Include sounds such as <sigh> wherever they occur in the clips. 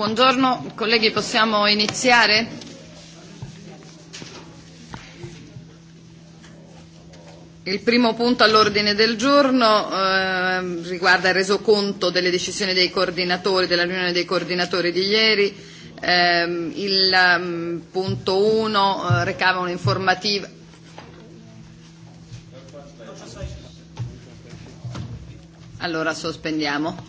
Buongiorno, colleghi, possiamo iniziare? Il primo punto all'ordine del giorno eh, riguarda il resoconto delle decisioni dei coordinatori, della riunione dei coordinatori di ieri. Eh, il um, punto 1 eh, recava un'informativa. Allora sospendiamo.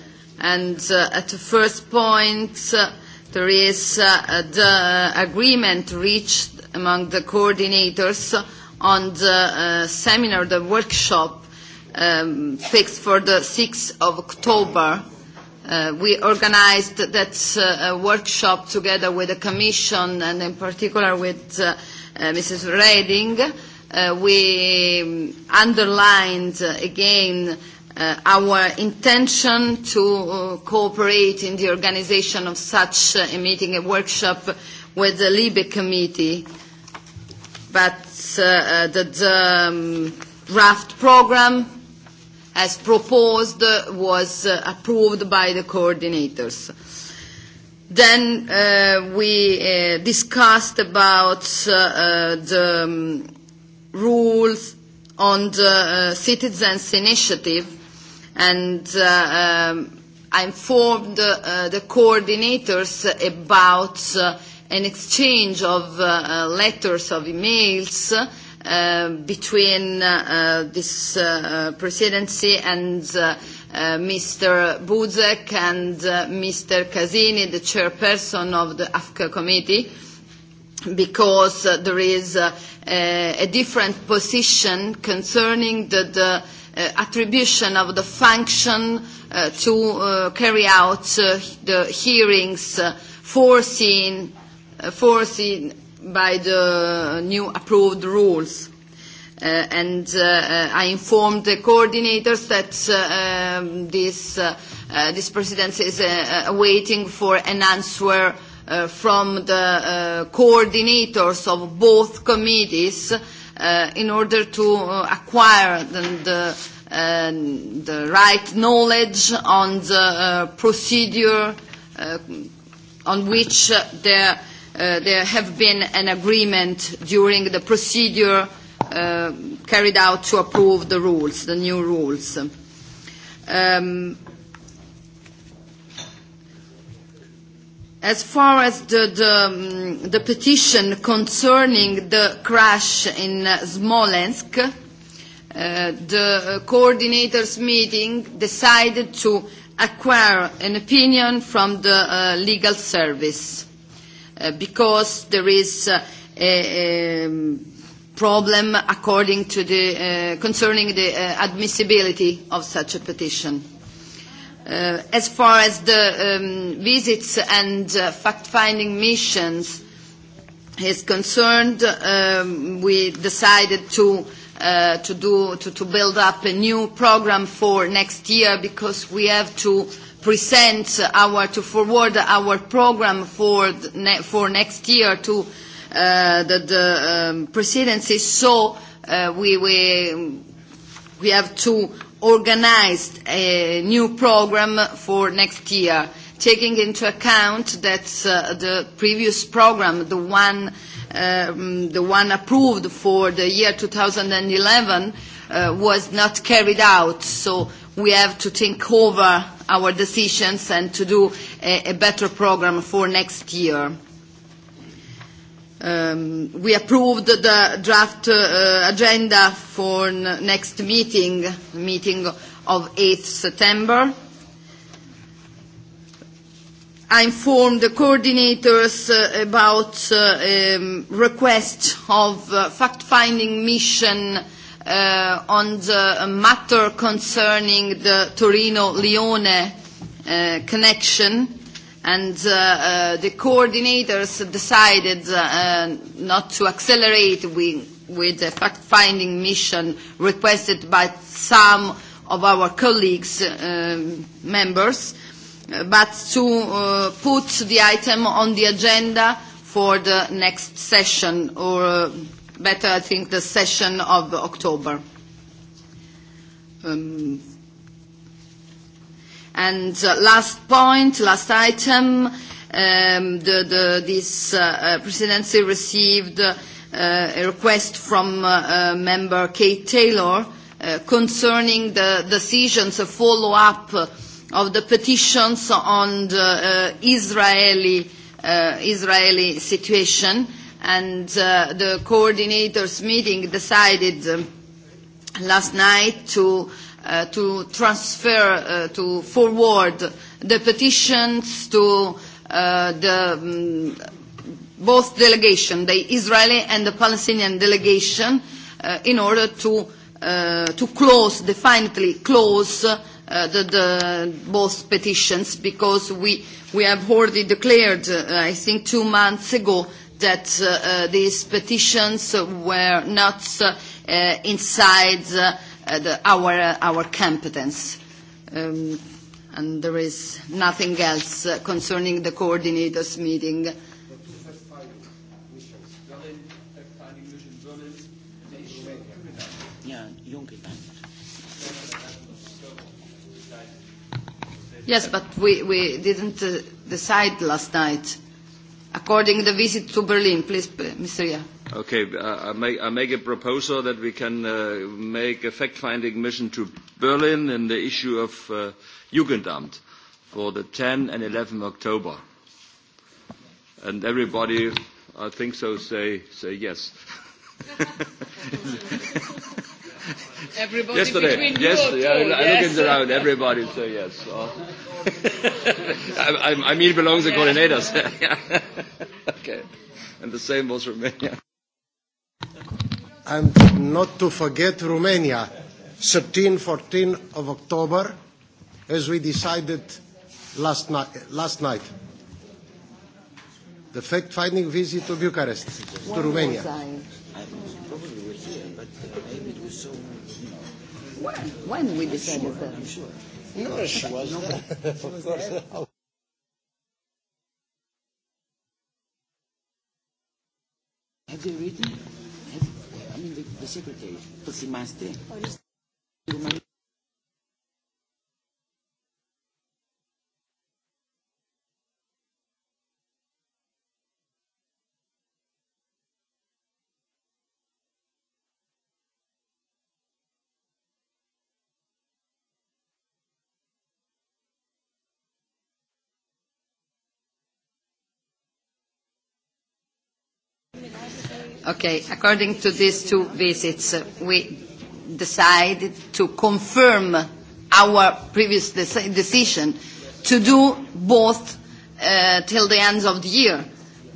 And uh, at the first point, uh, there is uh, the agreement reached among the coordinators on the uh, seminar, the workshop um, fixed for the 6th of October. Uh, we organized that uh, workshop together with the Commission and in particular with uh, uh, Mrs. Reding. Uh, we underlined uh, again our intention to cooperate in the organisation of such a meeting, a workshop with the LIBE committee, but uh, the, the draft programme as proposed was approved by the coordinators. Then uh, we uh, discussed about uh, the um, rules on the uh, citizens' initiative And uh, um, I informed uh, the coordinators about uh, an exchange of uh, letters, of emails, uh, between uh, this uh, presidency and uh, uh, Mr. Buzek and uh, Mr. Casini, the chairperson of the AFCA committee, because uh, there is uh, a, a different position concerning the, the uh, attribution of the function uh, to uh, carry out uh, the hearings uh, foreseen, uh, foreseen by the new approved rules. Uh, and uh, I informed the coordinators that uh, um, this, uh, uh, this presidency is uh, uh, waiting for an answer uh, from the uh, coordinators of both committees uh, in order to uh, acquire the, the, uh, the right knowledge on the uh, procedure uh, on which uh, there, uh, there have been an agreement during the procedure uh, carried out to approve the rules, the new rules. Um, As far as the, the, the petition concerning the crash in Smolensk, uh, the coordinators meeting decided to acquire an opinion from the uh, legal service uh, because there is uh, a, a problem according to the, uh, concerning the uh, admissibility of such a petition as far as the um, visits and uh, fact-finding missions is concerned, um, we decided to uh, to do to, to build up a new program for next year because we have to present our to forward our program for ne for next year to uh, the, the um, presidency. So uh, we we we have to organized a new program for next year, taking into account that uh, the previous program, the one, um, the one approved for the year 2011, uh, was not carried out. So we have to think over our decisions and to do a, a better program for next year. Um, we approved the draft uh, agenda for n- next meeting, meeting of 8th September. I informed the coordinators uh, about uh, um, request of uh, fact-finding mission uh, on the matter concerning the Torino-Lione uh, connection and uh, uh, the coordinators decided uh, not to accelerate with, with the fact-finding mission requested by some of our colleagues, uh, members, but to uh, put the item on the agenda for the next session, or uh, better, I think, the session of October. Um, And last point, last item, this presidency received a request from member Kate Taylor concerning the decisions, a follow-up of the petitions on the Israeli, situation. And the coordinators meeting decided last night to uh, to transfer, uh, to forward the petitions to uh, the um, both delegation, the Israeli and the Palestinian delegation, uh, in order to uh, to close, definitely close uh, the, the both petitions, because we we have already declared, uh, I think, two months ago that uh, uh, these petitions were not uh, inside. Uh, uh, the, our, uh, our competence. Um, and there is nothing else uh, concerning the coordinators meeting. Yes, but we, we didn't uh, decide last night. According to the visit to Berlin, please, Mr. Yeah. Okay, I make, I make a proposal that we can uh, make a fact-finding mission to Berlin in the issue of uh, Jugendamt for the 10 and 11 October. And everybody, I think so, say, say yes. everybody Yesterday, between yes, yeah, I look around, everybody say yes. I, I, I mean, belongs to coordinators. okay. And the same was Romania and not to forget Romania, 13, 14 of October, as we decided last night. Last night. The fact-finding visit to Bucharest, to Romania. When we decided that? I'm sure. No, she was there. Of course. Have you written? Secretary. Το θυμάστε. Okay, according to these two visits, we decided to confirm our previous decision to do both uh, till the end of the year.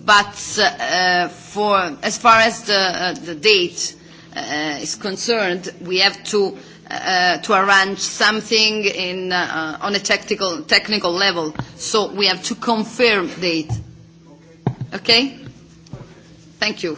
But uh, for as far as the, uh, the date uh, is concerned, we have to uh, to arrange something in, uh, on a technical technical level. So we have to confirm date. Okay. Thank you.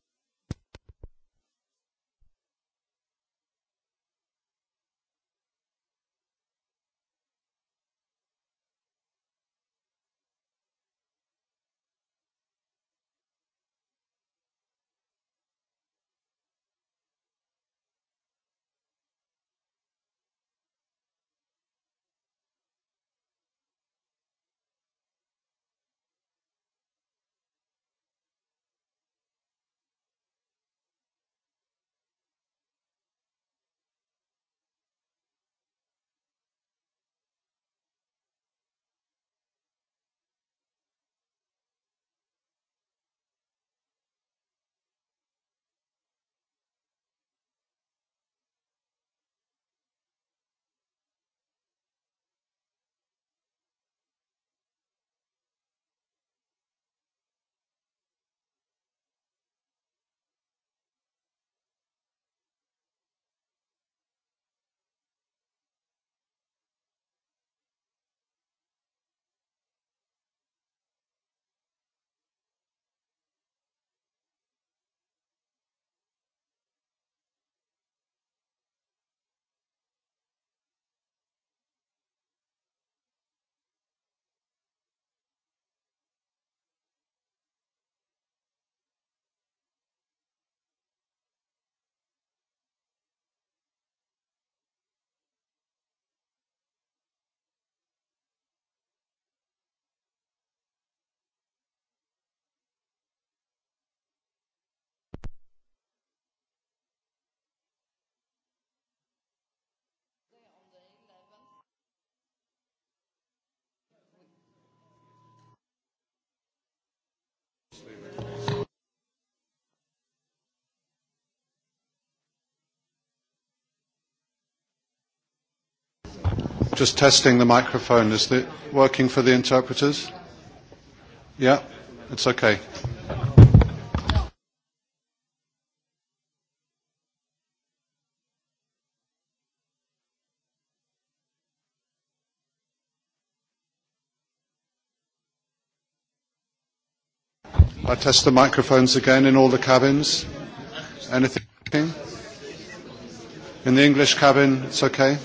just testing the microphone. Is it working for the interpreters? Yeah, it's okay. I test the microphones again in all the cabins. Anything? In the English cabin, it's okay.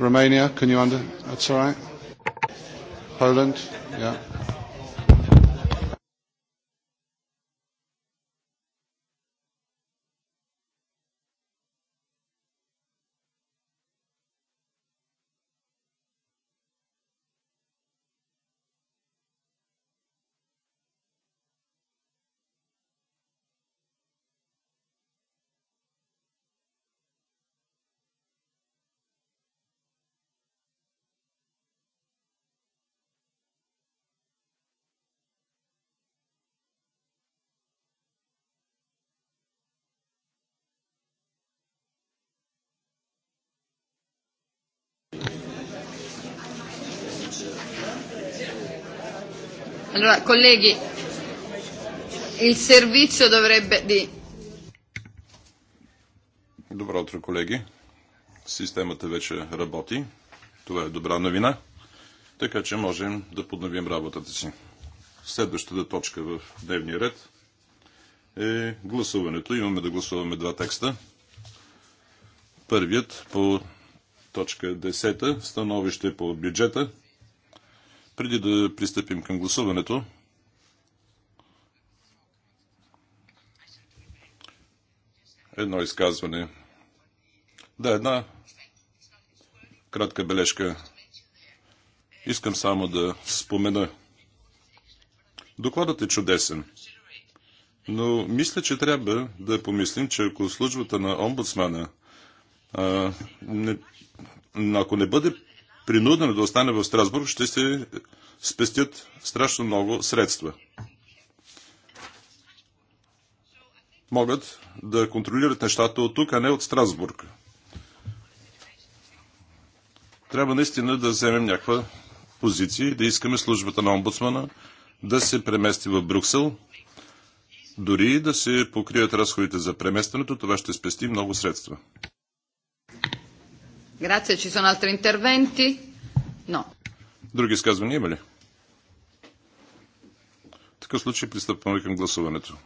Romania, can you under? That's all right. Poland, yeah. Allora, colleghi, il servizio dovrebbe di... Добро утро, колеги. Системата вече работи. Това е добра новина. Така че можем да подновим работата си. Следващата точка в дневния ред е гласуването. Имаме да гласуваме два текста. Първият по точка 10, становище по бюджета преди да пристъпим към гласуването, едно изказване. Да, една кратка бележка. Искам само да спомена. Докладът е чудесен. Но мисля, че трябва да помислим, че ако службата на омбудсмана а, не, ако не бъде принудена да остане в Страсбург, ще се спестят страшно много средства. Могат да контролират нещата от тук, а не от Страсбург. Трябва наистина да вземем някаква позиция и да искаме службата на омбудсмана да се премести в Брюксел, дори да се покрият разходите за преместването, това ще спести много средства. Grazie, ci sono altri interventi? No. Други изказвания има ли? В такъв случай пристъпваме към гласуването.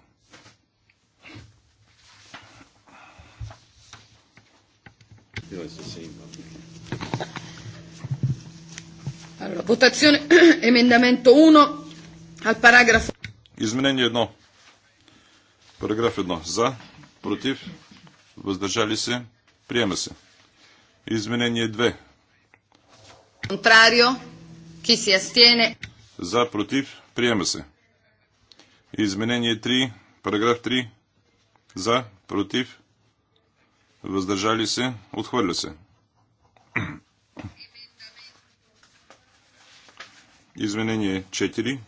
Allora, votazione <clears throat> emendamento 1 al paragrafo. Изменение 1. Параграф 1. За, против, въздържали се, приема се. Изменение 2. Контрарио. Ки се астиене. За, против. Приема се. Изменение 3. Параграф 3. За, против. Въздържали се. Отхвърля се. Изменение 4.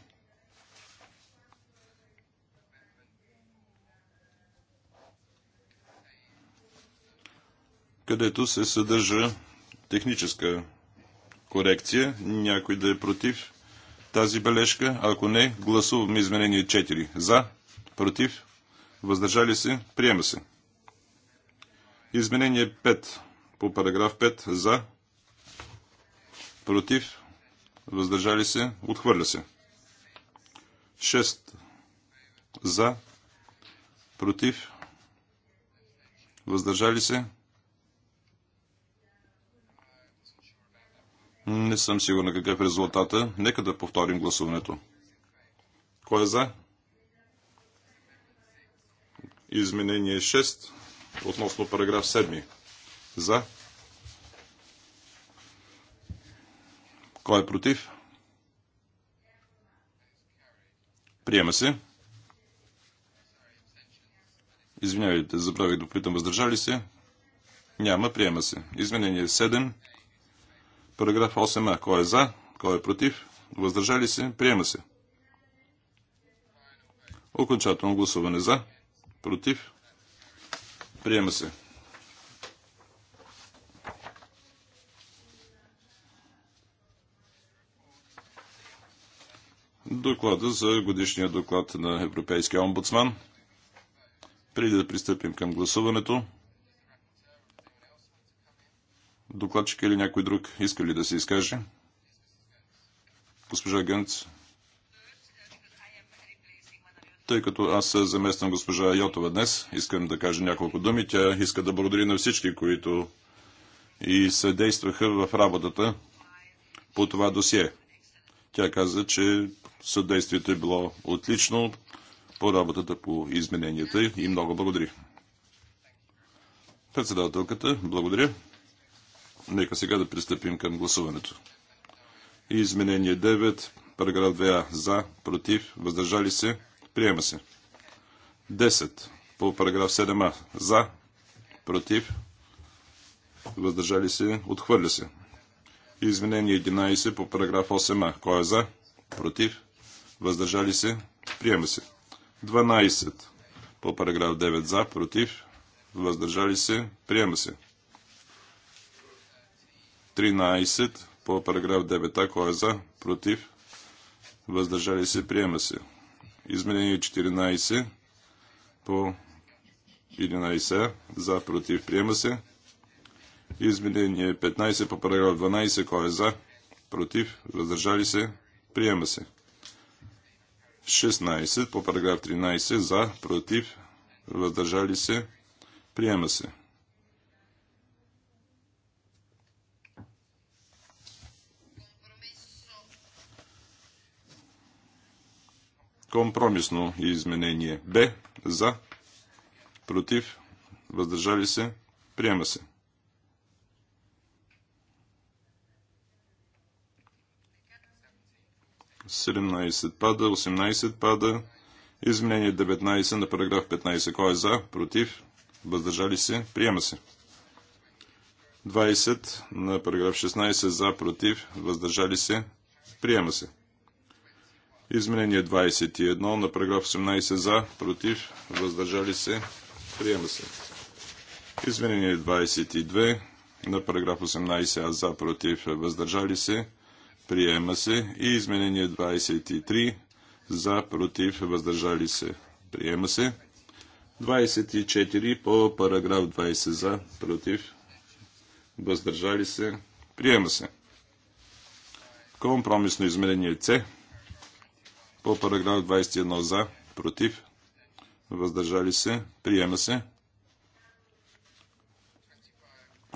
където се съдържа техническа корекция. Някой да е против тази бележка? Ако не, гласуваме изменение 4. За, против, въздържали се, приема се. Изменение 5 по параграф 5. За, против, въздържали се, отхвърля се. 6. За, против, въздържали се, Не съм сигурна какъв е резултата. Нека да повторим гласуването. Кой е за? Изменение 6 относно параграф 7. За? Кой е против? Приема се. Извинявайте, забравих да попитам въздържали се. Няма, приема се. Изменение 7 Параграф 8а. Кой е за? Кой е против? Въздържали се? Приема се. Окончателно гласуване за. Против? Приема се. Доклада за годишния доклад на Европейския омбудсман. Преди да пристъпим към гласуването, Докладчика или някой друг иска ли да се изкаже? Госпожа Гънц. Тъй като аз замествам госпожа Йотова днес, искам да кажа няколко думи. Тя иска да благодари на всички, които и съдействаха в работата по това досие. Тя каза, че съдействието е било отлично по работата по измененията и много благодари. Председателката, благодаря. Нека сега да пристъпим към гласуването. изменение 9, параграф 2а за, против, въздържали се, приема се. 10 по параграф 7а за, против, въздържали се, отхвърля се. изменение 11 по параграф 8а. Кой е за? Против? Въздържали се? Приема се. 12 по параграф 9 за, против, въздържали се, приема се. 13 по параграф 9а. Кой е за? Против? Въздържали се? Приема се. Изменение 14 по 11а. За? Против? Приема се. Изменение 15 по параграф 12. Кой е за? Против? Въздържали се? Приема се. 16 по параграф 13. За? Против? Въздържали се? Приема се. Компромисно изменение Б за, против, въздържали се, приема се. Седемнайсет пада, 18 пада, изменение 19 на параграф 15. Кой е за, против, въздържали се, приема се. 20 на параграф 16 за, против, въздържали се, приема се. Изменение 21 на параграф 18 за, против, въздържали се, приема се. Изменение 22 на параграф 18а за, против, въздържали се, приема се. И изменение 23 за, против, въздържали се, приема се. 24 по параграф 20 за, против, въздържали се, приема се. Компромисно изменение С по параграф 21 за, против, въздържали се, приема се.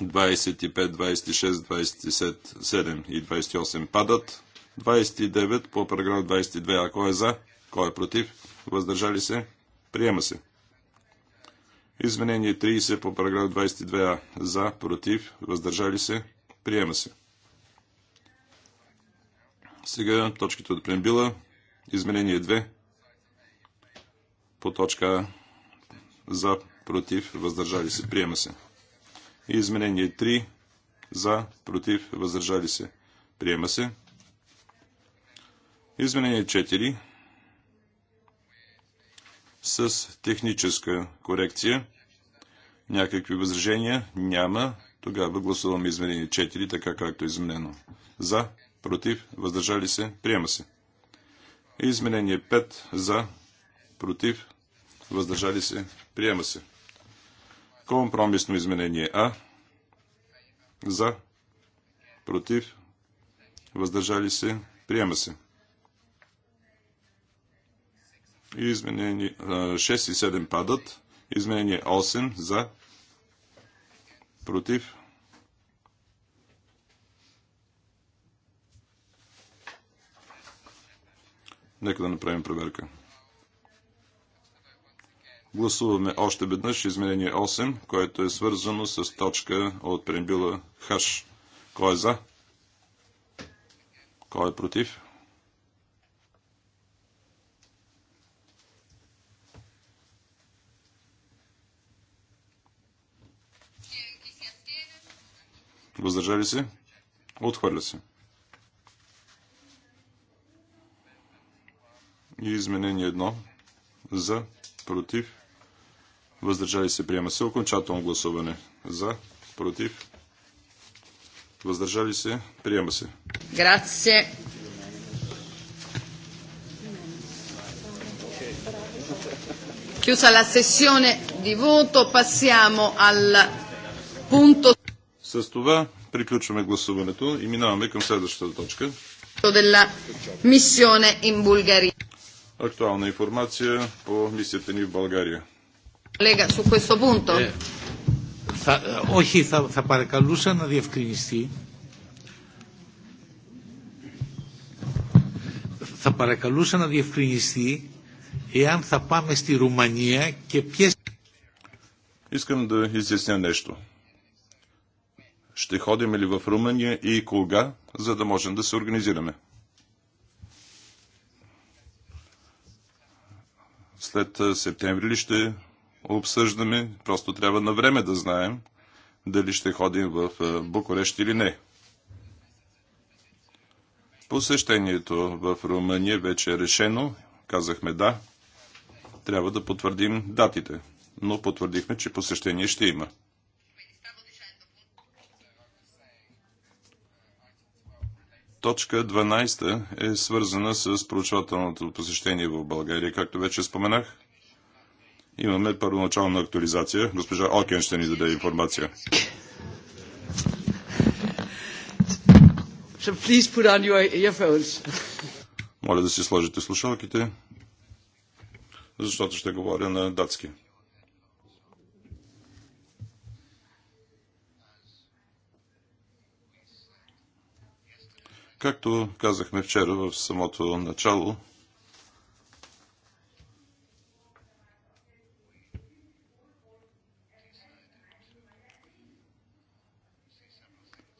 25, 26, 27 и 28 падат. 29 по параграф 22. А кой е за? Кой е против? Въздържали се? Приема се. Изменение 30 по параграф 22а. За, против, въздържали се, приема се. Сега точките от прембила. Изменение 2 по точка за, против, въздържали се, приема се. И изменение 3 за, против, въздържали се, приема се. Изменение 4 с техническа корекция. Някакви възражения няма. Тогава гласуваме изменение 4, така както е изменено. За, против, въздържали се, приема се. Изменение 5 за, против, въздържали се, приема се. Компромисно изменение А за, против, въздържали се, приема се. Изменение 6 и 7 падат. Изменение 8 за, против, Нека да направим проверка. Гласуваме още веднъж изменение 8, което е свързано с точка от преамбюла Хаш. Кой е за? Кой е против? Въздържали се? Отхвърля се. и изменение 1 за, против, въздържали се, приема се. Окончателно гласуване за, против, въздържали се, приема се. Грация. Chiusa la sessione di voto, passiamo al punto. С това приключваме гласуването и минаваме към следващата точка. Della missione in Bulgaria актуална информация по мисията ни в България. Колега, су questo punto. Е, е, όχι, θα, θα παρακαλούσα να διευκρινιστεί. Θα παρακαλούσα να διευκρινιστεί εάν θα πάμε στη Ρουμανία και ποιες... Искам да изясня нещо. Ще ходим ли в Румъния и кога, за да можем да се организираме? след септември ли ще обсъждаме? Просто трябва на време да знаем дали ще ходим в Букурещ или не. Посещението в Румъния вече е решено. Казахме да. Трябва да потвърдим датите. Но потвърдихме, че посещение ще има. Точка 12 е свързана с проучвателното посещение в България. Както вече споменах, имаме първоначална актуализация. Госпожа Окен ще ни даде информация. So please put on your earphones. Моля да си сложите слушалките, защото ще говоря на датски. Както казахме вчера в самото начало,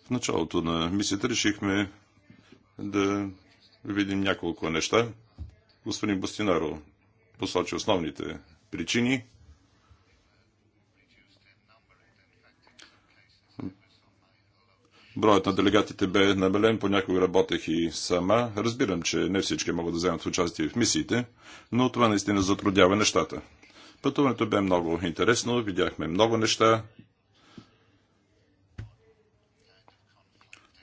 в началото на мисията решихме да видим няколко неща. Господин Бастинаро посочи основните причини – Броят на делегатите бе намален, понякога работех и сама. Разбирам, че не всички могат да вземат участие в мисиите, но това наистина затруднява нещата. Пътуването бе много интересно, видяхме много неща.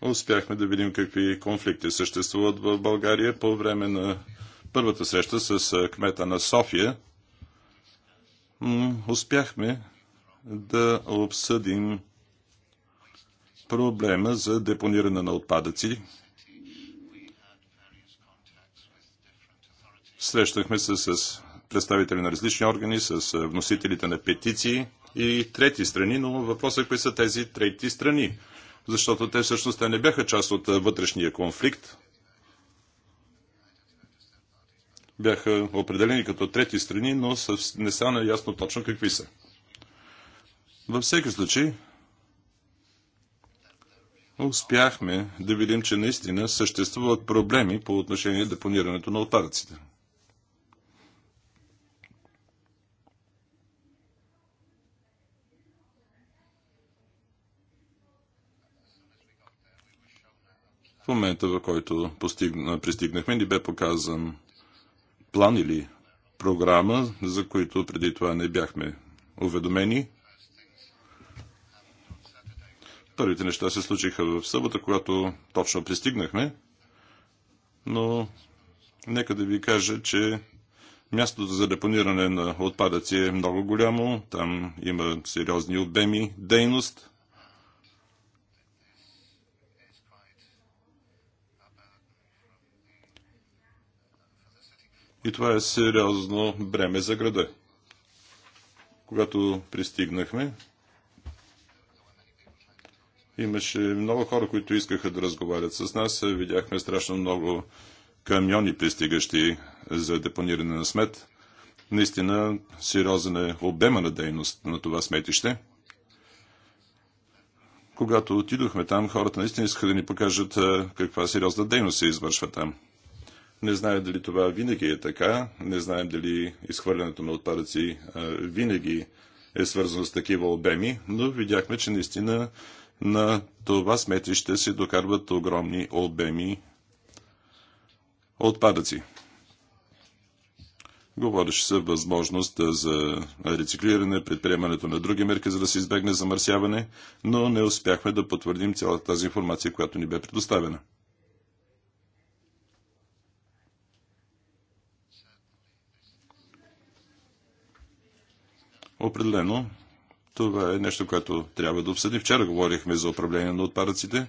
Успяхме да видим какви конфликти съществуват в България по време на първата среща с кмета на София. Успяхме да обсъдим проблема за депониране на отпадъци. Срещахме се с представители на различни органи, с вносителите на петиции и трети страни, но въпросът е кои са тези трети страни, защото те всъщност не бяха част от вътрешния конфликт. Бяха определени като трети страни, но не стана ясно точно какви са. Във всеки случай, успяхме да видим, че наистина съществуват проблеми по отношение депонирането на отпадъците. В момента, в който пристигнахме, ни бе показан план или програма, за които преди това не бяхме уведомени. Първите неща се случиха в събота, когато точно пристигнахме, но нека да ви кажа, че мястото за депониране на отпадъци е много голямо, там има сериозни обеми дейност. И това е сериозно бреме за града. Когато пристигнахме, Имаше много хора, които искаха да разговарят с нас. Видяхме страшно много камиони пристигащи за депониране на смет. Наистина сериозен е обема на дейност на това сметище. Когато отидохме там, хората наистина искаха да ни покажат каква сериозна дейност се извършва там. Не знаем дали това винаги е така, не знаем дали изхвърлянето на отпадъци винаги е свързано с такива обеми, но видяхме, че наистина на това сметище се докарват огромни обеми отпадъци. Говореше се възможност за рециклиране, предприемането на други мерки, за да се избегне замърсяване, но не успяхме да потвърдим цялата тази информация, която ни бе предоставена. Определено, това е нещо, което трябва да обсъдим. Вчера говорихме за управление на отпадъците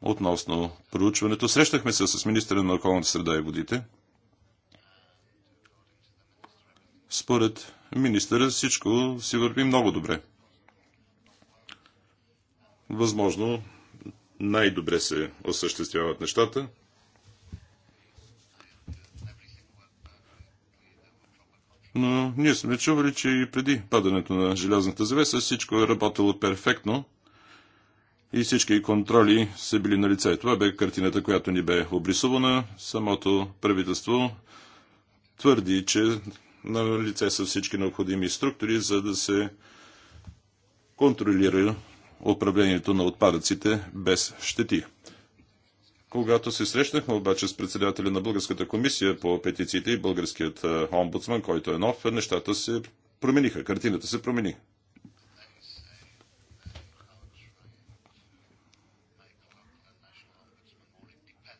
относно проучването. Срещахме се с министра на околната среда и водите. Според министъра всичко си върви много добре. Възможно най-добре се осъществяват нещата. Но ние сме чували, че и преди падането на желязната завеса всичко е работило перфектно и всички контроли са били на лице. Това бе картината, която ни бе обрисувана. Самото правителство твърди, че на лице са всички необходими структури, за да се контролира управлението на отпадъците без щети. Когато се срещнахме обаче с председателя на Българската комисия по петициите и българският омбудсман, който е нов, нещата се промениха, картината се промени.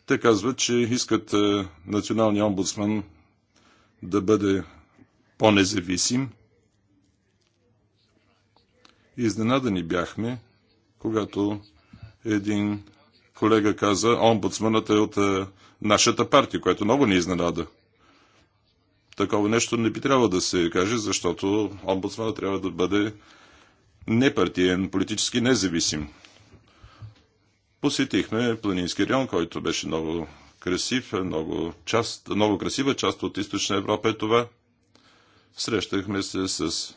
Те казват, че искат националния омбудсман да бъде по-независим. Изненадани бяхме, когато един колега каза, омбудсманът е от е, нашата партия, което много ни изненада. Такова нещо не би трябвало да се каже, защото омбудсманът трябва да бъде непартиен, политически независим. Посетихме планински район, който беше много красив, много, част, много красива част от източна Европа е това. Срещахме се с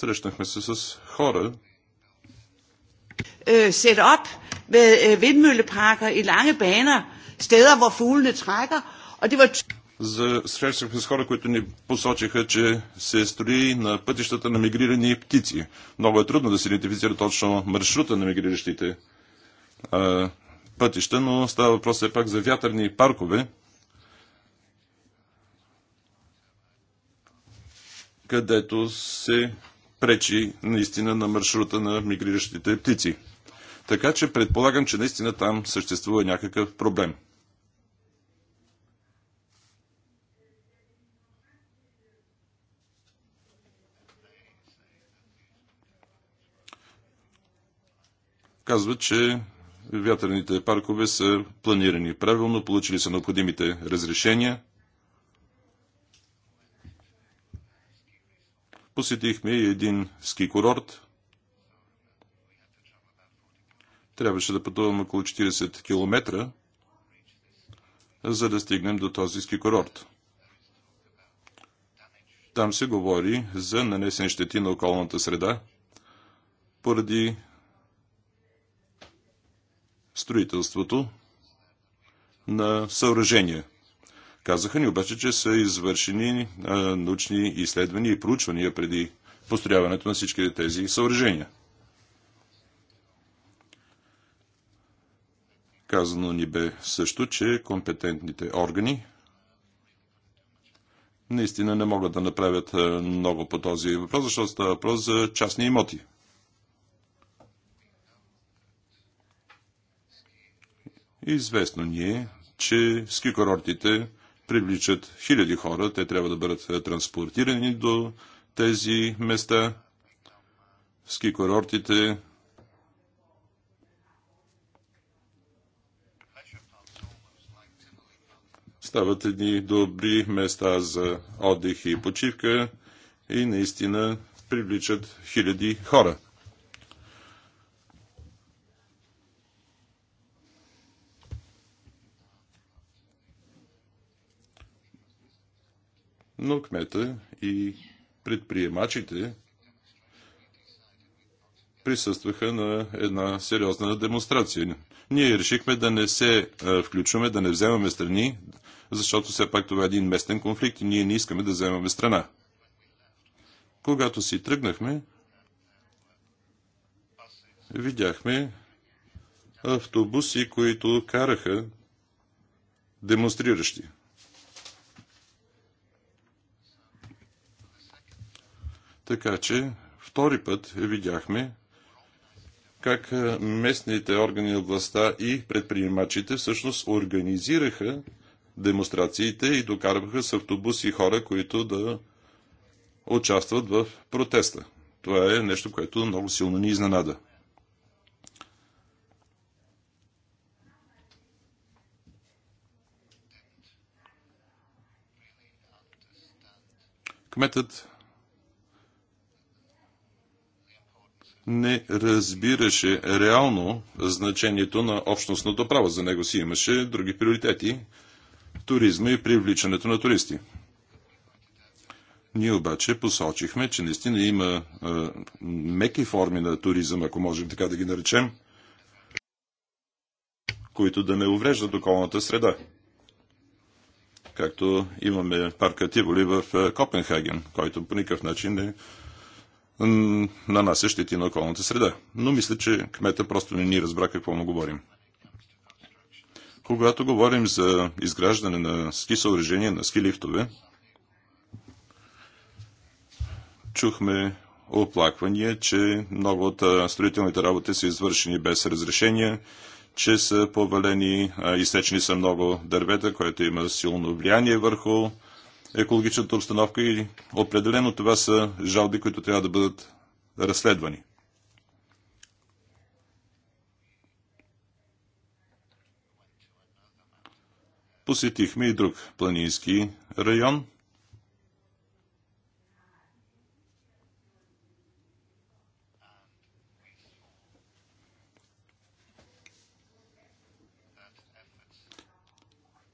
Срещнахме се с хора. Сет op med е, vindmølleparker i lange baner, steder hvor fuglene trækker, og det var за срещахме с хора, които ни посочиха, че се строи на пътищата на мигрирани птици. Много е трудно да се идентифицира точно маршрута на мигриращите а, пътища, но става въпрос все пак за вятърни паркове, където се пречи наистина на маршрута на мигриращите птици. Така че предполагам, че наистина там съществува някакъв проблем. Казва, че вятърните паркове са планирани правилно, получили са необходимите разрешения. Посетихме и един ски курорт. Трябваше да пътуваме около 40 км, за да стигнем до този ски курорт. Там се говори за нанесен щети на околната среда поради строителството на съоръжения – Казаха ни обаче, че са извършени а, научни изследвания и проучвания преди построяването на всички тези съоръжения. Казано ни бе също, че компетентните органи наистина не могат да направят много по този въпрос, защото става въпрос за частни имоти. Известно ни е, че скикорортите привличат хиляди хора. Те трябва да бъдат е, транспортирани до тези места, ски курортите. Стават едни добри места за отдих и почивка и наистина привличат хиляди хора. но кмета и предприемачите присъстваха на една сериозна демонстрация. Ние решихме да не се включваме, да не вземаме страни, защото все пак това е един местен конфликт и ние не искаме да вземаме страна. Когато си тръгнахме, видяхме автобуси, които караха демонстриращи. Така че втори път видяхме как е, местните органи на властта и предприемачите всъщност организираха демонстрациите и докарваха с автобуси хора, които да участват в протеста. Това е нещо, което много силно ни изненада. Кметът не разбираше реално значението на общностното право. За него си имаше други приоритети – туризма и привличането на туристи. Ние обаче посочихме, че наистина има а, меки форми на туризъм, ако можем така да ги наречем, които да не увреждат околната среда. Както имаме парка Тиволи в Копенхаген, който по никакъв начин не нанася е щети на околната среда. Но мисля, че кмета просто не ни разбра какво му говорим. Когато говорим за изграждане на ски съоръжения, на ски лифтове, чухме оплаквания, че много от строителните работи са извършени без разрешение, че са повалени, изтечени са много дървета, което има силно влияние върху екологичната обстановка и определено това са жалби, които трябва да бъдат разследвани. Посетихме и друг планински район.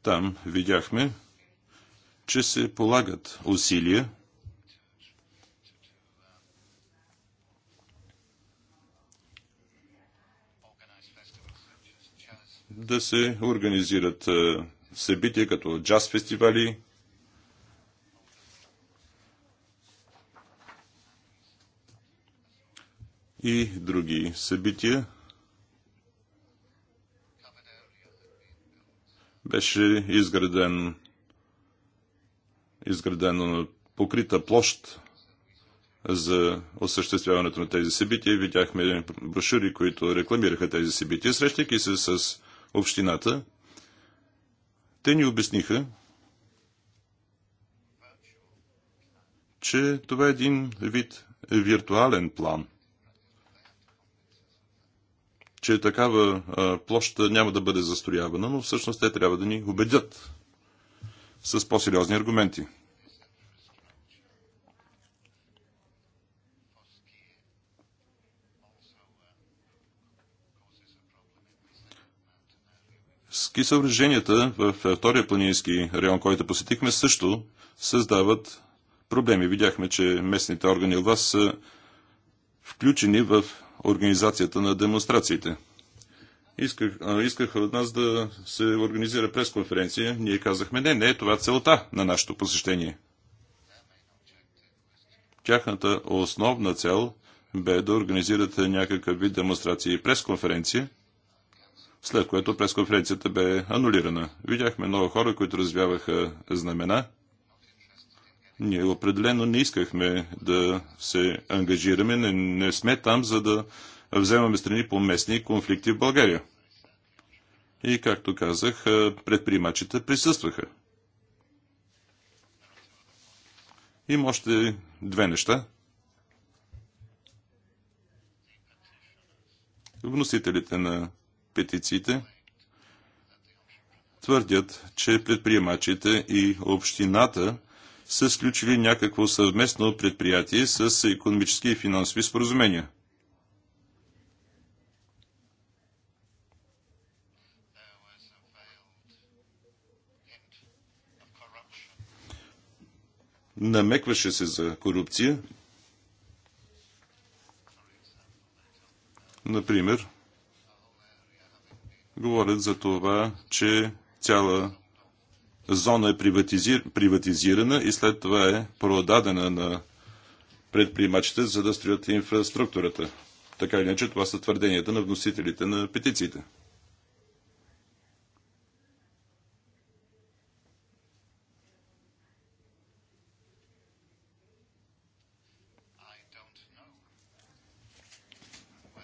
Там видяхме, че се полагат усилия да се организират е, събития като джаз фестивали, и други събития. Беше изграден изградена на покрита площ за осъществяването на тези събития. Видяхме брошури, които рекламираха тези събития. Срещайки се с общината, те ни обясниха, че това е един вид виртуален план, че такава площ няма да бъде застроявана, но всъщност те трябва да ни убедят с по-сериозни аргументи. Ски съоръженията в е, втория планински район, който посетихме, също създават проблеми. Видяхме, че местните органи от вас са включени в организацията на демонстрациите – исках, искаха от нас да се организира пресконференция. Ние казахме, не, не е това целта на нашето посещение. Тяхната основна цел бе да организират някакъв вид демонстрация и пресконференция, след което пресконференцията бе анулирана. Видяхме много хора, които развяваха знамена. Ние определено не искахме да се ангажираме, не, не сме там, за да вземаме страни по местни конфликти в България. И, както казах, предприемачите присъстваха. Има още две неща. Вносителите на петициите твърдят, че предприемачите и общината са сключили някакво съвместно предприятие с економически и финансови споразумения – намекваше се за корупция. Например, говорят за това, че цяла зона е приватизир... приватизирана и след това е продадена на предприемачите, за да строят инфраструктурата. Така или иначе, това са твърденията на вносителите на петициите.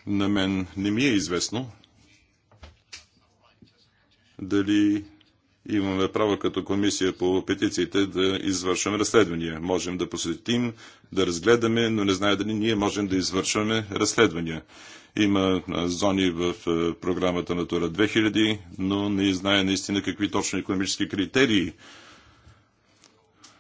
на мен не ми е известно дали имаме право като комисия по петициите да извършваме разследвания. Можем да посетим, да разгледаме, но не знае дали ние можем да извършваме разследвания. Има зони в програмата Натура 2000, но не знае наистина какви точно економически критерии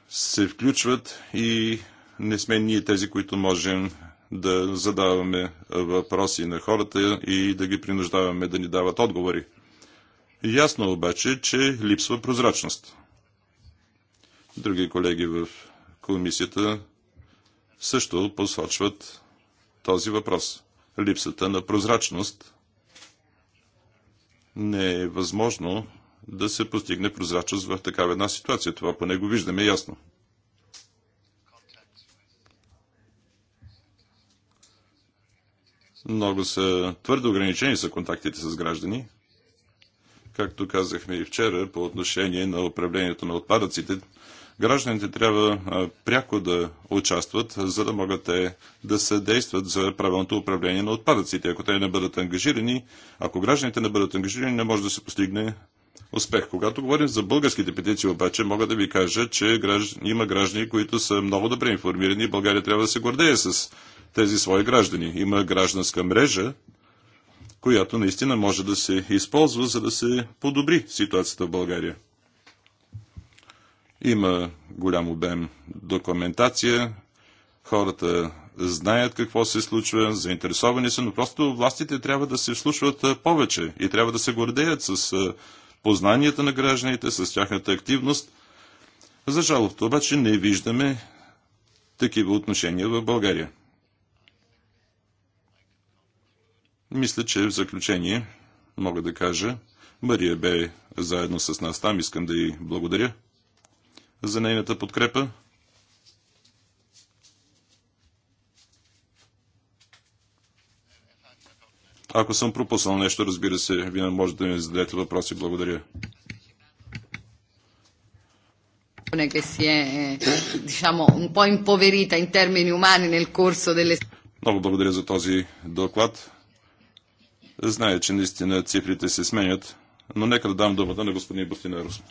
се включват и не сме ние тези, които можем да задаваме въпроси на хората и да ги принуждаваме да ни дават отговори. Ясно обаче, че липсва прозрачност. Други колеги в комисията също посочват този въпрос. Липсата на прозрачност не е възможно да се постигне прозрачност в такава една ситуация. Това поне го виждаме ясно. Много са, твърдо ограничени са контактите с граждани. Както казахме и вчера по отношение на управлението на отпадъците, гражданите трябва пряко да участват, за да могат те да съдействат за правилното управление на отпадъците. Ако те не бъдат ангажирани, ако гражданите не бъдат ангажирани, не може да се постигне успех. Когато говорим за българските петиции обаче, мога да ви кажа, че граждани, има граждани, които са много добре информирани и България трябва да се гордее с тези свои граждани. Има гражданска мрежа, която наистина може да се използва, за да се подобри ситуацията в България. Има голям обем документация, хората знаят какво се случва, заинтересовани са, но просто властите трябва да се вслушват повече и трябва да се гордеят с познанията на гражданите, с тяхната активност. За жалост обаче не виждаме такива отношения в България. Мисля, че в заключение мога да кажа, Мария бе заедно с нас там. Искам да й благодаря за нейната подкрепа. Ако съм пропуснал нещо, разбира се, вие можете да ми зададете въпроси. Благодаря. Много благодаря за този доклад. Зная, че наистина цифрите се сменят, но нека да дам думата на господин Бостинарус.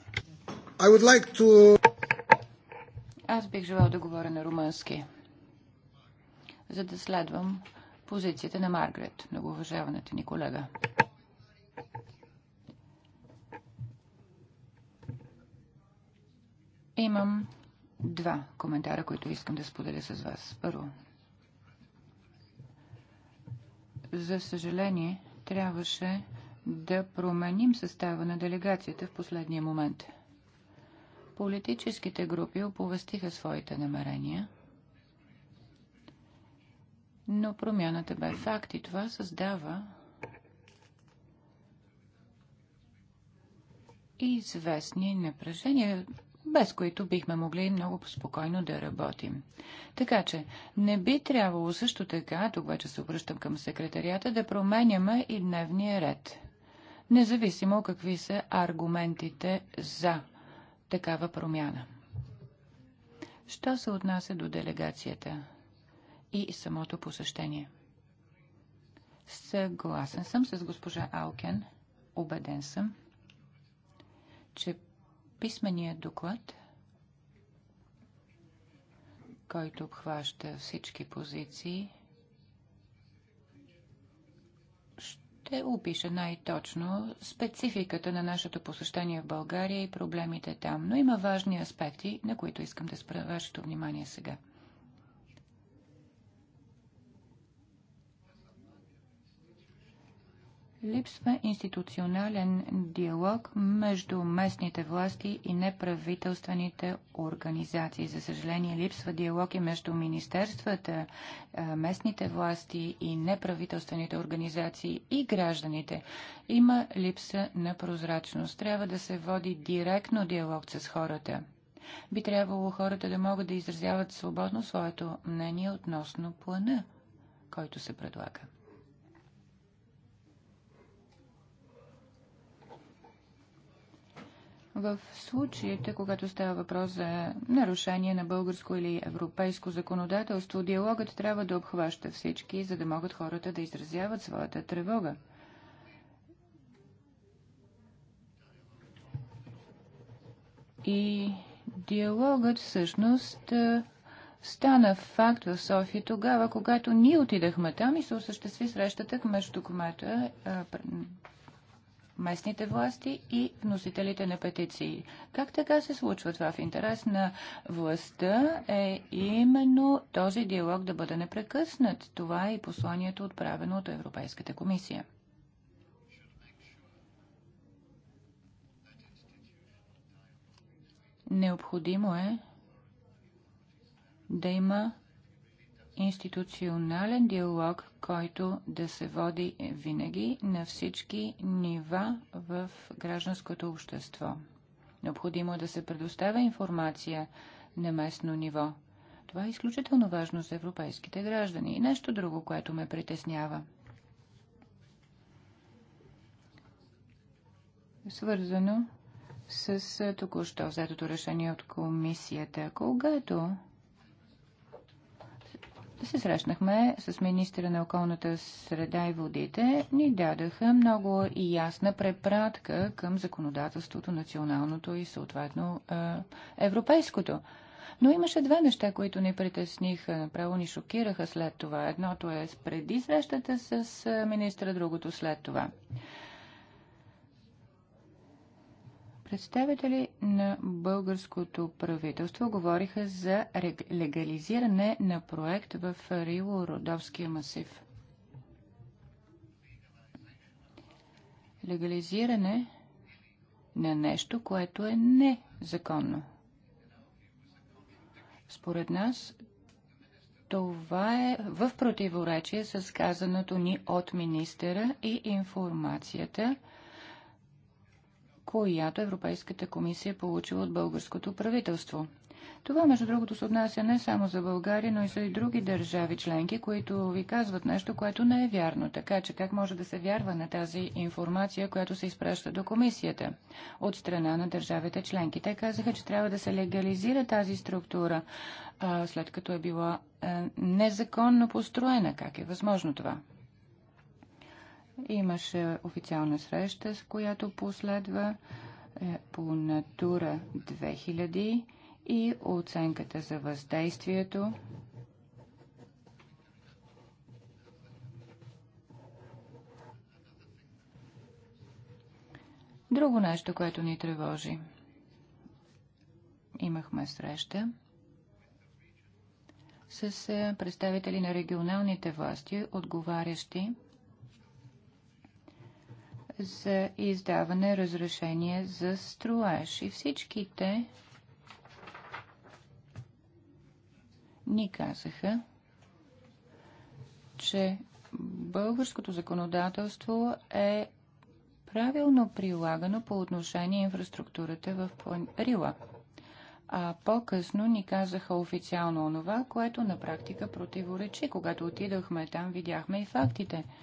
Like to... Аз бих желал да говоря на румънски, за да следвам позицията на Маргарет, многоуважаваната ни колега. Имам два коментара, които искам да споделя с вас. Първо, за съжаление, трябваше да променим състава на делегацията в последния момент. Политическите групи оповестиха своите намерения, но промяната бе факт и това създава известни напрежения без които бихме могли много спокойно да работим. Така че не би трябвало също така, тук вече се обръщам към секретарията, да променяме и дневния ред. Независимо какви са аргументите за такава промяна. Що се отнася до делегацията и самото посещение? Съгласен съм с госпожа Алкен. Убеден съм, че Писменият доклад, който обхваща всички позиции, ще опиша най-точно спецификата на нашето посещение в България и проблемите там, но има важни аспекти, на които искам да спра вашето внимание сега. Липсва институционален диалог между местните власти и неправителствените организации. За съжаление, липсва диалог и между министерствата, местните власти и неправителствените организации и гражданите. Има липса на прозрачност. Трябва да се води директно диалог с хората. Би трябвало хората да могат да изразяват свободно своето мнение относно плана, който се предлага. в случаите, когато става въпрос за нарушение на българско или европейско законодателство, диалогът трябва да обхваща всички, за да могат хората да изразяват своята тревога. И диалогът всъщност е, стана факт в София тогава, когато ние отидахме там и се осъществи срещата между комета, е, местните власти и вносителите на петиции. Как така се случва това в интерес на властта е именно този диалог да бъде непрекъснат. Това е и посланието отправено от Европейската комисия. Необходимо е да има институционален диалог, който да се води винаги на всички нива в гражданското общество. Необходимо е да се предоставя информация на местно ниво. Това е изключително важно за европейските граждани. И нещо друго, което ме притеснява. Свързано с току-що взетото решение от комисията. Когато се срещнахме с министра на околната среда и водите, ни дадаха много и ясна препратка към законодателството, националното и съответно европейското. Но имаше две неща, които ни притесниха, направо ни шокираха след това. Едното е преди срещата с министра, другото след това. Представители на българското правителство говориха за легализиране на проект в Рило родовския масив. Легализиране на нещо, което е незаконно. Според нас това е в противоречие с казаното ни от министера и информацията – която Европейската комисия получила от българското правителство. Това, между другото, се отнася не само за България, но и за и други държави членки, които ви казват нещо, което не е вярно. Така че как може да се вярва на тази информация, която се изпраща до комисията от страна на държавите членки? Те казаха, че трябва да се легализира тази структура, а, след като е била а, е, незаконно построена. Как е възможно това? Имаше официална среща, с която последва е, по Натура 2000 и оценката за въздействието. Друго нещо, което ни тревожи. Имахме среща с е, представители на регионалните власти, отговарящи за издаване разрешение за строеж. И всичките ни казаха, че българското законодателство е правилно прилагано по отношение инфраструктурата в Рила. А по-късно ни казаха официално онова, което на практика противоречи. Когато отидохме там, видяхме и фактите –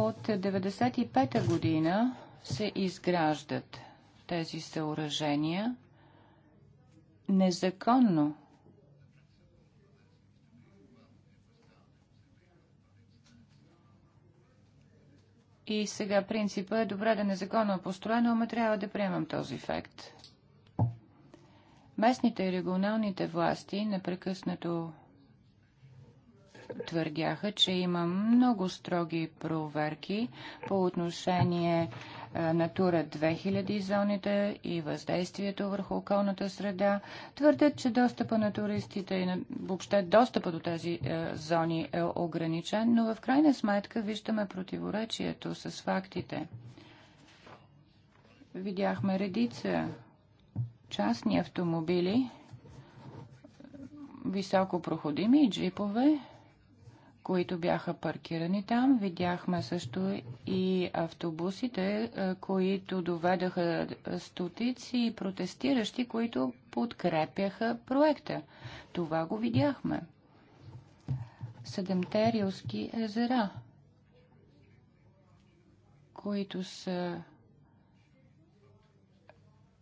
от 1995 година се изграждат тези съоръжения незаконно. И сега принципа е добре да е незаконно е построено, ама трябва да приемам този факт. Местните и регионалните власти непрекъснато твърдяха, че има много строги проверки по отношение Натура 2000 зоните и въздействието върху околната среда. Твърдят, че достъпа на туристите и на, въобще достъпа до тези е, зони е ограничен, но в крайна сметка виждаме противоречието с фактите. Видяхме редица частни автомобили, високо проходими джипове, които бяха паркирани там. Видяхме също и автобусите, които доведаха стотици протестиращи, които подкрепяха проекта. Това го видяхме. Седемте рилски езера, които са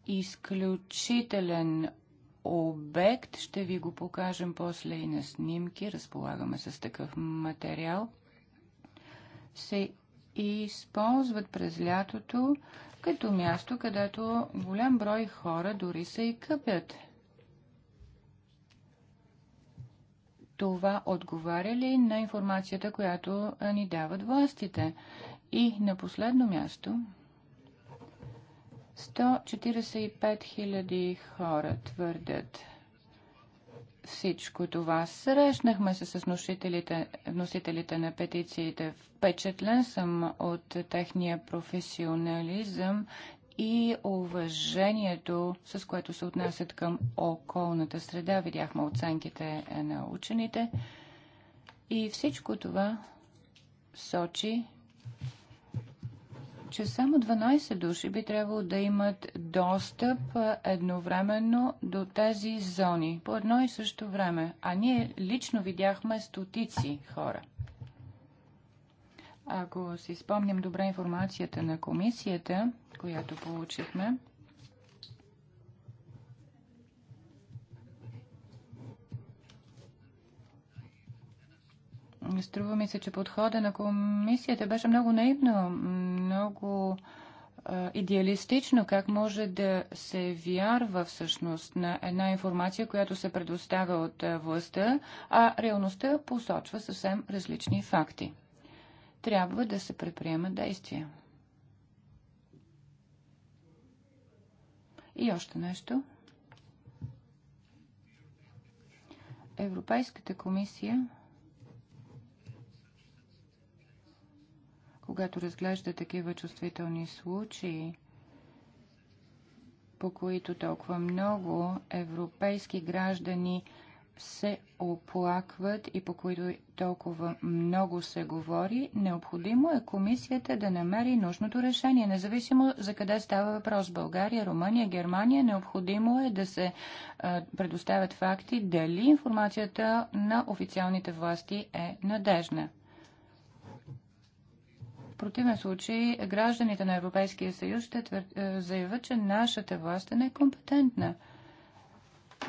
изключителен обект. Ще ви го покажем после и на снимки. Разполагаме с такъв материал. Се използват през лятото като място, където голям брой хора дори се и къпят. Това отговаря ли на информацията, която ни дават властите? И на последно място, 145 хиляди хора твърдят всичко това. Срещнахме се с носителите, носителите на петициите. Впечатлен съм от техния професионализъм и уважението, с което се отнасят към околната среда. Видяхме оценките на учените. И всичко това сочи, че само 12 души би трябвало да имат достъп едновременно до тези зони по едно и също време, а ние лично видяхме стотици хора. Ако си спомням добре информацията на комисията, която получихме, Струва ми се, че подхода на комисията беше много наивно, много идеалистично как може да се вярва всъщност на една информация, която се предоставя от властта, а реалността посочва съвсем различни факти. Трябва да се предприемат действия. И още нещо. Европейската комисия когато разглежда такива чувствителни случаи, по които толкова много европейски граждани се оплакват и по които толкова много се говори, необходимо е комисията да намери нужното решение. Независимо за къде става въпрос България, Румъния, Германия, необходимо е да се предоставят факти дали информацията на официалните власти е надежна противен случай гражданите на Европейския съюз ще твър... Е, заявят, че нашата власт е некомпетентна.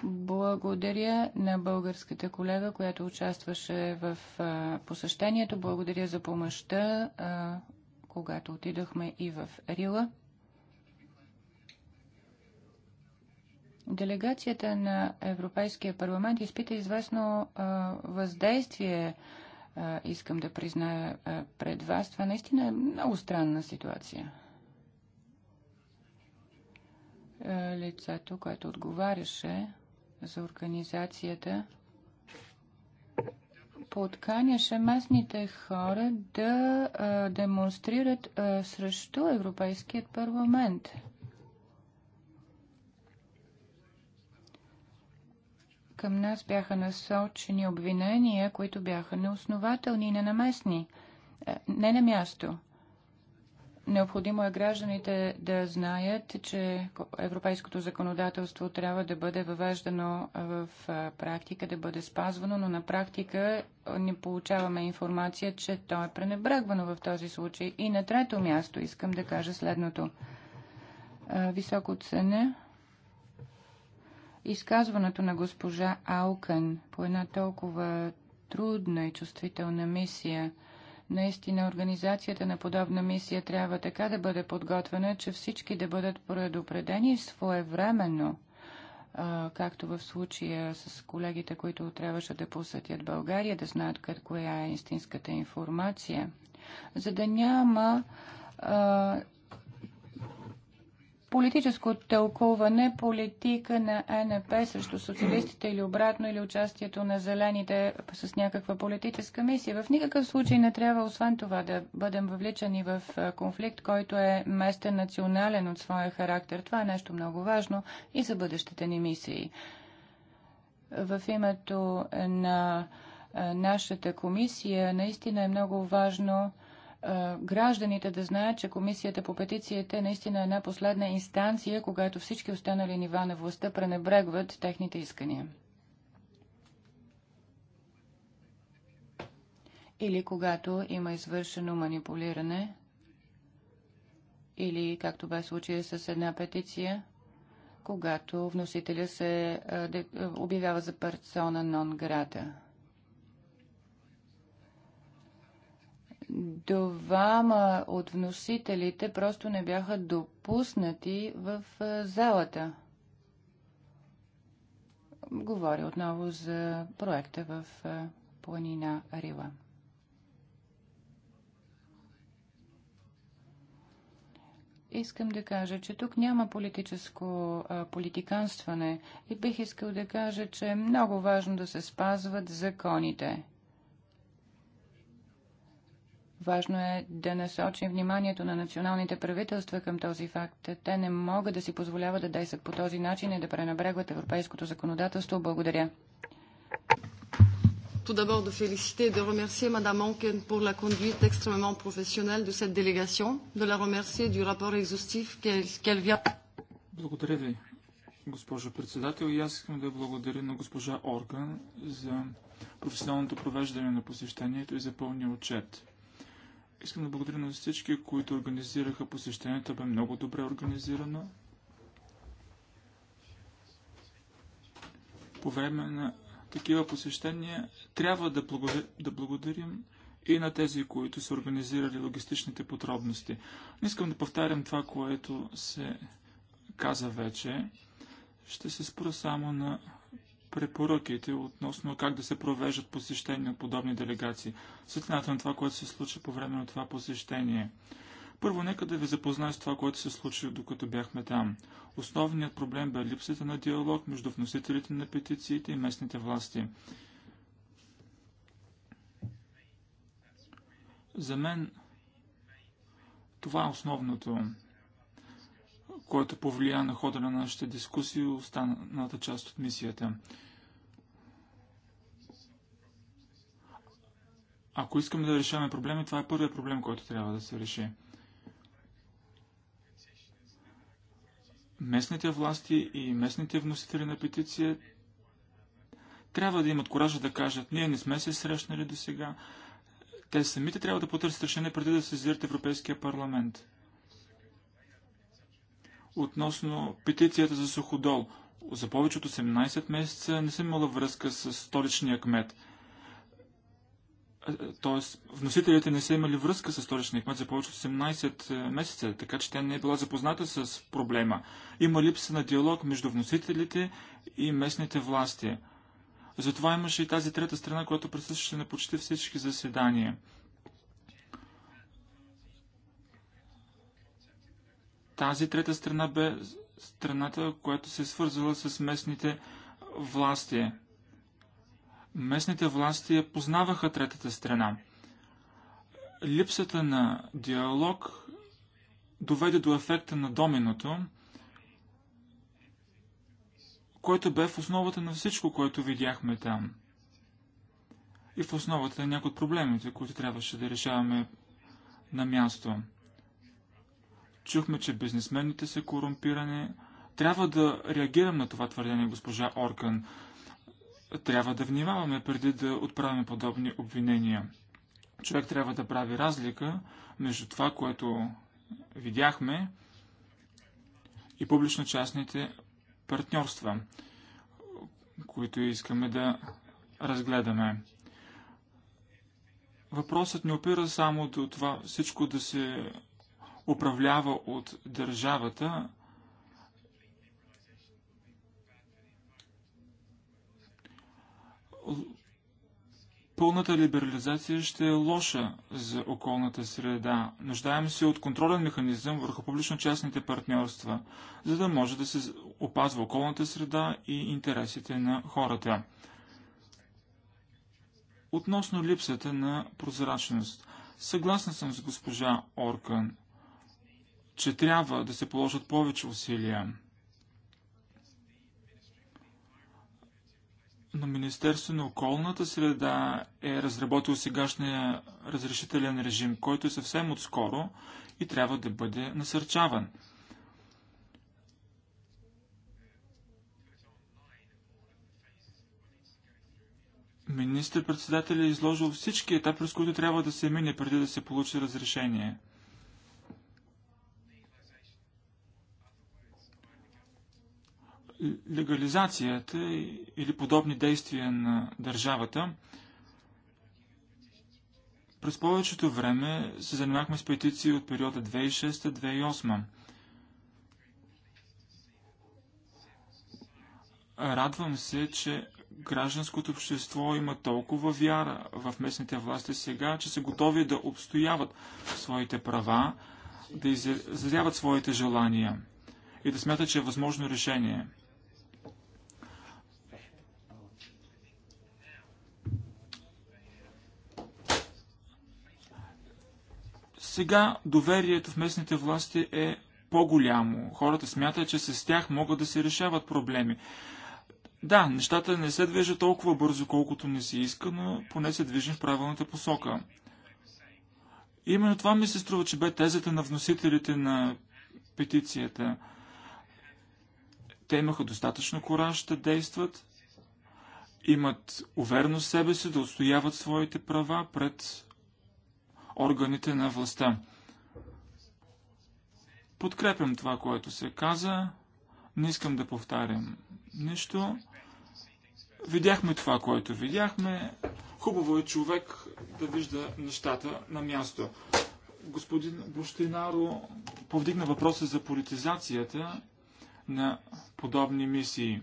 Благодаря на българската колега, която участваше в е, посещението. Благодаря за помощта, е, когато отидохме и в Рила. Делегацията на Европейския парламент изпита известно въздействие а, искам да призная а, пред вас. Това наистина е много странна ситуация. А, лицето, което отговаряше за организацията, подканяше местните хора да а, демонстрират а, срещу Европейският парламент – към нас бяха насочени обвинения, които бяха неоснователни и ненаместни, е, не на място. Необходимо е гражданите да знаят, че европейското законодателство трябва да бъде въвеждано в практика, да бъде спазвано, но на практика не получаваме информация, че то е пренебрегвано в този случай. И на трето място искам да кажа следното. Високо цене изказването на госпожа Аукън по една толкова трудна и чувствителна мисия. Наистина организацията на подобна мисия трябва така да бъде подготвена, че всички да бъдат предупредени своевременно, както в случая с колегите, които трябваше да посетят България, да знаят коя е истинската информация, за да няма политическо тълкуване, политика на НП срещу социалистите или обратно, или участието на зелените с някаква политическа мисия. В никакъв случай не трябва, освен това, да бъдем въвличани в конфликт, който е местен национален от своя характер. Това е нещо много важно и за бъдещите ни мисии. В името на нашата комисия наистина е много важно е, гражданите да знаят, че Комисията по петициите е наистина една последна инстанция, когато всички останали нива на властта пренебрегват техните искания. Или когато има извършено манипулиране, или както бе случая с една петиция, когато вносителя се е, е, обявява за персона нон грата. двама от вносителите просто не бяха допуснати в залата. Говоря отново за проекта в планина Рила. Искам да кажа, че тук няма политическо а, политиканстване и бих искал да кажа, че е много важно да се спазват законите – Важно е да насочим вниманието на националните правителства към този факт. Те не могат да си позволяват да действат по този начин и да пренабрегват европейското законодателство. Благодаря. Tout d'abord, de féliciter et de remercier Madame Anken pour la conduite extrêmement professionnelle de cette délégation, de la remercier du rapport exhaustif qu'elle vient. Благодаря ви, госпожо председател, и аз искам да благодаря на госпожа Орган за професионалното провеждане на посещението и за пълния отчет. Искам да благодаря на всички, които организираха посещението. Бе много добре организирано. По време на такива посещения трябва да, благодар... да благодарим и на тези, които са организирали логистичните подробности. Не искам да повтарям това, което се каза вече. Ще се спра само на препоръките относно как да се провеждат посещения от подобни делегации, светлината на това, което се случи по време на това посещение. Първо, нека да ви запозная с това, което се случи, докато бяхме там. Основният проблем бе липсата на диалог между вносителите на петициите и местните власти. За мен това е основното който повлия на хода на нашите дискусии останалата част от мисията. Ако искаме да решаваме проблеми, това е първият проблем, който трябва да се реши. Местните власти и местните вносители на петиция трябва да имат коража да кажат, ние не сме се срещнали до сега. Те самите трябва да потърсят решение преди да се зират Европейския парламент относно петицията за Суходол. За повече от 18 месеца не съм имала връзка с столичния кмет. Тоест, вносителите не са имали връзка с столичния кмет за повече от 18 е, месеца, така че тя не е била запозната с проблема. Има липса на диалог между вносителите и местните власти. Затова имаше и тази трета страна, която присъстваше на почти всички заседания – Тази трета страна бе страната, която се е свързала с местните власти. Местните власти познаваха третата страна. Липсата на диалог доведе до ефекта на доминото, който бе в основата на всичко, което видяхме там. И в основата на някои от проблемите, които трябваше да решаваме на място. Чухме, че бизнесмените са корумпирани. Трябва да реагирам на това твърдение, госпожа Оркан. Трябва да внимаваме преди да отправим подобни обвинения. Човек трябва да прави разлика между това, което видяхме и публично-частните партньорства, които искаме да разгледаме. Въпросът не опира само до това всичко да се управлява от държавата, пълната либерализация ще е лоша за околната среда. Нуждаем се от контролен механизъм върху публично-частните партньорства, за да може да се опазва околната среда и интересите на хората. Относно липсата на прозрачност. Съгласна съм с госпожа Оркан – че трябва да се положат повече усилия. Но Министерство на околната среда е разработил сегашния разрешителен режим, който е съвсем отскоро и трябва да бъде насърчаван. министър председател е изложил всички етапи, с които трябва да се мине преди да се получи разрешение – легализацията или подобни действия на държавата. През повечето време се занимахме с петиции от периода 2006-2008. Радвам се, че гражданското общество има толкова вяра в местните власти сега, че са готови да обстояват своите права, да изразяват своите желания и да смятат, че е възможно решение – Сега доверието в местните власти е по-голямо. Хората смятат, че с тях могат да се решават проблеми. Да, нещата не се движат толкова бързо, колкото не се иска, но поне се движим в правилната посока. Именно това ми се струва, че бе тезата на вносителите на петицията. Те имаха достатъчно кораж да действат, имат увереност в себе си да отстояват своите права пред органите на властта. Подкрепям това, което се каза. Не искам да повтарям нищо. Видяхме това, което видяхме. Хубаво е човек да вижда нещата на място. Господин Бощинаро повдигна въпроса за политизацията на подобни мисии.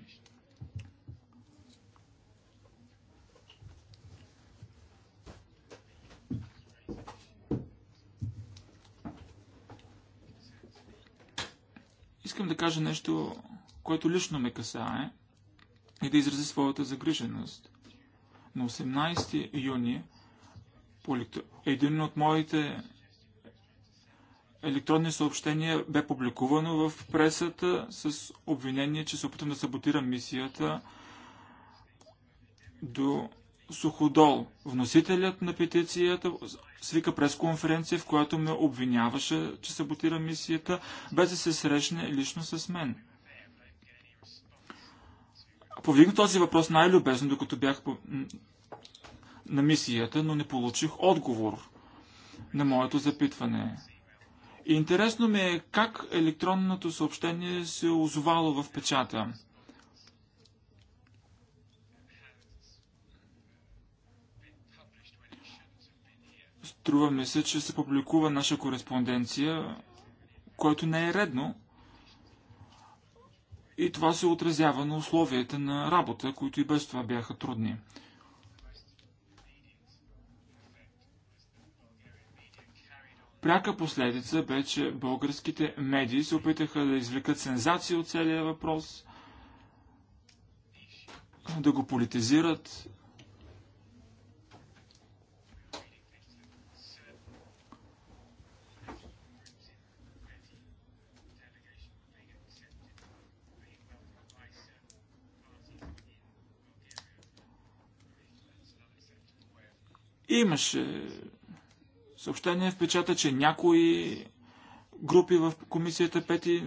Искам да кажа нещо, което лично ме касае и да изрази своята загриженост. На 18 юни един от моите електронни съобщения бе публикувано в пресата с обвинение, че се опитвам да саботирам мисията до Суходол, вносителят на петицията, свика пресконференция, в която ме обвиняваше, че саботира мисията, без да се срещне лично с мен. Повдигна този въпрос най-любезно, докато бях на мисията, но не получих отговор на моето запитване. И интересно ми е как електронното съобщение се е озовало в печата. Струва ми се, че се публикува наша кореспонденция, което не е редно. И това се отразява на условията на работа, които и без това бяха трудни. Пряка последица бе, че българските медии се опитаха да извлекат сензация от целия въпрос, да го политизират, Имаше съобщение в печата, че някои групи в комисията пети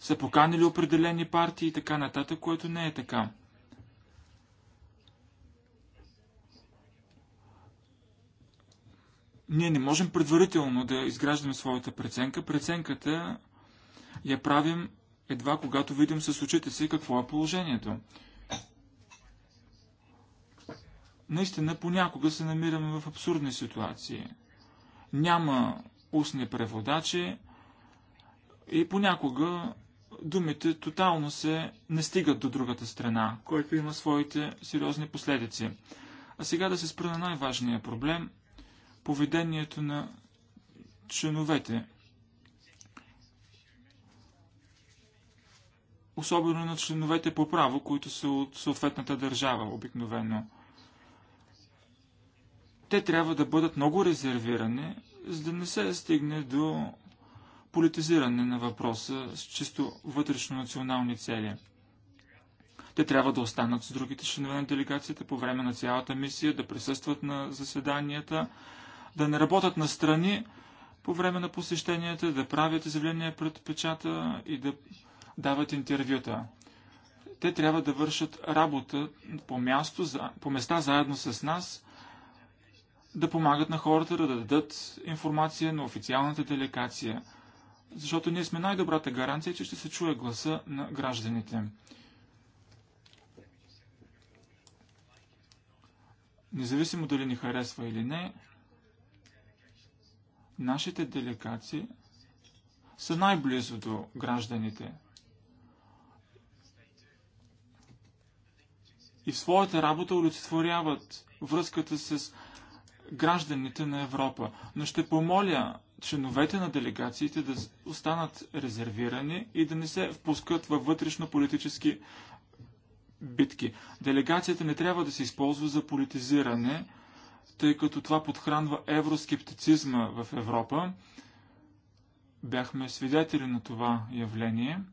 са поканили определени партии и така нататък, което не е така. Ние не можем предварително да изграждаме своята преценка. Преценката я правим едва когато видим с очите си какво е положението. Наистина, понякога се намираме в абсурдни ситуации. Няма устни преводачи и понякога думите тотално се не стигат до другата страна, който има своите сериозни последици. А сега да се спра на най-важния проблем – поведението на членовете. Особено на членовете по право, които са от съответната държава обикновено – те трябва да бъдат много резервирани, за да не се стигне до политизиране на въпроса с чисто вътрешно национални цели. Те трябва да останат с другите членове на делегацията по време на цялата мисия, да присъстват на заседанията, да не работят на страни по време на посещенията, да правят изявления пред печата и да дават интервюта. Те трябва да вършат работа по, място, по места заедно с нас – да помагат на хората да дадат информация на официалната делегация, защото ние сме най-добрата гаранция, че ще се чуе гласа на гражданите. Независимо дали ни харесва или не, нашите делегации са най-близо до гражданите. И в своята работа олицетворяват връзката с гражданите на Европа. Но ще помоля членовете на делегациите да останат резервирани и да не се впускат във вътрешно-политически битки. Делегацията не трябва да се използва за политизиране, тъй като това подхранва евроскептицизма в Европа. Бяхме свидетели на това явление –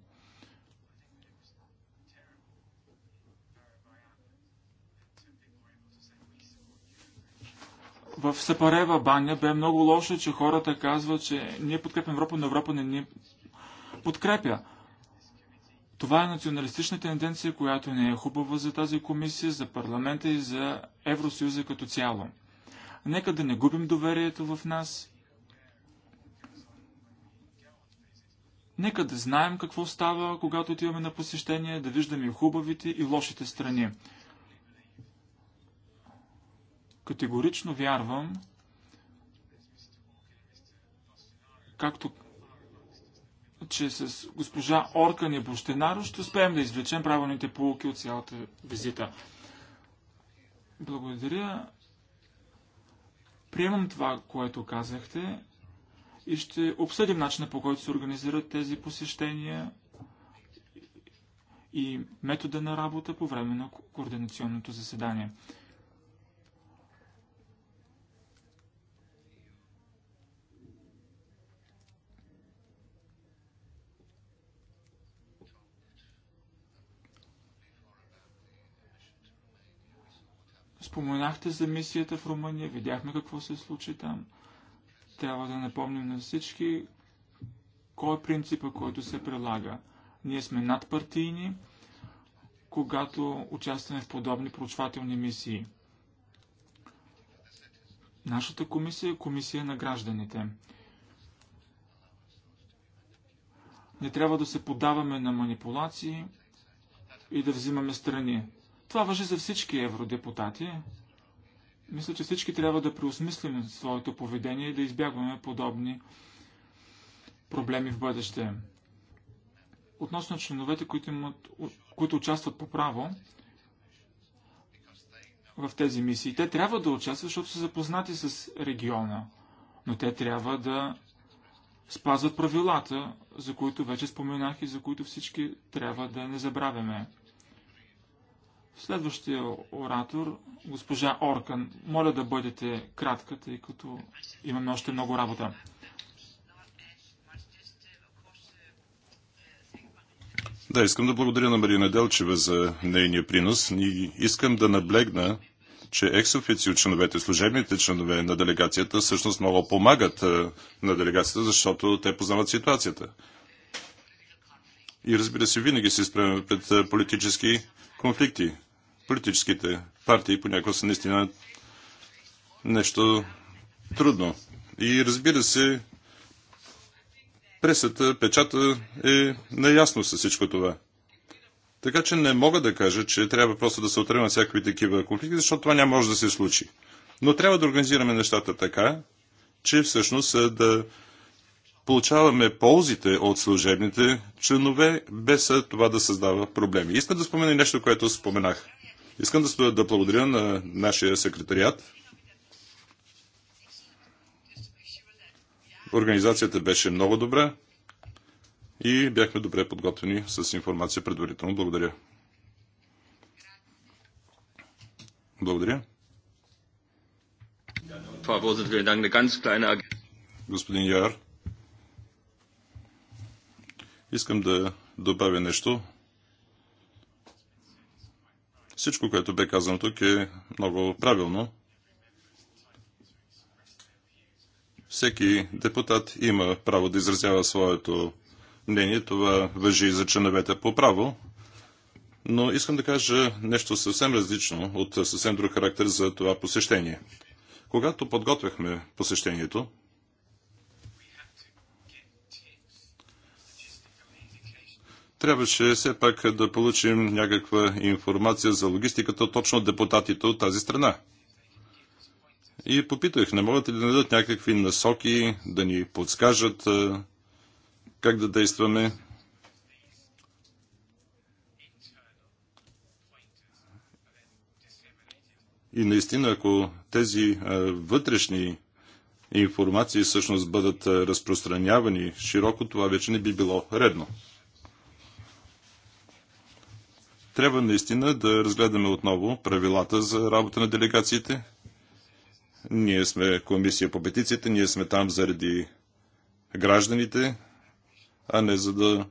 В Сапарева баня бе много лошо, че хората казват, че ние подкрепяме Европа, но Европа не ни подкрепя. Това е националистична тенденция, която не е хубава за тази комисия, за парламента и за Евросъюза като цяло. Нека да не губим доверието в нас. Нека да знаем какво става, когато отиваме на посещение, да виждаме хубавите и лошите страни. Категорично вярвам, както че с госпожа Оркан и Бощенаро ще успеем да извлечем правилните полуки от цялата визита. Благодаря. Приемам това, което казахте и ще обсъдим начина по който се организират тези посещения и метода на работа по време на координационното заседание. Споменахте за мисията в Румъния, видяхме какво се случи там. Трябва да напомним на всички кой е принципа, който се прилага. Ние сме надпартийни, когато участваме в подобни проучвателни мисии. Нашата комисия е комисия на гражданите. Не трябва да се подаваме на манипулации и да взимаме страни. Това въжи за всички евродепутати. Мисля, че всички трябва да преосмислим своето поведение и да избягваме подобни проблеми в бъдеще. Относно членовете, които, имат, които участват по право в тези мисии, те трябва да участват, защото са запознати с региона, но те трябва да спазват правилата, за които вече споменах и за които всички трябва да не забравяме. Следващия оратор, госпожа Оркан, моля да бъдете кратка, тъй като имаме още много работа. Да, искам да благодаря на Марина Делчева за нейния принос и искам да наблегна, че екс от членовете, служебните членове на делегацията всъщност много помагат е, на делегацията, защото те познават ситуацията. И разбира се, винаги се изправяме пред е, политически конфликти политическите партии понякога са наистина нещо трудно. И разбира се, пресата, печата е наясно с всичко това. Така че не мога да кажа, че трябва просто да се отрема всякакви такива конфликти, защото това няма може да се случи. Но трябва да организираме нещата така, че всъщност да получаваме ползите от служебните членове, без това да създава проблеми. Искам да спомена нещо, което споменах. Искам да, да благодаря на нашия секретариат. Организацията беше много добра и бяхме добре подготвени с информация предварително. Благодаря. Благодаря. Господин Яр, искам да добавя нещо всичко, което бе казано тук е много правилно. Всеки депутат има право да изразява своето мнение. Това въжи и за членовете по право. Но искам да кажа нещо съвсем различно от съвсем друг характер за това посещение. Когато подготвяхме посещението, трябваше все пак да получим някаква информация за логистиката точно от депутатите от тази страна. И попитах, не могат ли да дадат някакви насоки, да ни подскажат как да действаме. И наистина, ако тези вътрешни информации всъщност бъдат разпространявани широко, това вече не би било редно. Трябва наистина да разгледаме отново правилата за работа на делегациите. Ние сме комисия по петициите, ние сме там заради гражданите, а не за да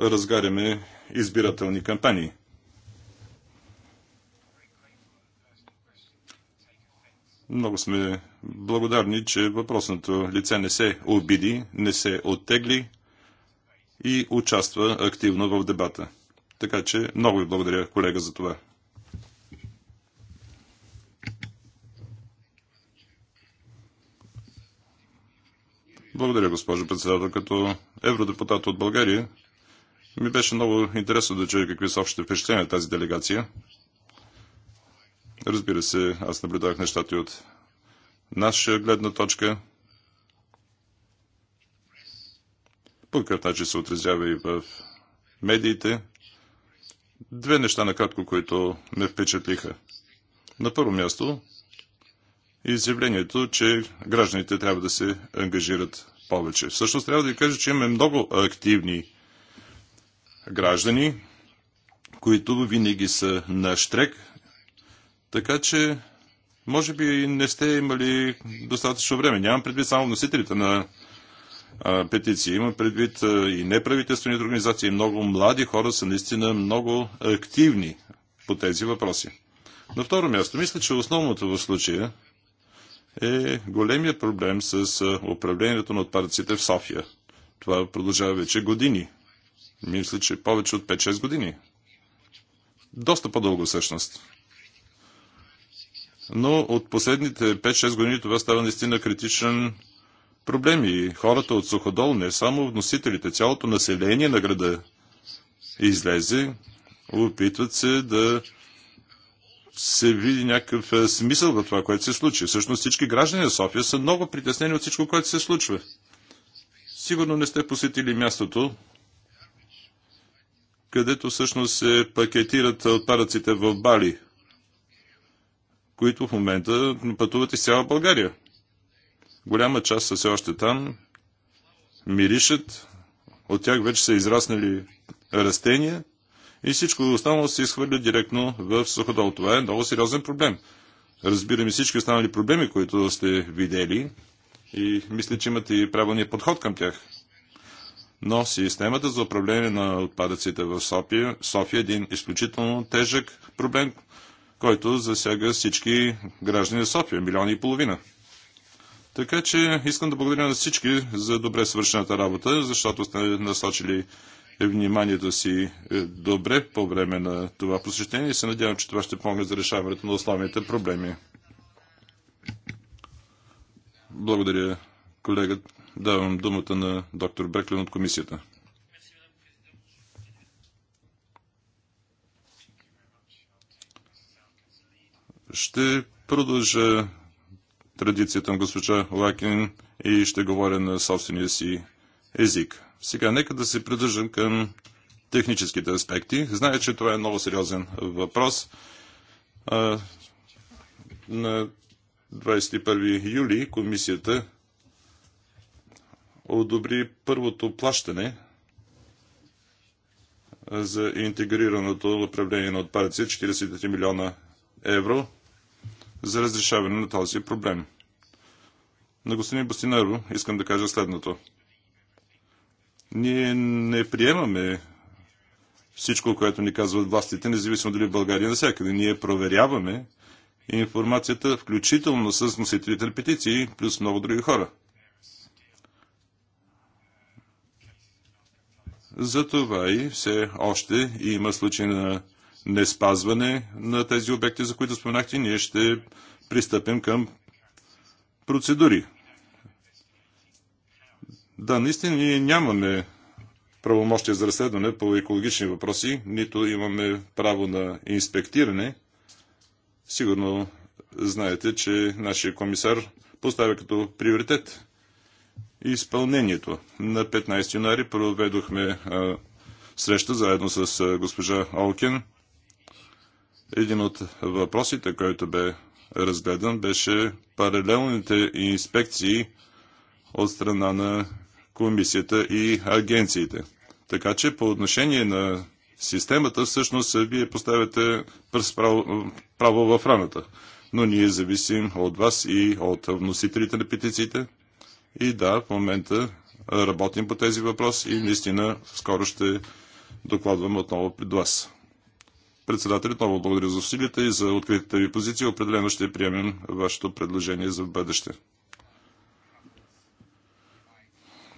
разгаряме избирателни кампании. Много сме благодарни, че въпросното лице не се обиди, не се оттегли и участва активно в дебата. Така че много ви благодаря, колега, за това. Благодаря, госпожо председател. Като евродепутат от България, ми беше много интересно да чуя какви са общите впечатления на тази делегация. Разбира се, аз наблюдавах нещата и от наша гледна точка. По какъв начин се отразява и в медиите. Две неща накратко, които ме впечатлиха. На първо място, изявлението, че гражданите трябва да се ангажират повече. Всъщност трябва да ви кажа, че имаме много активни граждани, които винаги са на штрек, така че може би не сте имали достатъчно време. Нямам предвид само носителите на петиции. Има предвид и неправителствените организации, много млади хора са наистина много активни по тези въпроси. На второ място, мисля, че основното в случая е големия проблем с управлението на отпадъците в София. Това продължава вече години. Мисля, че повече от 5-6 години. Доста по-дълго всъщност. Но от последните 5-6 години това става наистина критичен проблеми. Хората от Суходол, не само вносителите, цялото население на града излезе, опитват се да се види някакъв е, смисъл в това, което се случи. Всъщност всички граждани на София са много притеснени от всичко, което се случва. Сигурно не сте посетили мястото, където всъщност се пакетират отпадъците в Бали, които в момента пътуват из цяла България. Голяма част са все още там, миришат, от тях вече са израснали растения и всичко останало се изхвърля директно в суходол. Това е много сериозен проблем. Разбираме всички останали проблеми, които сте видели и мисля, че имате и правилния подход към тях. Но системата за управление на отпадъците в София, София е един изключително тежък проблем, който засяга всички граждани на София, милиони и половина. Така че искам да благодаря на всички за добре свършената работа, защото сте насочили е, вниманието си е, добре по време на това посещение и се надявам, че това ще помогне за решаването на основните проблеми. Благодаря, колега. Давам думата на доктор Беклин от комисията. Ще продължа традицията на госпожа Лакин и ще говоря на собствения си език. Сега нека да се придържам към техническите аспекти. Зная, че това е много сериозен въпрос. А, на 21 юли комисията одобри първото плащане за интегрираното управление на отпадъци 43 милиона евро за разрешаване на този проблем. На господин Бастинаро искам да кажа следното. Ние не приемаме всичко, което ни казват властите, независимо дали в България навсякъде. Ние проверяваме информацията, включително с носителите на петиции, плюс много други хора. Затова и все още има случаи на не спазване на тези обекти, за които споменахте, ние ще пристъпим към процедури. Да, наистина ние нямаме правомощия за разследване по екологични въпроси, нито имаме право на инспектиране. Сигурно знаете, че нашия комисар поставя като приоритет изпълнението. На 15 януари проведохме среща заедно с госпожа Олкен – един от въпросите, който бе разгледан, беше паралелните инспекции от страна на комисията и агенциите. Така че по отношение на системата, всъщност вие поставяте пръст право, право в раната. Но ние зависим от вас и от вносителите на петициите. И да, в момента работим по тези въпроси и наистина скоро ще докладвам отново пред вас. Председателят, много благодаря за усилията и за откритата ви позиция. Определено ще приемем вашето предложение за бъдеще.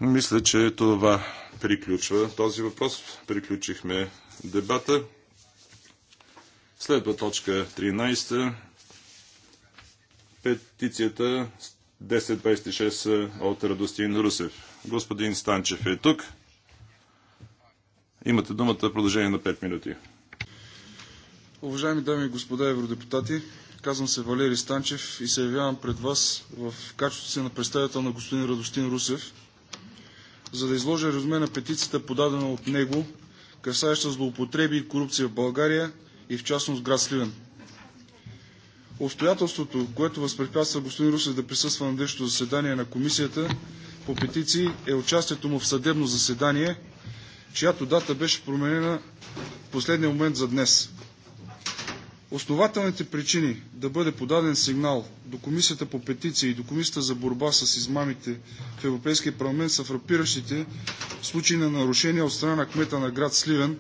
Мисля, че това приключва този въпрос. Приключихме дебата. Следва точка 13. Петицията 1026 от Радостин Русев. Господин Станчев е тук. Имате думата в продължение на 5 минути. Уважаеми дами и господа евродепутати, казвам се Валери Станчев и се явявам пред вас в качеството си на представител на господин Радостин Русев, за да изложа резюме на петицията, подадена от него, касаеща злоупотреби и корупция в България и в частност град Сливен. Обстоятелството, което възпрепятства господин Русев да присъства на днешното заседание на комисията по петиции е участието му в съдебно заседание, чиято дата беше променена в последния момент за днес. Основателните причини да бъде подаден сигнал до Комисията по петиции и до Комисията за борба с измамите в Европейския парламент са фрапиращите случаи на нарушения от страна на кмета на град Сливен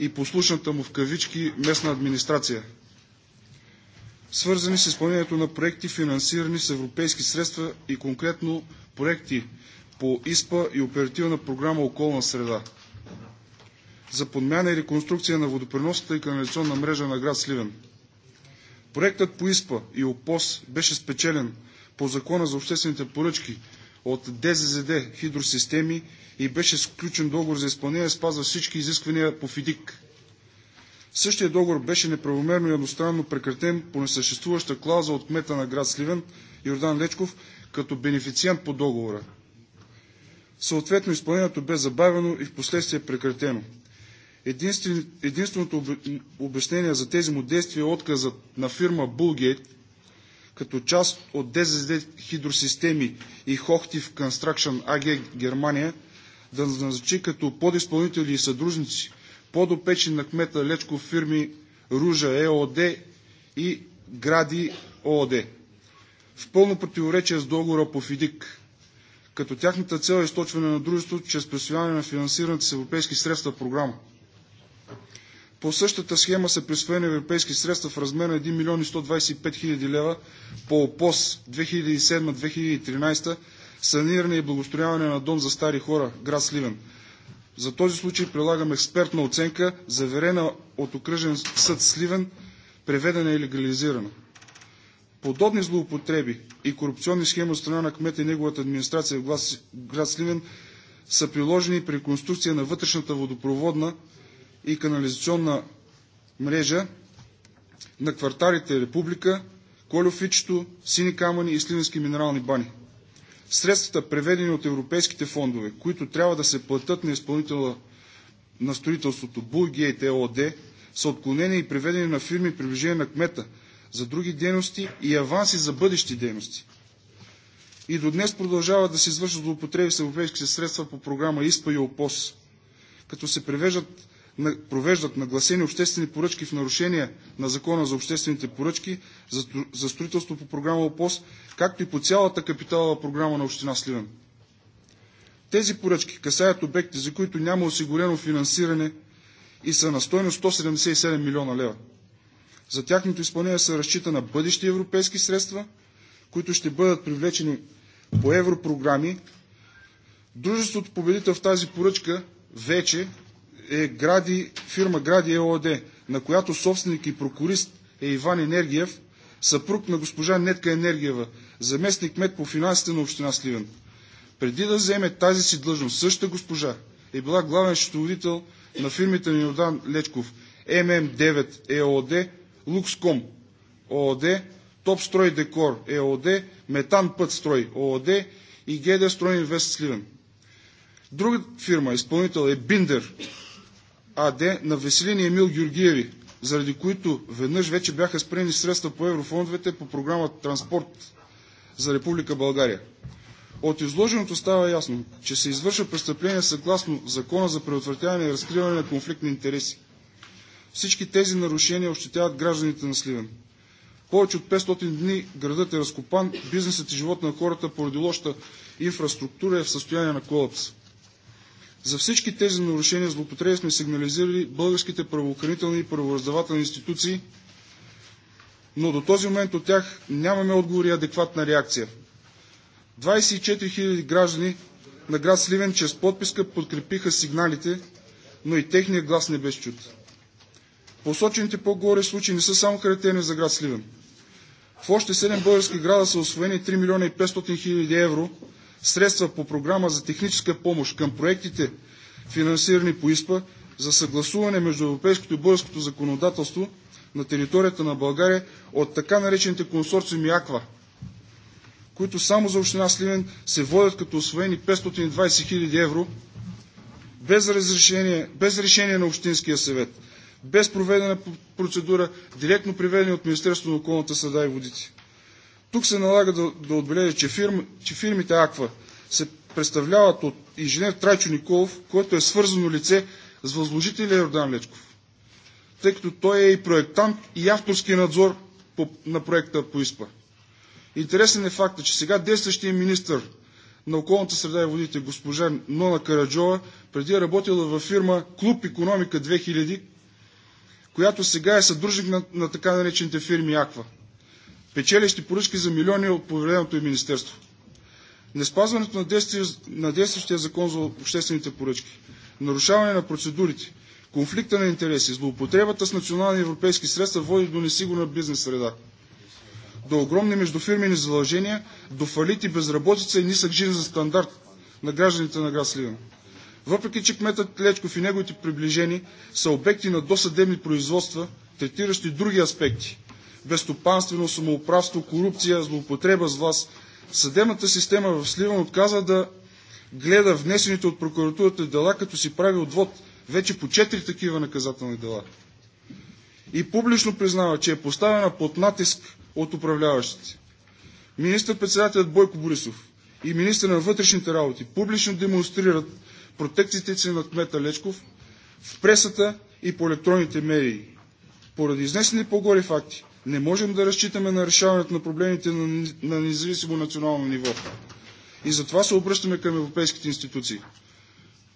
и послушната му в кавички местна администрация, свързани с изпълнението на проекти, финансирани с европейски средства и конкретно проекти по ИСПА и Оперативна програма Околна среда за подмяна и реконструкция на водопреносната и канализационна мрежа на град Сливен. Проектът по ИСПА и ОПОС беше спечелен по Закона за обществените поръчки от ДЗЗД хидросистеми и беше сключен договор за изпълнение, спазва всички изисквания по ФИДИК. Същия договор беше неправомерно и едностранно прекратен по несъществуваща клауза от кмета на град Сливен Йордан Лечков като бенефициент по договора. Съответно изпълнението бе забавено и в последствие прекратено. Единствен, единственото обяснение за тези му действия е отказът на фирма Булгейт като част от ДЗД хидросистеми и Хохтив Construction АГ Германия да назначи като подиспълнители и съдружници подопечни на кмета Лечко фирми Ружа ЕОД и Гради ООД. В пълно противоречие с договора по ФИДИК, като тяхната цел е източване на дружеството чрез присвояване на финансирането с европейски средства програма. По същата схема са присвоени европейски средства в размер на 1 милион и 125 хиляди лева по ОПОС 2007-2013 саниране и благостояване на дом за стари хора, град Сливен. За този случай прилагам експертна оценка, заверена от окръжен съд Сливен, преведена и легализирана. Подобни злоупотреби и корупционни схеми от страна на кмета и неговата администрация в град Сливен са приложени при конструкция на вътрешната водопроводна и канализационна мрежа на кварталите Република, Колюфичето, Сини камъни и Сливенски минерални бани. Средствата, преведени от европейските фондове, които трябва да се платят на изпълнителя на строителството Булгейт ЕОД, са отклонени и преведени на фирми приближение на кмета за други дейности и аванси за бъдещи дейности. И до днес продължават да се извършват злоупотреби с европейските средства по програма ИСПА и ОПОС, като се превеждат провеждат нагласени обществени поръчки в нарушение на Закона за обществените поръчки за, строителство по програма ОПОС, както и по цялата капиталова програма на Община Сливен. Тези поръчки касаят обекти, за които няма осигурено финансиране и са на стойност 177 милиона лева. За тяхното изпълнение са разчита на бъдещи европейски средства, които ще бъдат привлечени по европрограми. Дружеството победител в тази поръчка вече е гради, фирма Гради ЕОД, на която собственик и прокурист е Иван Енергиев, съпруг на госпожа Нетка Енергиева, заместник мед по финансите на община Сливен. Преди да вземе тази си длъжност, същата госпожа е била главен счетоводител на фирмите на Йордан Лечков, ММ9 ЕОД, Лукском ООД, Топстрой Декор ЕОД, Метан Пътстрой ООД и ГД Строй Инвест Сливен. Друга фирма, изпълнител е Биндер АД на Веселин и Емил Георгиеви, заради които веднъж вече бяха спрени средства по еврофондовете по програма Транспорт за Република България. От изложеното става ясно, че се извършва престъпление съгласно Закона за предотвратяване и разкриване на конфликт на интереси. Всички тези нарушения ощетяват гражданите на Сливен. Повече от 500 дни градът е разкопан, бизнесът и живот на хората поради лошата инфраструктура е в състояние на колапс. За всички тези нарушения и злоупотреби сме сигнализирали българските правоохранителни и правораздавателни институции, но до този момент от тях нямаме отговори и адекватна реакция. 24 000 граждани на град Сливен чрез подписка подкрепиха сигналите, но и техният глас не беше чут. Посочените по-горе случаи не са само характерни за град Сливен. В още 7 български града са освоени 3 милиона и 500 хиляди евро средства по програма за техническа помощ към проектите, финансирани по ИСПА, за съгласуване между европейското и българското законодателство на територията на България от така наречените консорциуми АКВА, които само за община Сливен се водят като освоени 520 000 евро без решение, без решение на Общинския съвет, без проведена процедура, директно приведени от Министерството на околната среда и водите. Тук се налага да, да отбележа, че, фирм, че фирмите Аква се представляват от инженер Трайчо Николов, който е свързано лице с възложителя Йордан Лечков, тъй като той е и проектант и авторски надзор по, на проекта по ИСПА. Интересен е факта, че сега действащия министр на околната среда и водите госпожа Нона Караджова преди е работила във фирма Клуб Економика 2000, която сега е съдружник на, на така наречените фирми Аква – печелещи поръчки за милиони от повереното им министерство. Неспазването на, действие, на действащия закон за обществените поръчки, нарушаване на процедурите, конфликта на интереси, злоупотребата с национални европейски средства води до несигурна бизнес среда, до огромни междуфирмени задължения, до фалити, безработица и нисък жизнен стандарт на гражданите на град Сливен. Въпреки, че кметът Лечков и неговите приближени са обекти на досъдебни производства, третиращи други аспекти безстопанствено самоуправство, корупция, злоупотреба с власт. Съдебната система в Сливан отказа да гледа внесените от прокуратурата дела, като си прави отвод вече по четири такива наказателни дела. И публично признава, че е поставена под натиск от управляващите. Министър-председателят Бойко Борисов и министър на вътрешните работи публично демонстрират протекциите си на кмета Лечков в пресата и по електронните медии. Поради изнесени по-горе факти, не можем да разчитаме на решаването на проблемите на, на независимо национално ниво. И затова се обръщаме към европейските институции.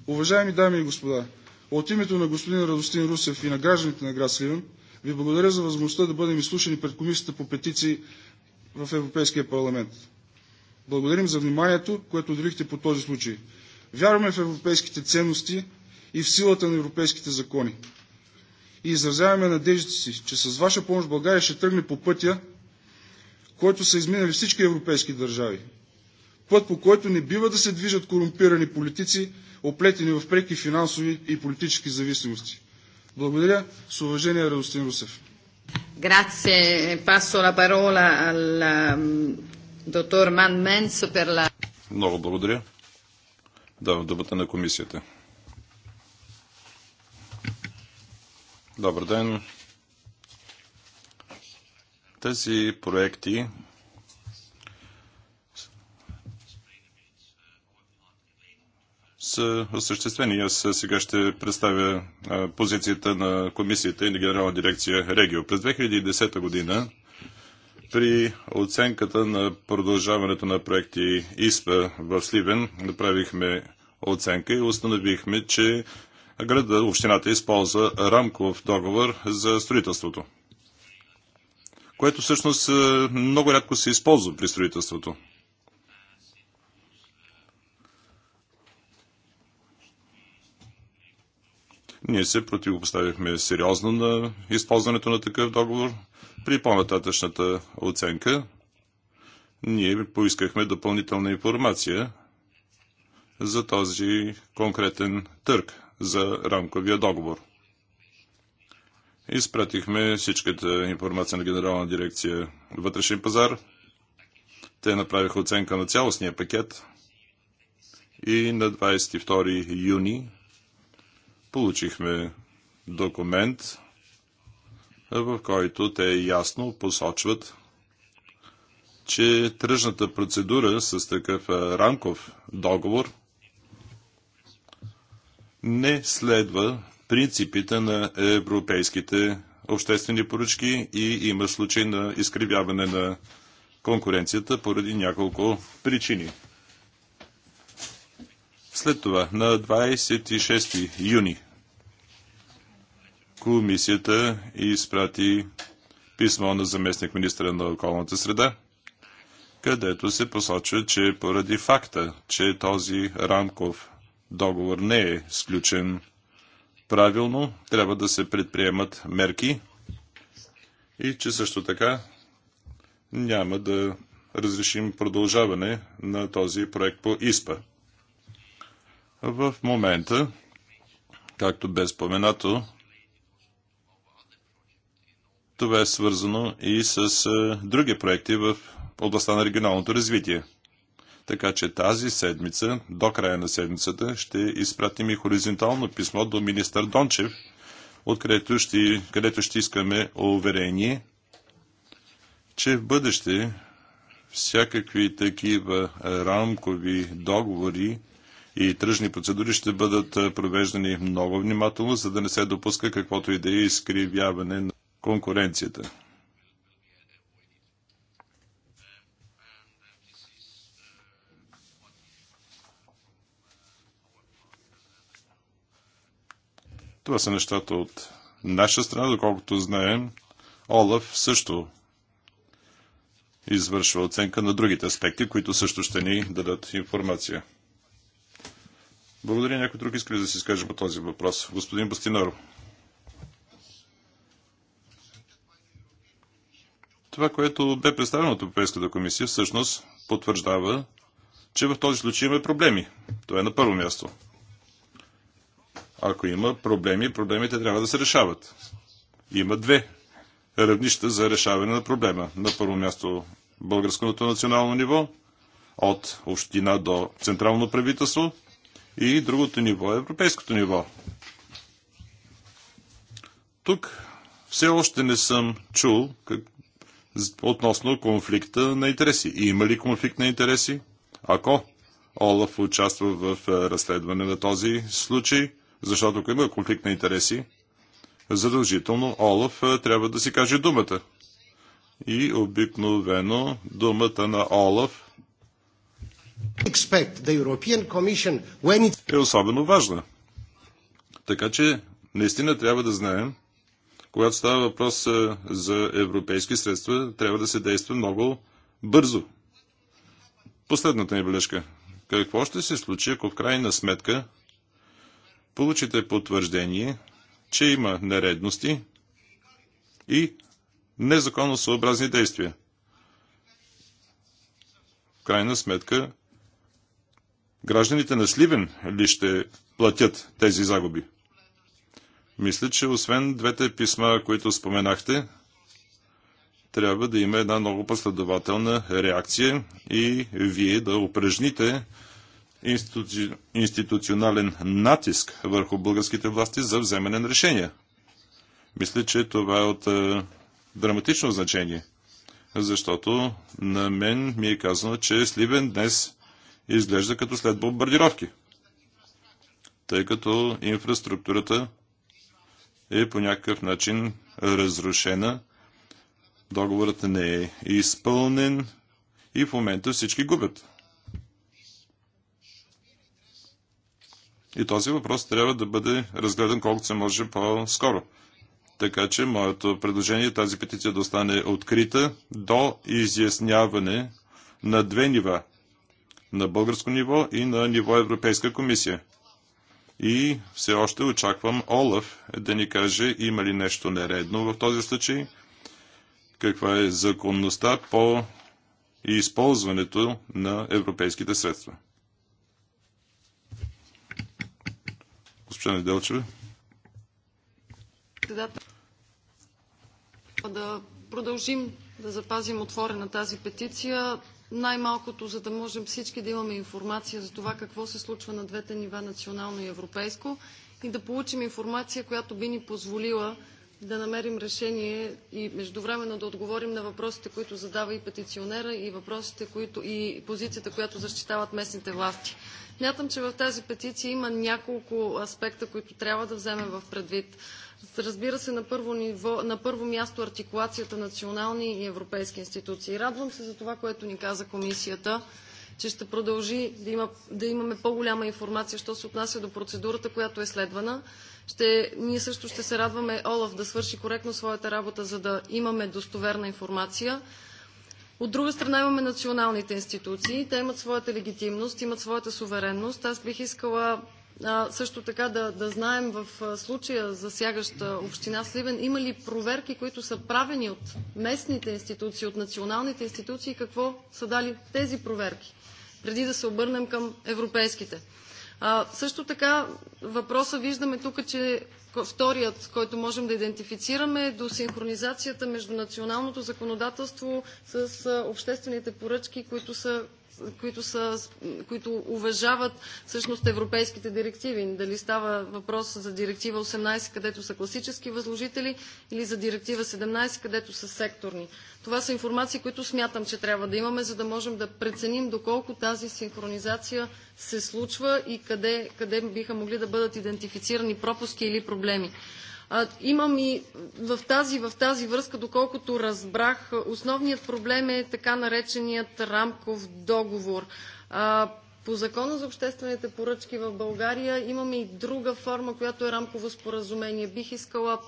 Уважаеми дами и господа, от името на господин Радостин Русев и на гражданите на град Сливен, ви благодаря за възможността да бъдем изслушани пред Комисията по петиции в Европейския парламент. Благодарим за вниманието, което отделихте по този случай. Вярваме в европейските ценности и в силата на европейските закони и изразяваме надеждите си, че с ваша помощ България ще тръгне по пътя, който са изминали всички европейски държави. Път, по който не бива да се движат корумпирани политици, оплетени в преки финансови и политически зависимости. Благодаря. С уважение, Радостин Русев. Grazie, passo la parola al dottor Mann Menz per la... Много благодаря. Давам думата на комисията. Добър ден. Тези проекти са осъществени. Аз сега ще представя позицията на комисията и на Генерална дирекция Регио. През 2010 година при оценката на продължаването на проекти ИСПА в Сливен направихме оценка и установихме, че града, общината използва рамков договор за строителството, което всъщност е, много рядко се използва при строителството. Ние се противопоставихме сериозно на използването на такъв договор. При по-нататъчната оценка ние поискахме допълнителна информация за този конкретен търг за рамковия договор. Изпратихме всичката информация на Генерална дирекция Вътрешен пазар. Те направиха оценка на цялостния пакет и на 22 юни получихме документ, в който те ясно посочват, че тръжната процедура с такъв рамков договор – не следва принципите на европейските обществени поръчки и има случай на изкривяване на конкуренцията поради няколко причини. След това, на 26 юни, комисията изпрати писмо на заместник министра на околната среда, където се посочва, че поради факта, че този рамков договор не е сключен правилно, трябва да се предприемат мерки и че също така няма да разрешим продължаване на този проект по ИСПА. В момента, както бе споменато, това е свързано и с други проекти в областта на регионалното развитие – така че тази седмица, до края на седмицата, ще изпратим и хоризонтално писмо до министър Дончев, откъдето ще, където ще искаме уверение, че в бъдеще всякакви такива рамкови договори и тръжни процедури ще бъдат провеждани много внимателно, за да не се допуска каквото и да е изкривяване на конкуренцията. Това са нещата от наша страна, доколкото знаем, Олаф също извършва оценка на другите аспекти, които също ще ни дадат информация. Благодаря. Някой друг иска ли да се изкаже по този въпрос? Господин Бастинаро. Това, което бе представено от Европейската комисия, всъщност потвърждава, че в този случай има проблеми. Това е на първо място. Ако има проблеми, проблемите трябва да се решават. Има две равнища за решаване на проблема. На първо място българското национално ниво, от община до централно правителство и другото ниво е европейското ниво. Тук все още не съм чул как... относно конфликта на интереси. Има ли конфликт на интереси? Ако Олаф участва в разследване на този случай, защото ако има конфликт на интереси, задължително Олаф е, трябва да си каже думата. И обикновено думата на Олаф е особено важна. Така че наистина трябва да знаем, когато става въпрос е, за европейски средства, трябва да се действа много бързо. Последната ни бележка. Какво ще се случи, ако в крайна сметка получите потвърждение, че има нередности и незаконосъобразни действия. В крайна сметка, гражданите на Сливен ли ще платят тези загуби? Мисля, че освен двете писма, които споменахте, трябва да има една много последователна реакция и вие да упражните институционален натиск върху българските власти за вземане на решения. Мисля, че това е от а, е, драматично значение, защото на мен ми е казано, че Сливен днес изглежда като след бомбардировки, тъй като инфраструктурата е по някакъв начин разрушена, договорът не е изпълнен и в момента всички губят. И този въпрос трябва да бъде разгледан колкото се може по-скоро. Така че моето предложение е тази петиция да остане открита до изясняване на две нива. На българско ниво и на ниво Европейска комисия. И все още очаквам Олаф да ни каже има ли нещо нередно в този случай, каква е законността по използването на европейските средства. госпожа Неделчева. Да продължим да запазим отворена тази петиция, най-малкото, за да можем всички да имаме информация за това какво се случва на двете нива, национално и европейско, и да получим информация, която би ни позволила да намерим решение и междувременно да отговорим на въпросите, които задава и петиционера, и въпросите, които, и позицията, която защитават местните власти. Смятам, че в тази петиция има няколко аспекта, които трябва да вземем в предвид. Разбира се, на първо, ниво, на първо място артикулацията национални и европейски институции. Радвам се за това, което ни каза комисията, че ще продължи да, има, да имаме по-голяма информация, що се отнася до процедурата, която е следвана. Ще, ние също ще се радваме Олаф да свърши коректно своята работа, за да имаме достоверна информация. От друга страна имаме националните институции. Те имат своята легитимност, имат своята суверенност. Аз бих искала а, също така да, да знаем в случая засягаща община Сливен, има ли проверки, които са правени от местните институции, от националните институции, какво са дали тези проверки, преди да се обърнем към европейските. А, също така въпроса виждаме тук, че вторият, който можем да идентифицираме е до синхронизацията между националното законодателство с обществените поръчки, които са които, са, които уважават всъщност европейските директиви. Дали става въпрос за директива 18, където са класически възложители, или за директива 17, където са секторни. Това са информации, които смятам, че трябва да имаме, за да можем да преценим доколко тази синхронизация се случва и къде, къде биха могли да бъдат идентифицирани пропуски или проблеми. Имам и в тази, в тази връзка, доколкото разбрах, основният проблем е така нареченият рамков договор. По закона за обществените поръчки в България имаме и друга форма, която е рамково споразумение. Бих искала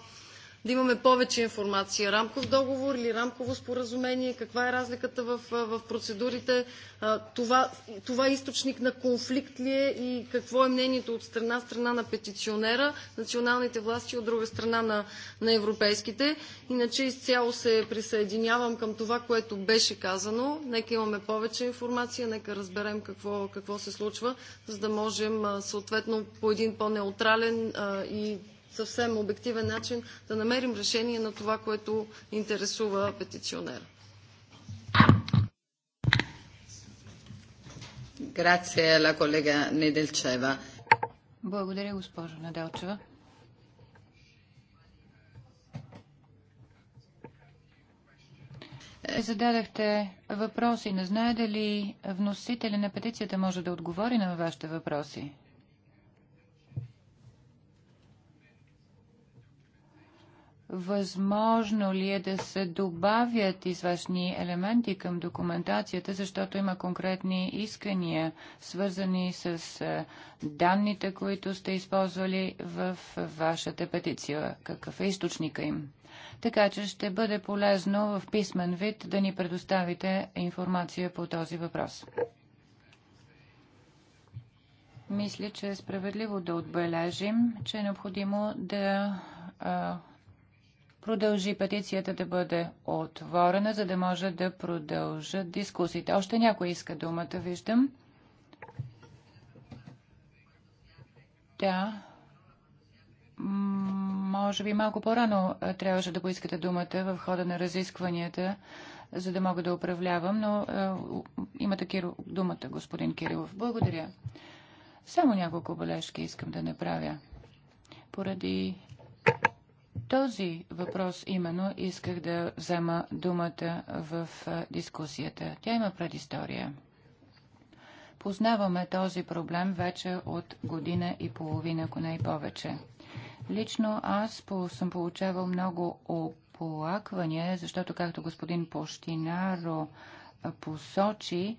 да имаме повече информация. Рамков договор или рамково споразумение, каква е разликата в, в процедурите, това, това източник на конфликт ли е и какво е мнението от страна страна на петиционера, националните власти от друга страна на, на европейските. Иначе изцяло се присъединявам към това, което беше казано. Нека имаме повече информация, нека разберем какво, какво се случва, за да можем съответно по един по-неутрален и съвсем обективен начин да намерим решение на това, което интересува петиционера. Благодаря, госпожо Неделчева. Зададахте въпроси. Не знае дали вносителя на петицията може да отговори на вашите въпроси? Възможно ли е да се добавят извършни елементи към документацията, защото има конкретни искания, свързани с е, данните, които сте използвали в вашата петиция? Какъв е източника им? Така че ще бъде полезно в писмен вид да ни предоставите информация по този въпрос. Мисля, че е справедливо да отбележим, че е необходимо да е, продължи петицията да бъде отворена, за да може да продължат дискусиите. Още някой иска думата, виждам. Да. Може би малко по-рано трябваше да поискате думата в хода на разискванията, за да мога да управлявам, но е, имате Киро, думата, господин Кирилов. Благодаря. Само няколко бележки искам да направя. Поради този въпрос именно исках да взема думата в дискусията. Тя има предистория. Познаваме този проблем вече от година и половина, ако не и повече. Лично аз по съм получавал много оплаквания, защото, както господин Пощинаро посочи,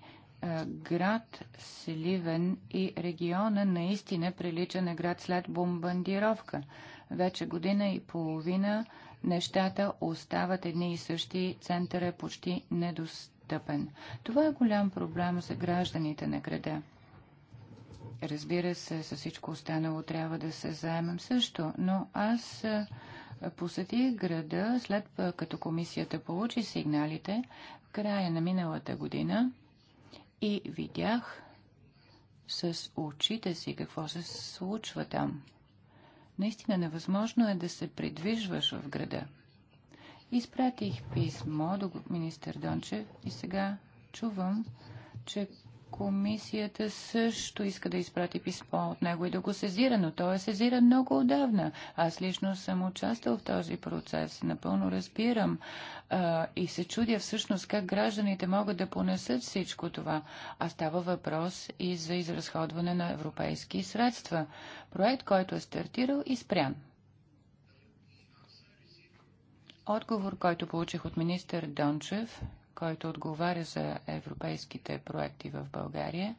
град Сливен и региона наистина прилича на град след бомбандировка вече година и половина нещата остават едни и същи, център е почти недостъпен. Това е голям проблем за гражданите на града. Разбира се, с всичко останало трябва да се заемем също, но аз посетих града след като комисията получи сигналите в края на миналата година и видях с очите си какво се случва там. Наистина невъзможно е да се придвижваш в града. Изпратих писмо до министър Дончев и сега чувам, че Комисията също иска да изпрати писмо от него и да го сезира, но той е сезиран много отдавна. Аз лично съм участвал в този процес. Напълно разбирам а, и се чудя всъщност как гражданите могат да понесат всичко това. А става въпрос и за изразходване на европейски средства. Проект, който е стартирал и спрян. Отговор, който получих от министър Дончев – който отговаря за европейските проекти в България,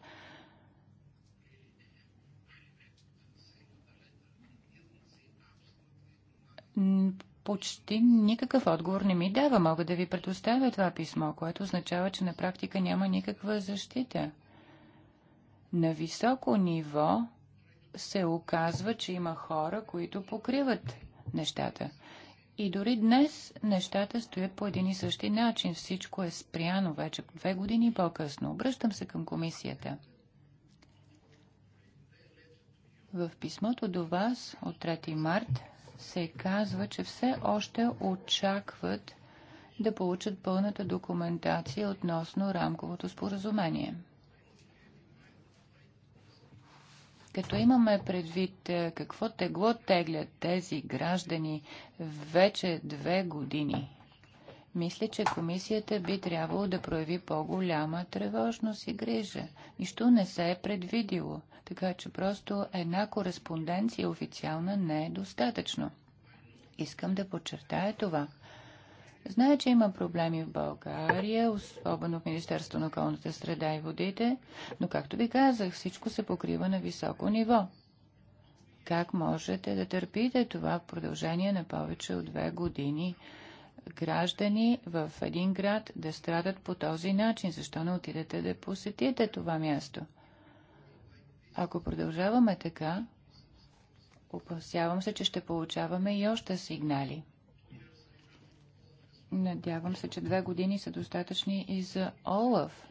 почти никакъв отговор не ми дава. Мога да ви предоставя това писмо, което означава, че на практика няма никаква защита. На високо ниво се оказва, че има хора, които покриват нещата. И дори днес нещата стоят по един и същи начин. Всичко е спряно вече две години по-късно. Обръщам се към комисията. В писмото до вас от 3 март се казва, че все още очакват да получат пълната документация относно рамковото споразумение – Като имаме предвид е, какво тегло теглят тези граждани вече две години, мисля, че комисията би трябвало да прояви по-голяма тревожност и грижа. Нищо не се е предвидило, така че просто една кореспонденция официална не е достатъчно. Искам да подчертая това – Знае, че има проблеми в България, особено в Министерство на околната среда и водите, но както ви казах, всичко се покрива на високо ниво. Как можете да търпите това в продължение на повече от две години? граждани в един град да страдат по този начин. Защо не отидете да посетите това място? Ако продължаваме така, опасявам се, че ще получаваме и още сигнали. Надявам се, че две години са достатъчни и за Олаф.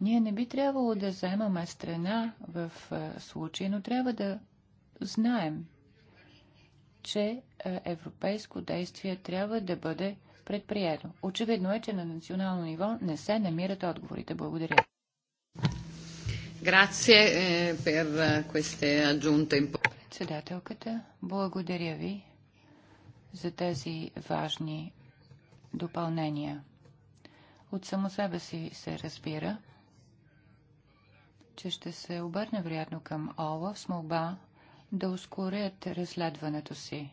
Ние не би трябвало да заемаме страна в е, случай, но трябва да знаем, че е, европейско действие трябва да бъде предприето. Очевидно е, че на национално ниво не се намират отговорите. Благодаря. Grazie per queste aggiunte. Председателката, благодаря ви за тези важни допълнения. От само себе си се разбира, че ще се обърне вероятно към Ола с молба да ускорят разследването си.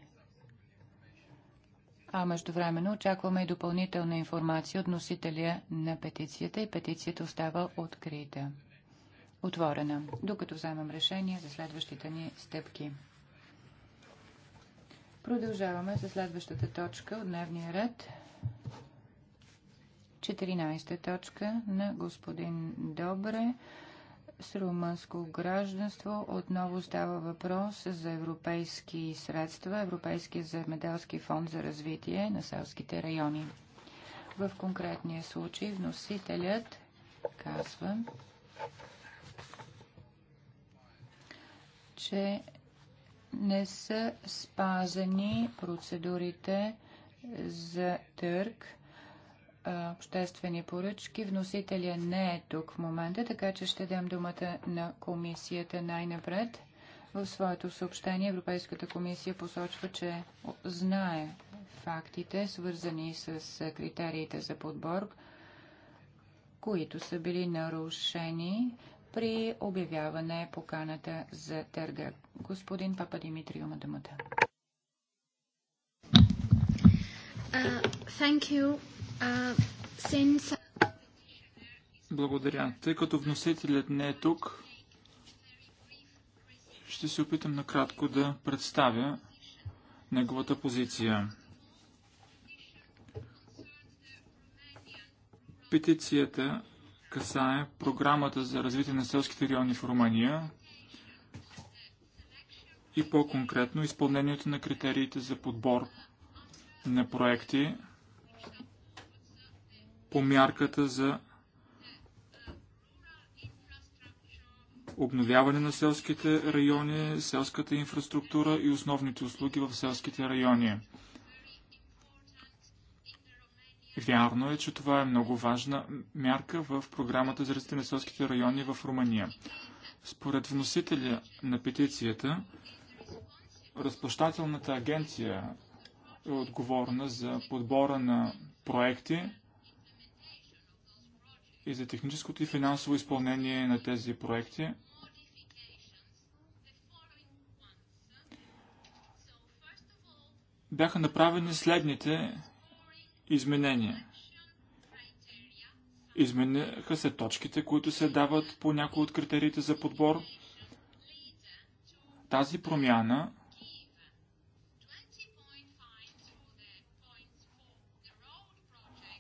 А междувременно очакваме и допълнителна информация от носителя на петицията и петицията остава открита, отворена, докато вземем решение за следващите ни стъпки. Продължаваме за следващата точка от дневния ред – 14 точка на господин Добре с румънско гражданство. Отново става въпрос за европейски средства, Европейския земеделски фонд за развитие на селските райони. В конкретния случай вносителят казва, че не са спазени процедурите за търг обществени поръчки. Вносителя не е тук в момента, така че ще дам думата на комисията най-напред. В своето съобщение Европейската комисия посочва, че знае фактите, свързани с критериите за подбор, които са били нарушени при обявяване поканата за търга. Господин Папа Димитри има думата. Uh, благодаря. Тъй като вносителят не е тук, ще се опитам накратко да представя неговата позиция. Петицията касае програмата за развитие на селските райони в Румъния и по-конкретно изпълнението на критериите за подбор на проекти по мярката за обновяване на селските райони, селската инфраструктура и основните услуги в селските райони. Вярно е, че това е много важна мярка в програмата за развитие на селските райони в Румъния. Според вносителя на петицията, разплащателната агенция е отговорна за подбора на проекти, и за техническото и финансово изпълнение на тези проекти. Бяха направени следните изменения. Изменяха се точките, които се дават по някои от критериите за подбор. Тази промяна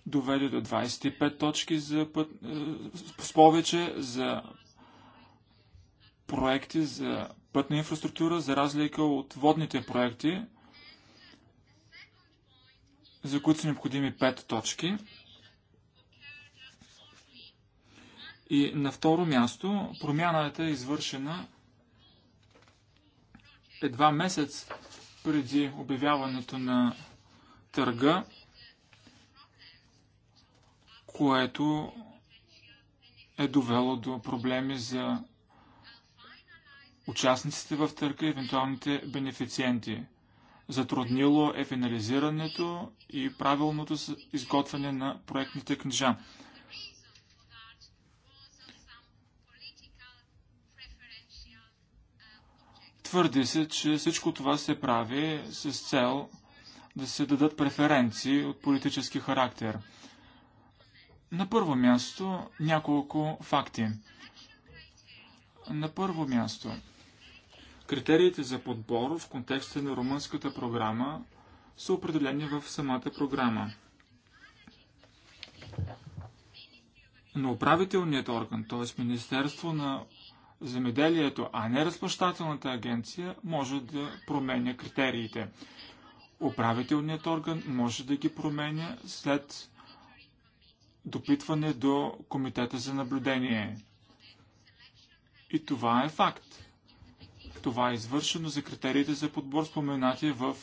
доведе до 25 точки за път, е, с повече за проекти за пътна инфраструктура, за разлика от водните проекти, за които са необходими 5 точки. И на второ място, промяната е извършена едва месец преди обявяването на търга което е довело до проблеми за участниците в търка и евентуалните бенефициенти. Затруднило е финализирането и правилното изготвяне на проектните книжа. Твърди се, че всичко това се прави с цел да се дадат преференции от политически характер – на първо място няколко факти. На първо място критериите за подбор в контекста на румънската програма са определени в самата програма. Но управителният орган, т.е. Министерство на земеделието, а не разплащателната агенция, може да променя критериите. Управителният орган може да ги променя след допитване до комитета за наблюдение. И това е факт. Това е извършено за критериите за подбор, споменати в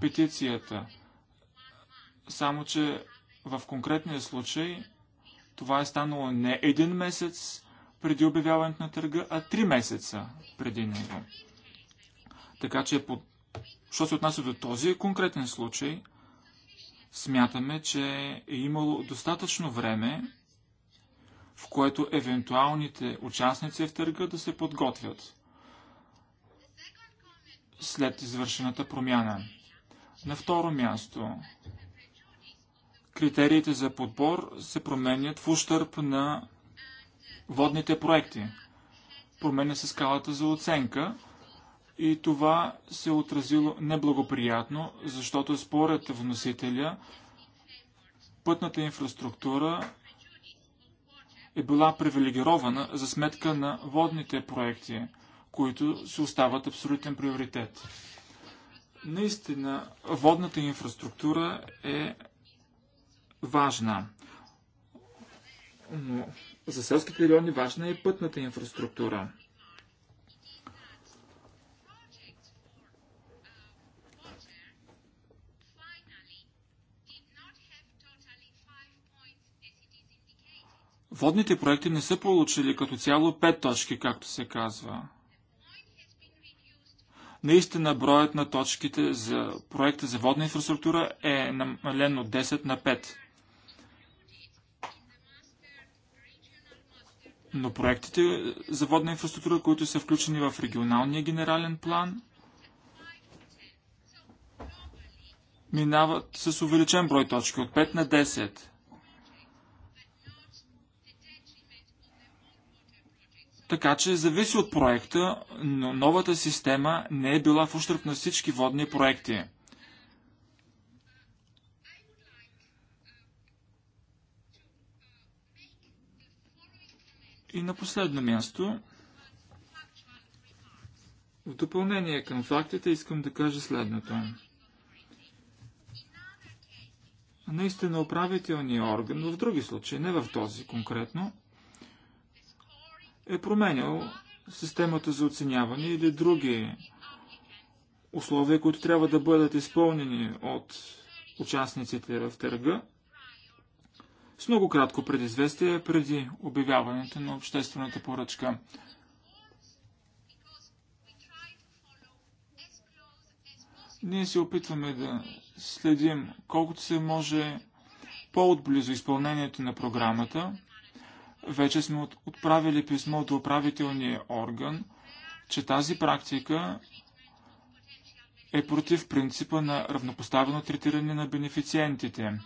петицията. Само, че в конкретния случай това е станало не един месец преди обявяването на търга, а три месеца преди него. Така че, по... що се отнася до този конкретен случай – Смятаме, че е имало достатъчно време, в което евентуалните участници в търга да се подготвят след извършената промяна. На второ място, критериите за подбор се променят в ущърп на водните проекти. Променя се скалата за оценка, и това се е отразило неблагоприятно, защото според вносителя пътната инфраструктура е била привилегирована за сметка на водните проекти, които си остават абсолютен приоритет. Наистина, водната инфраструктура е важна. Но за селските райони важна е пътната инфраструктура. Водните проекти не са получили като цяло 5 точки, както се казва. Наистина броят на точките за проекта за водна инфраструктура е намален от 10 на 5. Но проектите за водна инфраструктура, които са включени в регионалния генерален план, минават с увеличен брой точки от 5 на 10. Така че зависи от проекта, но новата система не е била в ущърп на всички водни проекти. И на последно място, в допълнение към фактите искам да кажа следното. Наистина управителният орган, в други случаи, не в този конкретно, е променял системата за оценяване или други условия, които трябва да бъдат изпълнени от участниците в търга с много кратко предизвестие преди обявяването на обществената поръчка. Ние се опитваме да следим колкото се може по-отблизо изпълнението на програмата, вече сме отправили писмо до управителния орган, че тази практика е против принципа на равнопоставено третиране на бенефициентите.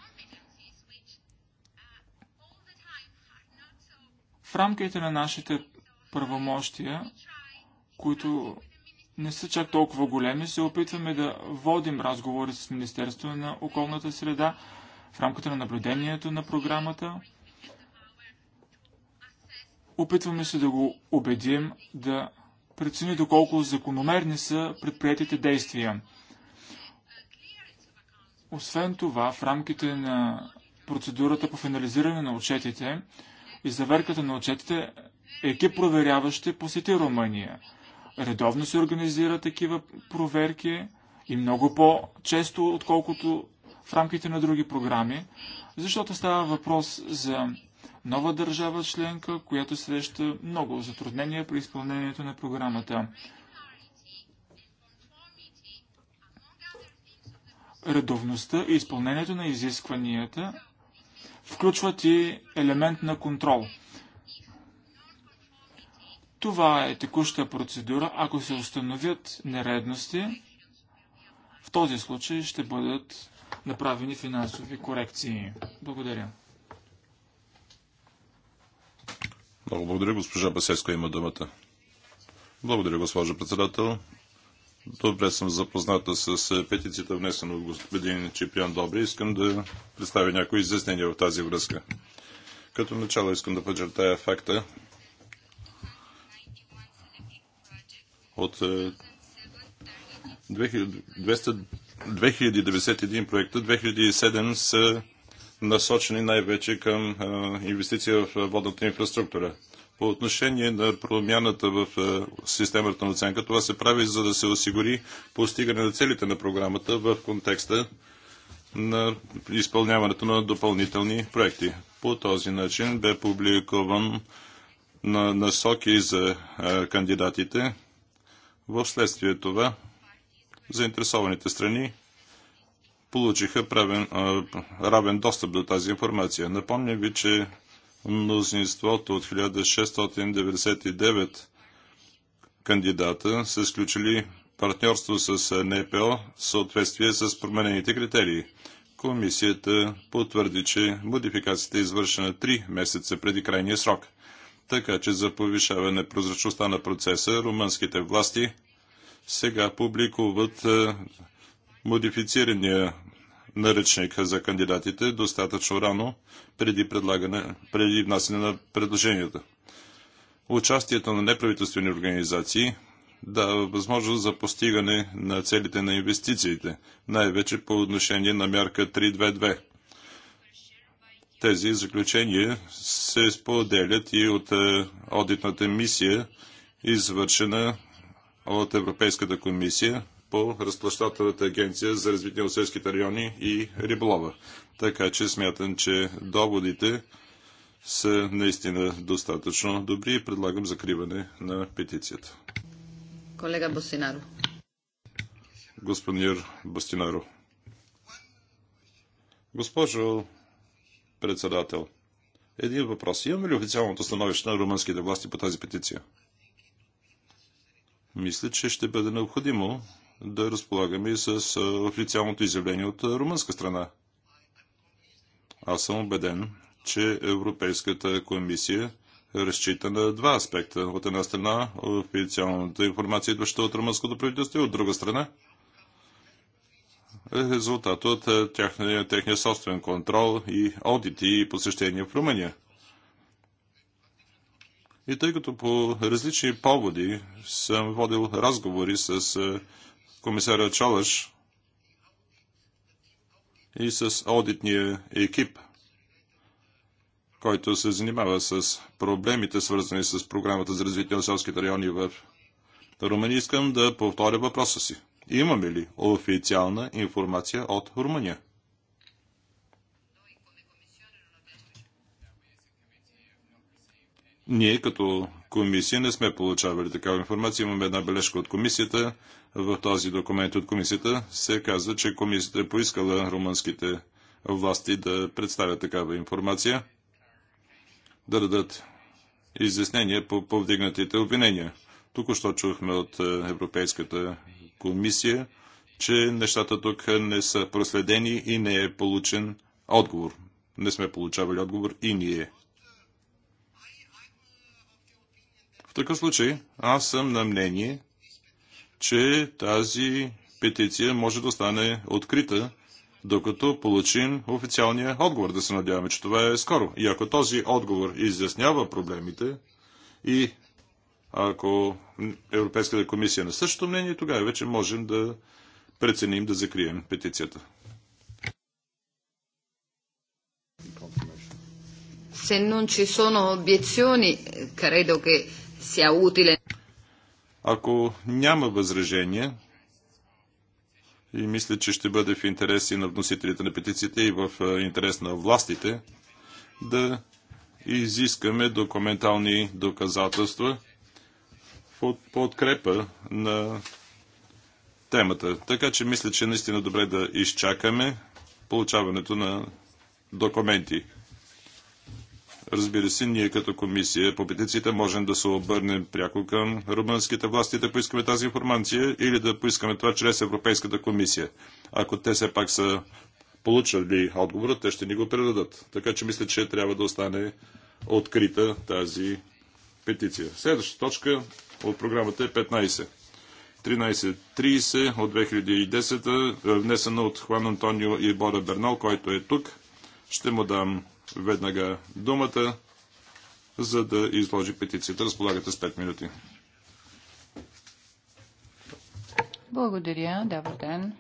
В рамките на нашите правомощия, които не са чак толкова големи, се опитваме да водим разговори с Министерството на околната среда в рамките на наблюдението на програмата. Опитваме се да го убедим да прецени доколко закономерни са предприятите действия. Освен това, в рамките на процедурата по финализиране на отчетите и заверката на отчетите, екип проверяващи посети Румъния. Редовно се организира такива проверки и много по-често, отколкото в рамките на други програми, защото става въпрос за нова държава членка, която среща много затруднения при изпълнението на програмата. Редовността и изпълнението на изискванията включват и елемент на контрол. Това е текуща процедура. Ако се установят нередности, в този случай ще бъдат направени финансови корекции. Благодаря. Много благодаря. Госпожа Басеско има думата. Благодаря, госпожа председател. Добре съм запозната с е, петицията, внесена от господин Чиприан Добри. Искам да представя някои изяснения в тази връзка. Като начало искам да подчертая факта от 2000, 200, 2091 проекта, 2007 са насочени най-вече към инвестиция в водната инфраструктура. По отношение на промяната в системата на оценка, това се прави за да се осигури постигане на целите на програмата в контекста на изпълняването на допълнителни проекти. По този начин бе публикуван на насоки за кандидатите. В следствие това заинтересованите страни получиха правен, а, равен достъп до тази информация. Напомня ви, че мнозинството от 1699 кандидата са сключили партньорство с НПО в съответствие с променените критерии. Комисията потвърди, че модификацията е извършена 3 месеца преди крайния срок. Така че за повишаване прозрачността на процеса румънските власти сега публикуват модифицирания наръчник за кандидатите достатъчно рано преди, предлагане, преди внасяне на предложенията. Участието на неправителствени организации дава възможност за постигане на целите на инвестициите, най-вече по отношение на мярка 322. Тези заключения се споделят и от е, одитната мисия, извършена от Европейската комисия по разплащателната агенция за развитие на селските райони и риболова. Така че смятам, че доводите са наистина достатъчно добри и предлагам закриване на петицията. Колега Босинаро. Господин Бостинаро. Госпожо председател, един въпрос. Имаме ли официалното становище на румънските власти по тази петиция? Мисля, че ще бъде необходимо да разполагаме и с официалното изявление от румънска страна. Аз съм убеден, че Европейската комисия разчита на два аспекта. От една страна официалната информация, идваща от румънското правителство, и от друга страна резултат от техния, техния собствен контрол и аудити и посещения в Румъния. И тъй като по различни поводи съм водил разговори с комисаря Чалъш и с аудитния екип, който се занимава с проблемите, свързани с програмата за развитие на селските райони в Румъния. Искам да повторя въпроса си. Имаме ли официална информация от Румъния? Ние като комисия не сме получавали такава информация. Имаме една бележка от комисията. В този документ от комисията се казва, че комисията е поискала румънските власти да представят такава информация, да дадат изяснение по повдигнатите обвинения. тук що чухме от е, Европейската комисия, че нещата тук не са проследени и не е получен отговор. Не сме получавали отговор и ние. В такъв случай аз съм на мнение, че тази петиция може да остане открита, докато получим официалния отговор. Да се надяваме, че това е скоро. И ако този отговор изяснява проблемите и ако Европейската комисия на същото мнение, тогава вече можем да преценим да закрием петицията. Se non ci sono obiezioni, credo che sia utile. Ако няма възражение, и мисля, че ще бъде в интерес и на вносителите на петициите и в интерес на властите да изискаме документални доказателства в подкрепа на темата. Така че мисля, че наистина добре да изчакаме получаването на документи. Разбира се, ние като комисия по петициите можем да се обърнем пряко към румънските власти да поискаме тази информация или да поискаме това чрез Европейската комисия. Ако те все пак са получили отговора, те ще ни го предадат. Така че мисля, че трябва да остане открита тази петиция. Следваща точка от програмата е 15. 13.30 от 2010, внесена от Хуан Антонио и Бора Бернал, който е тук. Ще му дам веднага думата, за да изложи петицията. Разполагате с 5 минути. Благодаря. Добър ден.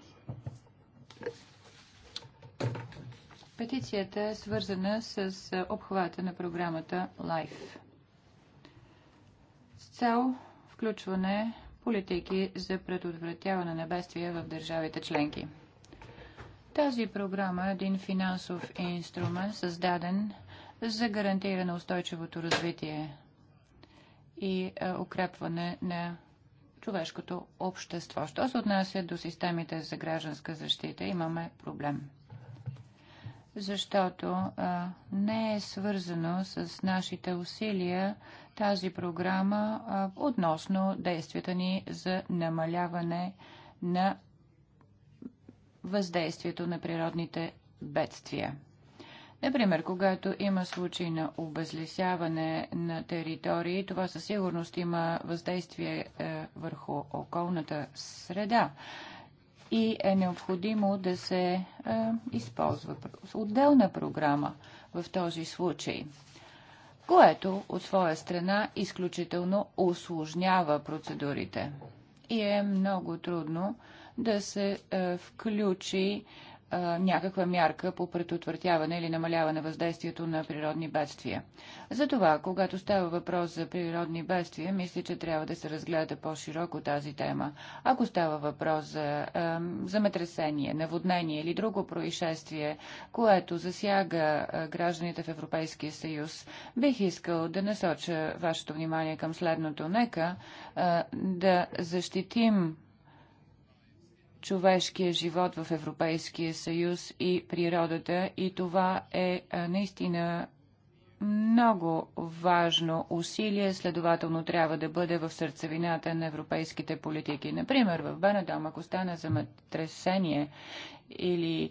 Петицията е свързана с обхвата на програмата LIFE. С цел включване политики за предотвратяване на бедствия в държавите членки. Тази програма е един финансов инструмент, създаден за гарантиране устойчивото развитие и е, укрепване на човешкото общество. Що се отнася до системите за гражданска защита, имаме проблем. Защото а, е, не е свързано с нашите усилия тази програма а, е, относно действията ни за намаляване на въздействието на природните бедствия. Например, когато има случай на обезлесяване на територии, това със сигурност има въздействие е, върху околната среда и е необходимо да се е, използва отделна програма в този случай, което от своя страна изключително осложнява процедурите и е много трудно да се е, включи е, някаква мярка по предотвратяване или намаляване въздействието на природни бедствия. Затова, когато става въпрос за природни бедствия, мисля, че трябва да се разгледа по-широко тази тема. Ако става въпрос за е, земетресение, наводнение или друго происшествие, което засяга гражданите в Европейския съюз, бих искал да насоча вашето внимание към следното. Нека да защитим човешкия живот в Европейския съюз и природата. И това е наистина много важно усилие, следователно трябва да бъде в сърцевината на европейските политики. Например, в Бенедом, ако стане земетресение или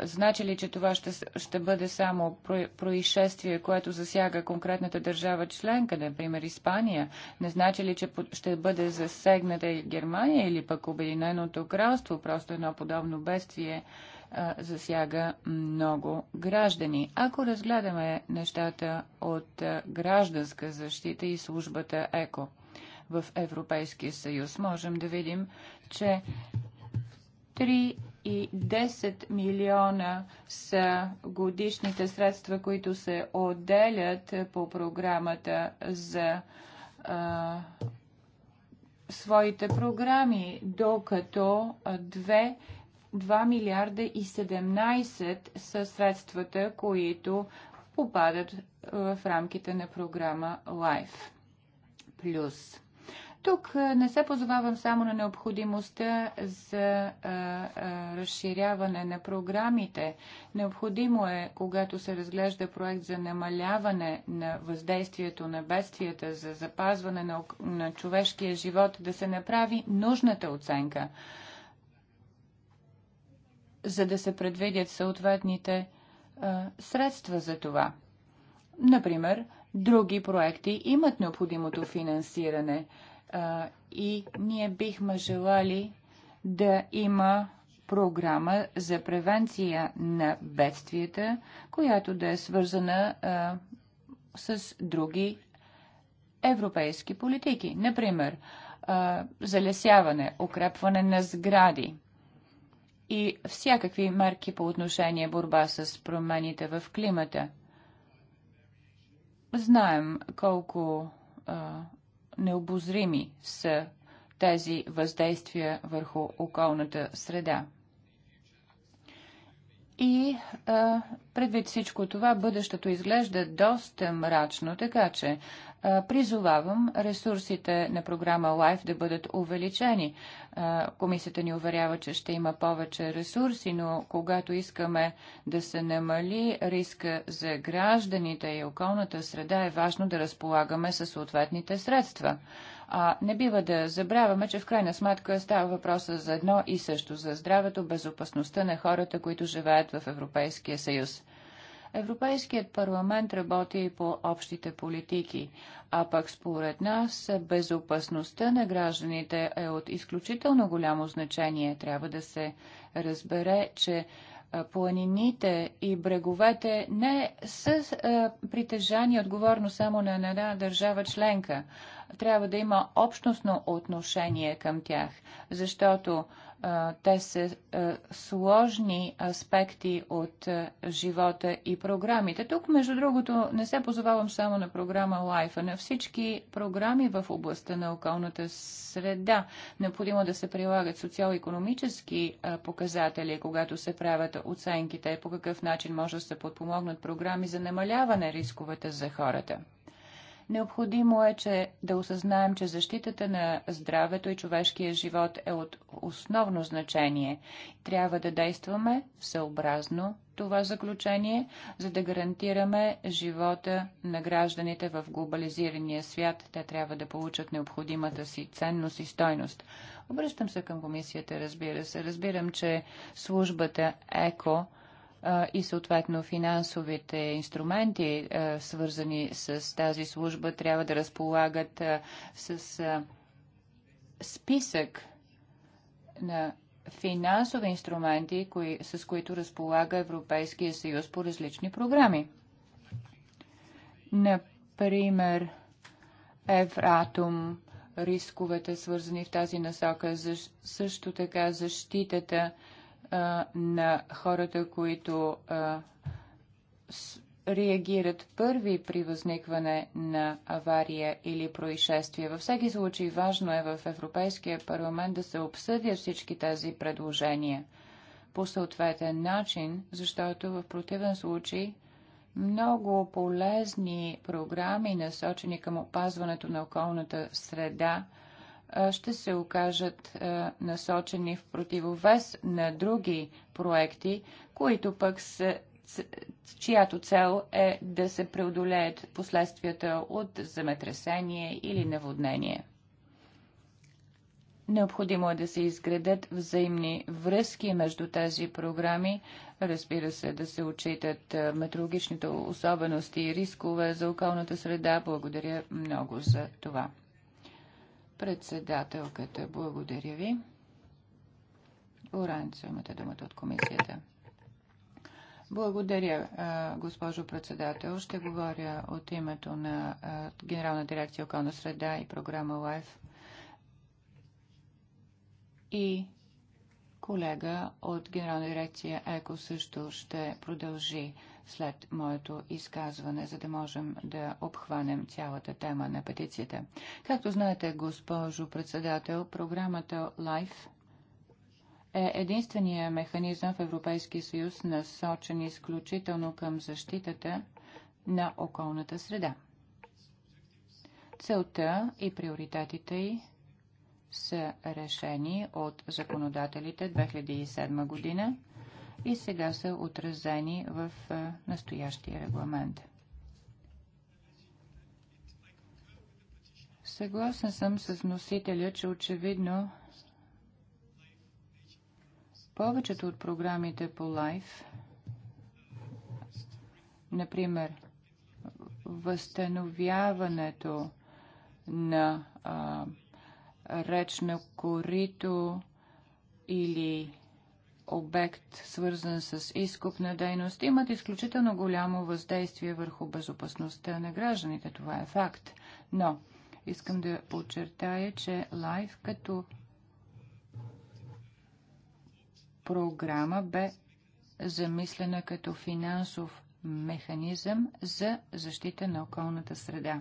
значи ли, че това ще, ще бъде само происшествие, което засяга конкретната държава членка, например Испания? Не значи ли, че ще бъде засегната и Германия или пък Обединеното кралство? Просто едно подобно бедствие засяга много граждани. Ако разгледаме нещата от гражданска защита и службата ЕКО в Европейския съюз, можем да видим, че три и 10 милиона са годишните средства, които се отделят по програмата за а, своите програми, докато 2 2 милиарда и 17 са средствата, които попадат в рамките на програма LIFE. Плюс тук не се позовавам само на необходимостта за а, а, разширяване на програмите. Необходимо е, когато се разглежда проект за намаляване на въздействието на бедствията, за запазване на, на човешкия живот, да се направи нужната оценка, за да се предвидят съответните а, средства за това. Например, други проекти имат необходимото финансиране и ние бихме желали да има програма за превенция на бедствията, която да е свързана а, с други европейски политики. Например, а, залесяване, укрепване на сгради и всякакви мерки по отношение борба с промените в климата. Знаем колко а, необозрими са тези въздействия върху околната среда. И а, предвид всичко това, бъдещето изглежда доста мрачно, така че Призовавам ресурсите на програма LIFE да бъдат увеличени. Комисията ни уверява, че ще има повече ресурси, но когато искаме да се намали риска за гражданите и околната среда, е важно да разполагаме със съответните средства. А не бива да забравяме, че в крайна сметка става въпроса за едно и също за здравето, безопасността на хората, които живеят в Европейския съюз. Европейският парламент работи и по общите политики, а пък според нас безопасността на гражданите е от изключително голямо значение. Трябва да се разбере, че планините и бреговете не са притежани отговорно само на една държава членка. Трябва да има общностно отношение към тях, защото те са сложни аспекти от живота и програмите. Тук, между другото, не се позовавам само на програма LIFE, а на всички програми в областта на околната среда. Необходимо да се прилагат социал-економически показатели, когато се правят оценките, по какъв начин може да се подпомогнат програми за намаляване рисковете за хората. Необходимо е, че да осъзнаем, че защитата на здравето и човешкия живот е от основно значение. Трябва да действаме съобразно това заключение, за да гарантираме живота на гражданите в глобализирания свят. Те трябва да получат необходимата си ценност и стойност. Обръщам се към комисията, разбира се. Разбирам, че службата ЕКО – и съответно финансовите инструменти, свързани с тази служба, трябва да разполагат с списък на финансови инструменти, с които разполага Европейския съюз по различни програми. Например, Евратум, рисковете свързани в тази насока, също така защитата на хората, които реагират първи при възникване на авария или происшествие. Във всеки случай важно е в Европейския парламент да се обсъдят всички тези предложения по съответен начин, защото в противен случай много полезни програми, насочени към опазването на околната среда, ще се окажат насочени в противовес на други проекти, които пък се чиято цел е да се преодолеят последствията от земетресение или наводнение. Необходимо е да се изградят взаимни връзки между тези програми, разбира се, да се отчитат метрологичните особености и рискове за околната среда. Благодаря много за това. Председателката, благодаря ви. Оранцо, имате думата от комисията. Благодаря, госпожо председател. Ще говоря от името на Генерална дирекция околна среда и програма ЛАЙФ и колега от Генерална дирекция ЕКО също ще продължи след моето изказване, за да можем да обхванем цялата тема на петицията. Както знаете, госпожо председател, програмата LIFE е единствения механизъм в Европейския съюз, насочен изключително към защитата на околната среда. Целта и приоритетите й са решени от законодателите 2007 година и сега са отразени в настоящия регламент. Съгласен съм с носителя, че очевидно повечето от програмите по лайф, например, възстановяването на а, речно корито или обект, свързан с изкуп на дейност, имат изключително голямо въздействие върху безопасността на гражданите. Това е факт. Но искам да подчертая, че лайф като програма бе замислена като финансов механизъм за защита на околната среда.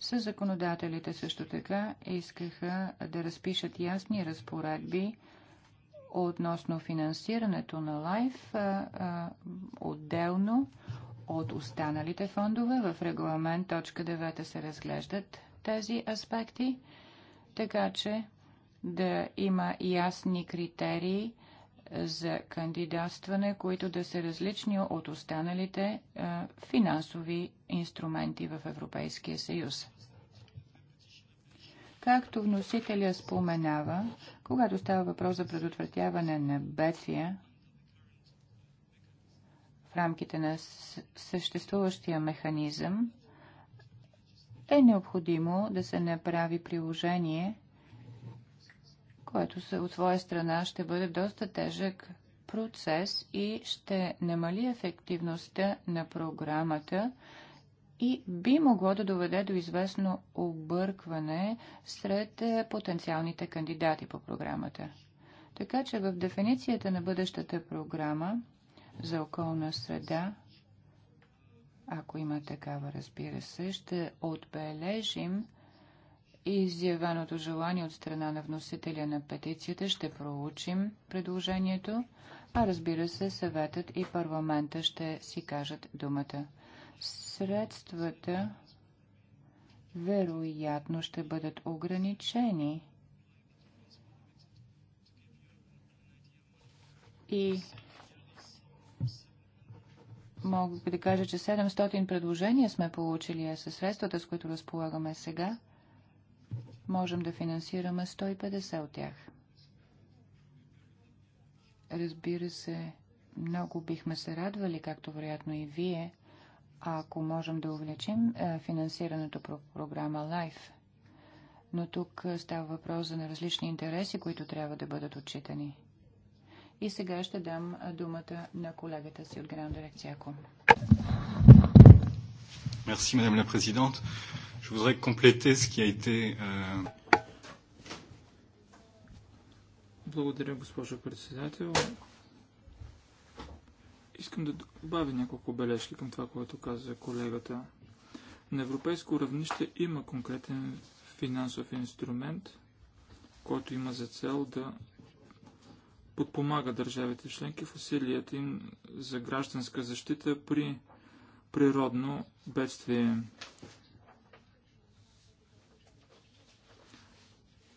Със законодателите също така искаха да разпишат ясни разпоредби относно финансирането на лайф отделно от останалите фондове. В регламент точка 9 се разглеждат тези аспекти, така че да има ясни критерии за кандидатстване, които да са различни от останалите финансови инструменти в Европейския съюз. Както вносителя споменава, когато става въпрос за предотвратяване на бедствия в рамките на съществуващия механизъм, е необходимо да се направи приложение, което от своя страна ще бъде доста тежък процес и ще намали ефективността на програмата, и би могло да доведе до известно объркване сред е, потенциалните кандидати по програмата. Така че в дефиницията на бъдещата програма за околна среда, ако има такава, разбира се, ще отбележим изявеното желание от страна на вносителя на петицията, ще проучим предложението, а разбира се, съветът и парламента ще си кажат думата средствата вероятно ще бъдат ограничени. И мога да кажа, че 700 предложения сме получили, а със средствата, с които разполагаме сега, можем да финансираме 150 от тях. Разбира се, много бихме се радвали, както вероятно и вие, ако можем да увеличим е, финансирането по програма LIFE. Но тук е, става въпрос за различни интереси, които трябва да бъдат отчитани. И сега ще дам е, думата на колегата си от Гран дирекция КОМ. Мерси, мадам la президент. Je voudrais compléter ce qui a été. Euh, Благодаря, госпожо председател. Искам да добавя няколко бележки към това, което каза колегата. На европейско равнище има конкретен финансов инструмент, който има за цел да подпомага държавите членки в усилията им за гражданска защита при природно бедствие.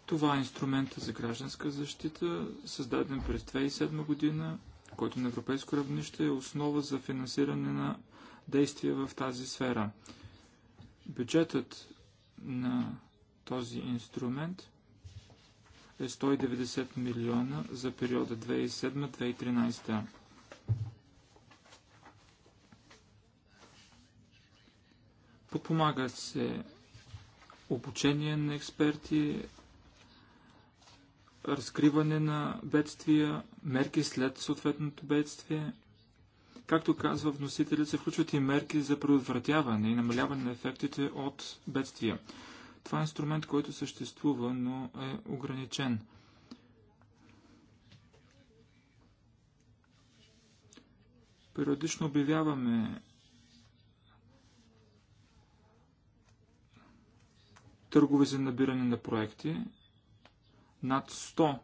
Това е инструмента за гражданска защита, създаден през 2007 година който на европейско равнище е основа за финансиране на действия в тази сфера. Бюджетът на този инструмент е 190 милиона за периода 2007-2013. Подпомагат се обучение на експерти, разкриване на бедствия, мерки след съответното бедствие. Както казва вносителят, се включват и мерки за предотвратяване и намаляване на ефектите от бедствия. Това е инструмент, който съществува, но е ограничен. Периодично обявяваме търгове за набиране на проекти, над 100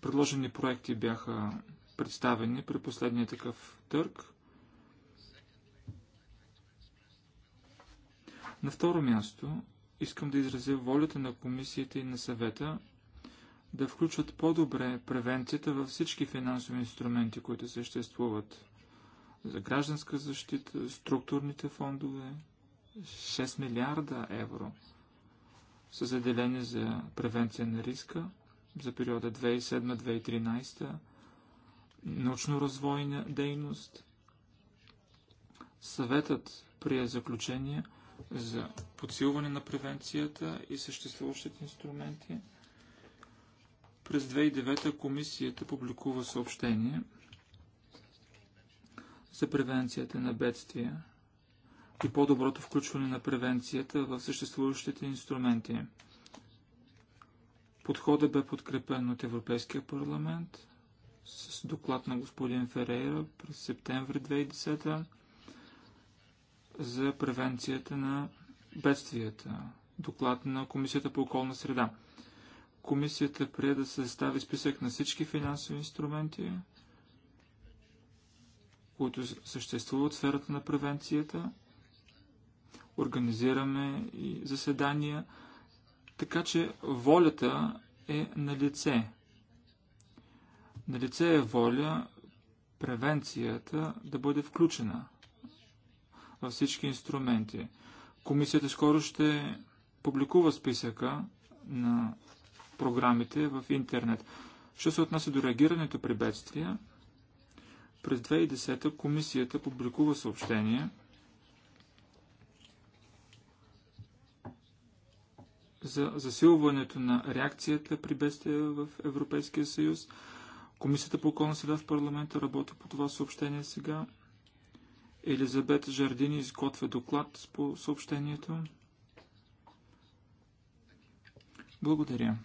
предложени проекти бяха представени при последния такъв търг. На второ място искам да изразя волята на комисията и на съвета да включват по-добре превенцията във всички финансови инструменти, които съществуват. За гражданска защита, структурните фондове, 6 милиарда евро – са заделени за превенция на риска за периода 2007-2013, научно-развойна дейност. Съветът прие заключение за подсилване на превенцията и съществуващите инструменти. През 2009 комисията публикува съобщение за превенцията на бедствия и по-доброто включване на превенцията в съществуващите инструменти. Подхода бе подкрепен от Европейския парламент с доклад на господин Ферейра през септември 2010 за превенцията на бедствията. Доклад на Комисията по околна среда. Комисията прие да се състави списък на всички финансови инструменти, които съществуват в сферата на превенцията организираме и заседания, така че волята е на лице. На лице е воля превенцията да бъде включена във всички инструменти. Комисията скоро ще публикува списъка на програмите в интернет. Що се отнася до реагирането при бедствия, през 2010 комисията публикува съобщение – за засилването на реакцията при бедствия в Европейския съюз. Комисията по околна среда в парламента работи по това съобщение сега. Елизабет Жардини изготвя доклад по съобщението. Благодаря.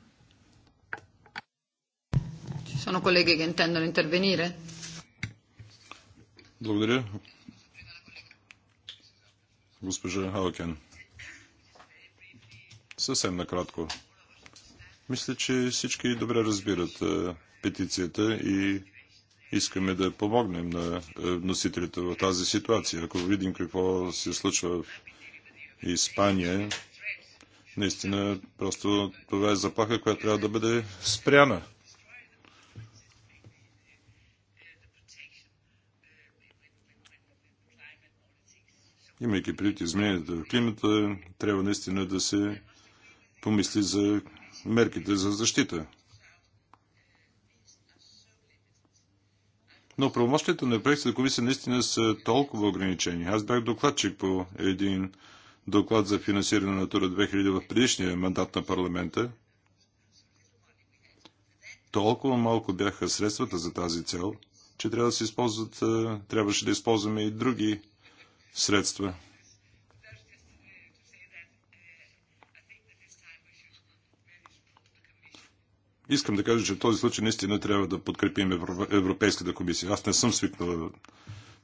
Sono colleghi che intendono intervenire? Благодаря. Госпожа Халкен. Съвсем накратко. Мисля, че всички добре разбират е, петицията и искаме да помогнем на е, носителите в тази ситуация. Ако видим какво се случва в Испания, наистина просто това е заплаха, която трябва да бъде спряна. Имайки предвид изменението в климата, трябва наистина да се помисли за мерките за защита. Но правомощията на Европейската комисия наистина са толкова ограничени. Аз бях докладчик по един доклад за финансиране на Натура 2000 в предишния мандат на парламента. Толкова малко бяха средствата за тази цел, че трябва да се използват, трябваше да използваме и други средства. искам да кажа, че в този случай наистина трябва да подкрепим Европейската комисия. Аз не съм свикнал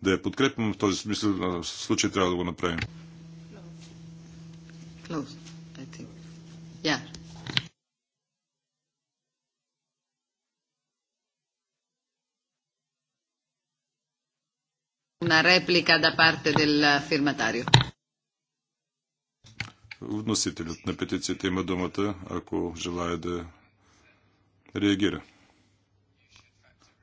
да я подкрепям, в този смисъл, в случай трябва да го направим. Una replica da parte del firmatario. Вносителят на петицията има думата, ако желая да реагира.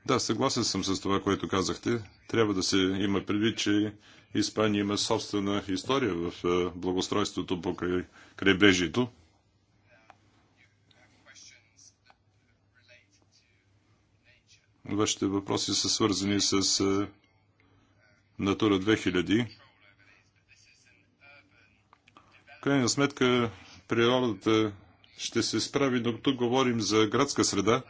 Да, съгласен съм с това, което казахте. Трябва да се има предвид, че Испания има собствена история в е, благостройството по крайбрежието. Вашите въпроси са свързани с е, Натура 2000. В крайна сметка природата ще се справи, докато говорим за градска среда,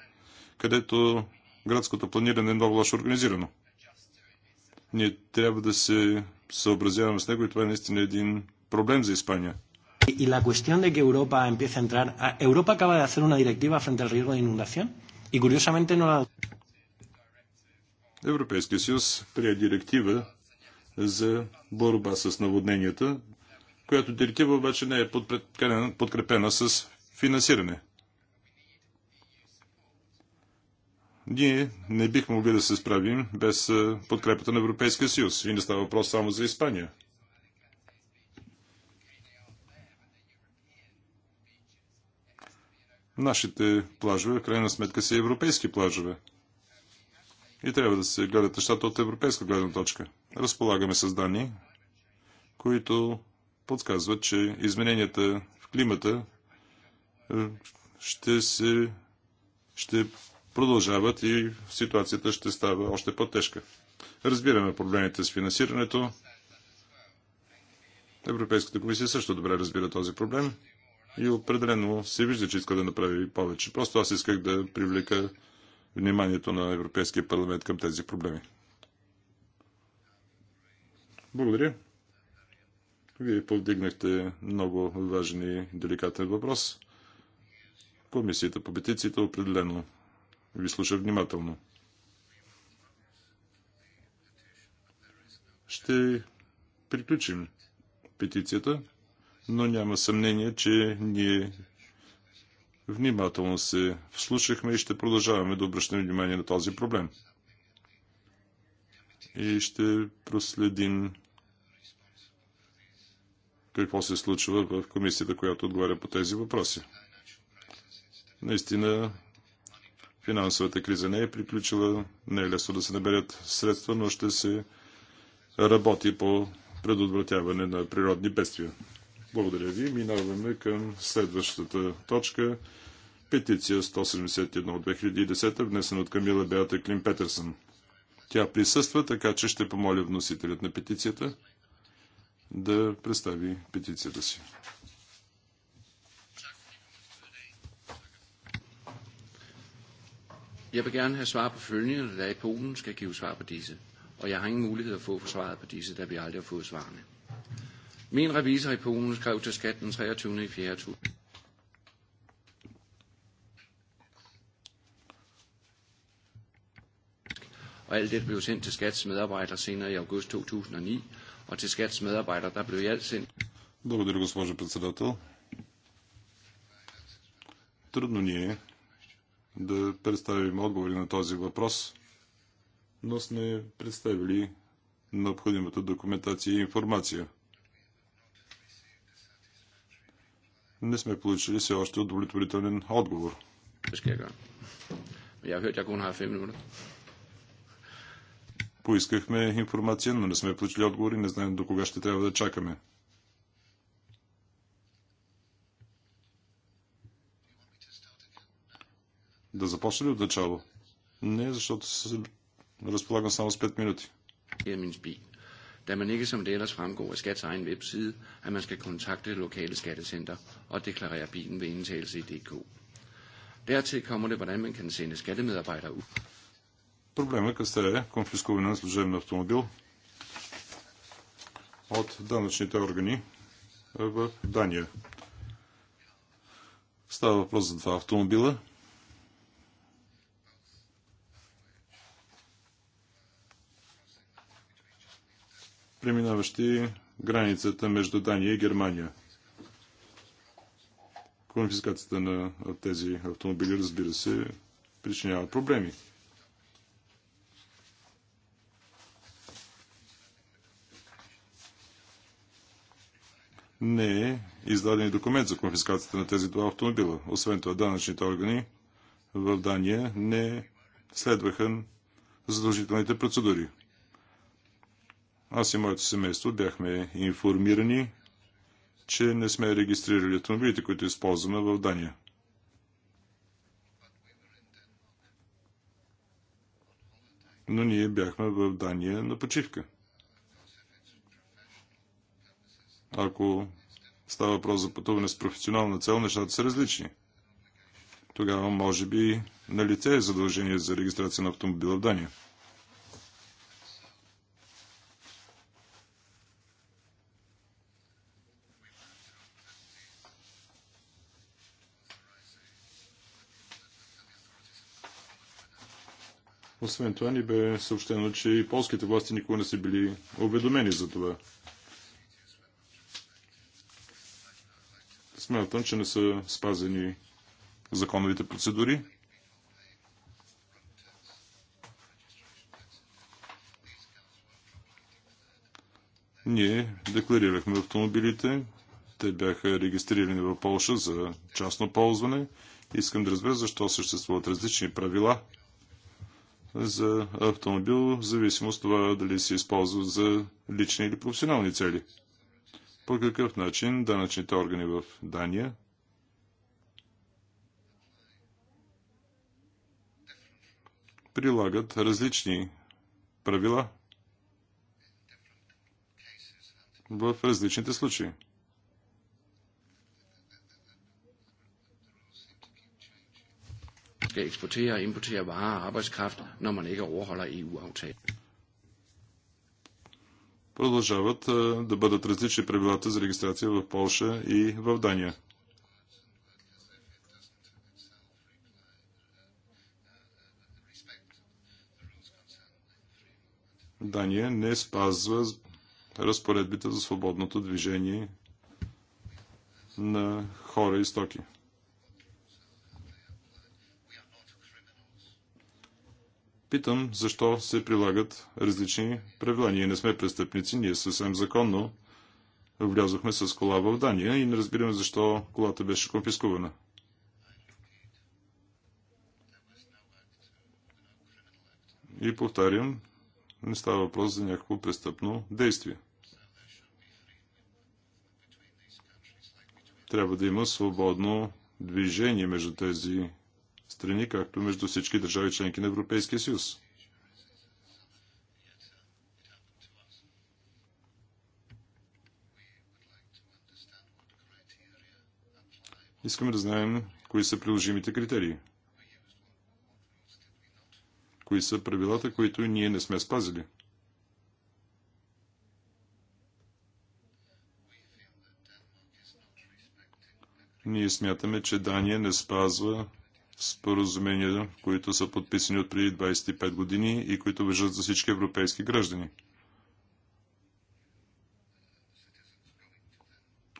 където градското планиране е много лошо организирано. Ние трябва да се съобразяваме с него и това е наистина един проблем за Испания. И la cuestión de que Europa empiece a entrar. Europa acaba de hacer una directiva frente al riesgo de inundación y curiosamente no la. Европейския съюз прие директива за борба с наводненията, която директива обаче не е подкрепена с финансиране. Ние не бихме могли да се справим без подкрепата на Европейския съюз. И не става въпрос само за Испания. Нашите плажове, в крайна сметка, са европейски плажове. И трябва да се гледат нещата от европейска гледна точка. Разполагаме с данни, които подсказват, че измененията в климата ще се ще продължават и ситуацията ще става още по-тежка. Разбираме проблемите с финансирането. Европейската комисия също добре разбира този проблем и определено се вижда, че иска да направи повече. Просто аз исках да привлека вниманието на Европейския парламент към тези проблеми. Благодаря. Вие повдигнахте много важен и деликатен въпрос. Комисията по петициите определено ви слуша внимателно. Ще приключим петицията, но няма съмнение, че ние внимателно се вслушахме и ще продължаваме да обръщаме внимание на този проблем. И ще проследим какво се случва в комисията, която отговаря по тези въпроси. Наистина финансовата криза не е приключила, не е лесно да се наберят средства, но ще се работи по предотвратяване на природни бедствия. Благодаря ви. Минаваме към следващата точка. Петиция 171 от 2010, внесена от Камила Беата Клин Петерсън. Тя присъства, така че ще помоля вносителят на петицията да представи петицията си. Jeg vil gerne have svar på følgende, da i Polen skal give svar på disse, og jeg har ingen mulighed at få svaret på disse, da vi aldrig har fået svarene. Min revisor i Polen skrev til skat den 23. i 4. Og alt det blev sendt til skats medarbejdere senere i august 2009, og til skats medarbejdere, der blev i alt sendt. Благодаря, госпожа председател. Трудно ни е да представим отговори на този въпрос, но сме представили необходимата документация и информация. Не сме получили все още удовлетворителен отговор. Поискахме информация, но не сме получили отговори, не знаем до кога ще трябва да чакаме. Да започна ли от начало? Не, защото се разполагам само с 5 минути. Da man ikke, som det ellers fremgår af Skats egen webside, at man skal kontakte det lokale skattecenter og deklarere bilen ved indtagelse i DK. Dertil kommer det, hvordan man kan sende skattemedarbejdere ud. Проблема касае конфискуване на служебен автомобил от данъчните органи в Дания. Става въпрос за два автомобила, преминаващи границата между Дания и Германия. Конфискацията на тези автомобили, разбира се, причинява проблеми. не е издаден документ за конфискацията на тези два автомобила. Освен това, данъчните органи в Дания не следваха задължителните процедури. Аз и моето семейство бяхме информирани, че не сме регистрирали автомобилите, които използваме в Дания. Но ние бяхме в Дания на почивка. Ако става въпрос за пътуване с професионална цел, нещата са различни. Тогава може би на лице е задължение за регистрация на автомобила в Дания. Освен това ни бе съобщено, че и полските власти никога не са били уведомени за това. Смятам, че не са спазени законовите процедури. Ние декларирахме автомобилите. Те бяха регистрирани в Полша за частно ползване. Искам да разбера защо съществуват различни правила за автомобил, в зависимост от това дали се използва за лични или професионални цели. По какъв начин данъчните органи в Дания прилагат различни правила в различните случаи. skal eksportere og importere varer og arbejdskraft, når man ikke overholder eu aftalen Продължават е, да бъдат различни правилата за регистрация в Польша и в Дания. Дания не спазва разпоредбите за свободното движение на хора и стоки. Питам, защо се прилагат различни правила. Ние не сме престъпници, ние съвсем законно влязохме с кола в Дания и не разбираме защо колата беше конфискувана. И повтарям, не става въпрос за някакво престъпно действие. Трябва да има свободно движение между тези страни, както между всички държави членки на Европейския съюз. Искаме да знаем кои са приложимите критерии. Кои са правилата, които ние не сме спазили. Ние смятаме, че Дания не спазва споразумения, които са подписани от преди 25 години и които въжат за всички европейски граждани.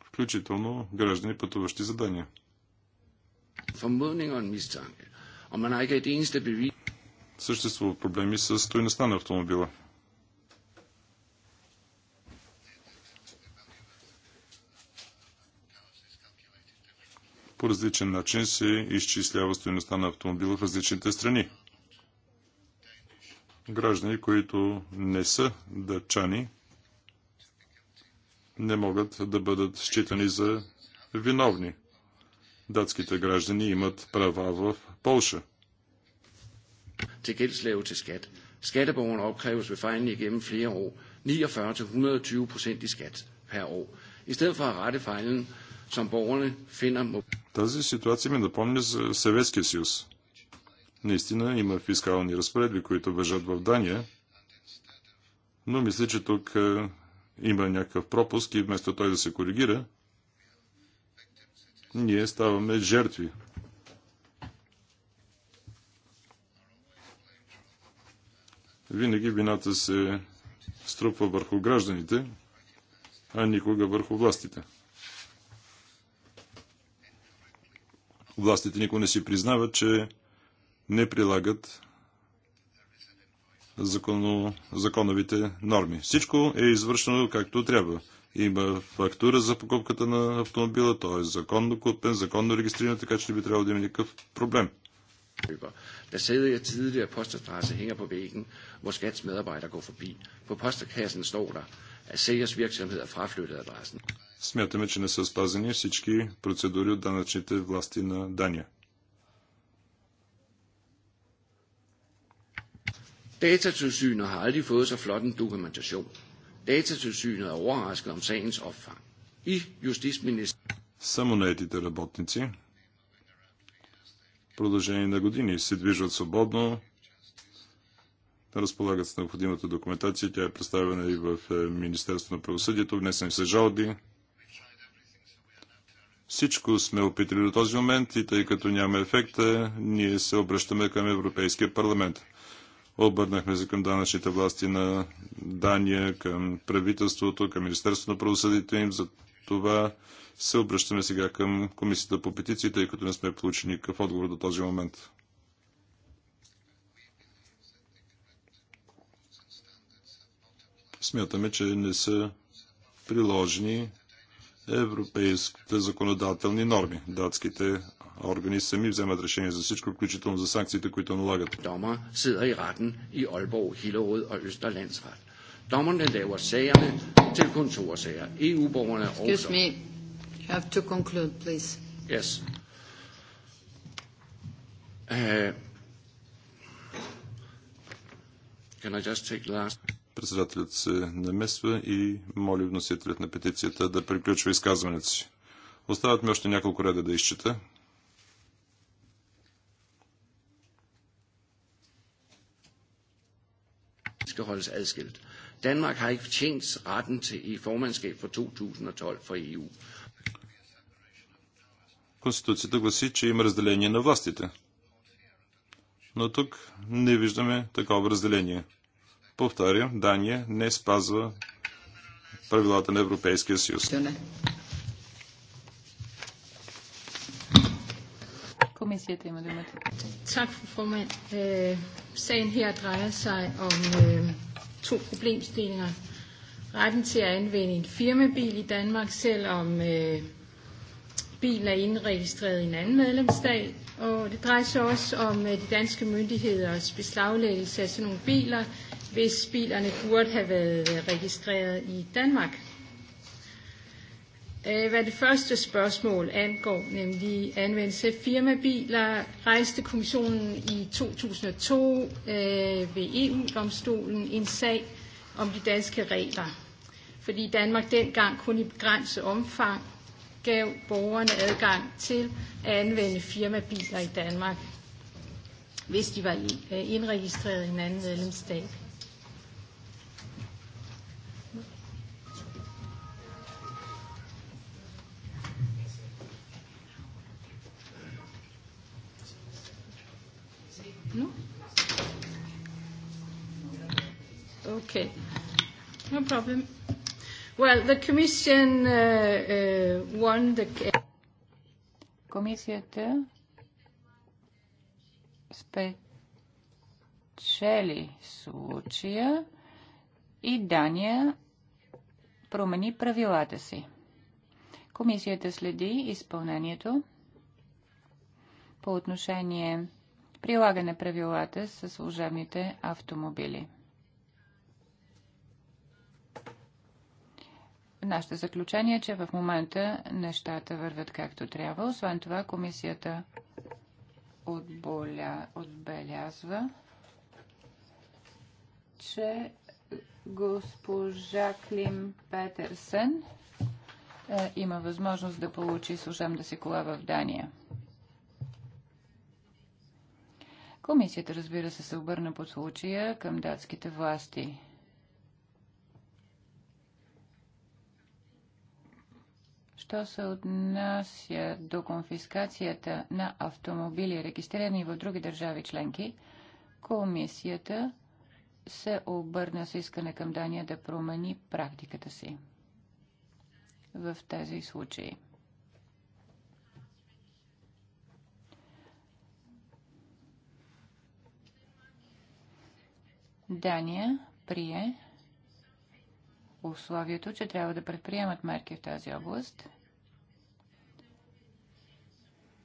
Включително граждани пътуващи за Дания. Съществуват проблеми с стоеността на автомобила. по различен начин се изчислява стоеността на автомобила в различните страни. Граждани, които не са дъчани, не могат да бъдат считани за виновни. Датските граждани имат права в Полша. Skatteborgerne opkræves ved fejlen igennem flere år 49-120 i skat per år. I stedet for at rette fejlen, шампарони, Тази ситуация ми напомня за Съветския съюз. Наистина има фискални разпоредби, които въжат в Дания, но мисля, че тук е, има някакъв пропуск и вместо той да се коригира, ние ставаме жертви. Винаги вината се струпва върху гражданите, а никога върху властите. Властите никога не си признават, че не прилагат законно, законовите норми. Всичко е извършено както трябва. Има фактура за покупката на автомобила, той е законно купен, законно регистриран, така че не би трябвало да има никакъв проблем. Der sidder jeg tidligere postadresse hænger på væggen, hvor skats medarbejdere går forbi. På postkassen står der, at sælgers virksomhed er fraflyttet adressen. Смятаме, че не са спазени всички процедури от данъчните власти на Дания. Datatilsynet har aldrig fået så flot en dokumentation. Datatilsynet er overrasket om sagens opfang. И justitsminister... Само наетите работници в продължение на години се движват свободно, разполагат с необходимата документация. Тя е представена и в е, Министерството на правосъдието. Внесени са жалби всичко сме опитали до този момент и тъй като няма ефекта, ние се обръщаме към Европейския парламент. Обърнахме се към данъчните власти на Дания, към правителството, към Министерството на правосъдите им. За това се обръщаме сега към Комисията по петиции, тъй като не сме получили никакъв отговор до този момент. Смятаме, че не са приложени европейските законодателни норми. Датските органи сами вземат решение за всичко, включително за санкциите, които налагат. Дома седа и ратен и Олбо, Хилерод и Østерландсрат. Домерне лава сагерне til контурсагер. EU-боргерне også... Excuse me. have to conclude, please. Yes. Uh, can I just take last... Председателят се намесва и моли вносителят на петицията да приключва изказването си. Остават ми още няколко реда да изчита. Danmark har ikke fortjent retten til i formandskab for 2012 for EU. Конституцията гласи, че има разделение на властите. Но тук не виждаме такова разделение. Повтарям, Дания не спазва правилата на Европейския съюз. Комисията има думата. Так, fru formand. Sagen her drejer sig om to problemstillinger. Retten til at anvende en firmabil i Danmark, selvom bilen er indregistreret i en anden medlemsstat. Og det drejer sig også om de danske myndigheders beslaglæggelse af sådan nogle biler, hvis bilerne burde have været registreret i Danmark. Hvad det første spørgsmål angår, nemlig anvendelse af firmabiler, rejste kommissionen i 2002 ved EU-domstolen en sag om de danske regler. Fordi Danmark dengang kun i begrænset omfang gav borgerne adgang til at anvende firmabiler i Danmark, hvis de var indregistreret i en anden medlemsstat. Okay. No problem. Well, the commission uh, uh, won the... Комисията спечели случая и Дания промени правилата си. Комисията следи изпълнението по отношение прилагане правилата със служебните автомобили. Нашето заключение е, че в момента нещата върват както трябва. Освен това, комисията отболя, отбелязва, че госпожа Клим Петерсен е, има възможност да получи служебна си кола в Дания. Комисията, разбира се, се обърна по случая към датските власти – Що се отнася до конфискацията на автомобили, регистрирани в други държави членки, комисията се обърна с искане към Дания да промени практиката си в тези случаи. Дания прие условието, че трябва да предприемат мерки в тази област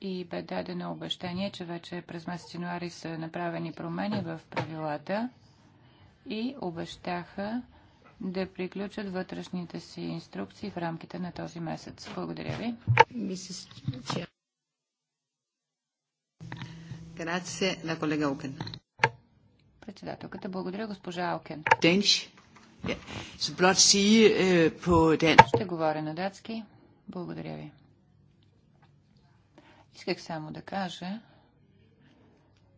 и бе дадено обещание, че вече през месец януари са направени промени в правилата и обещаха да приключат вътрешните си инструкции в рамките на този месец. Благодаря ви. Грация на колега Окен. Председателката, благодаря госпожа Окен. Денш. Е, Ще говоря на датски. Благодаря ви. Исках само да кажа,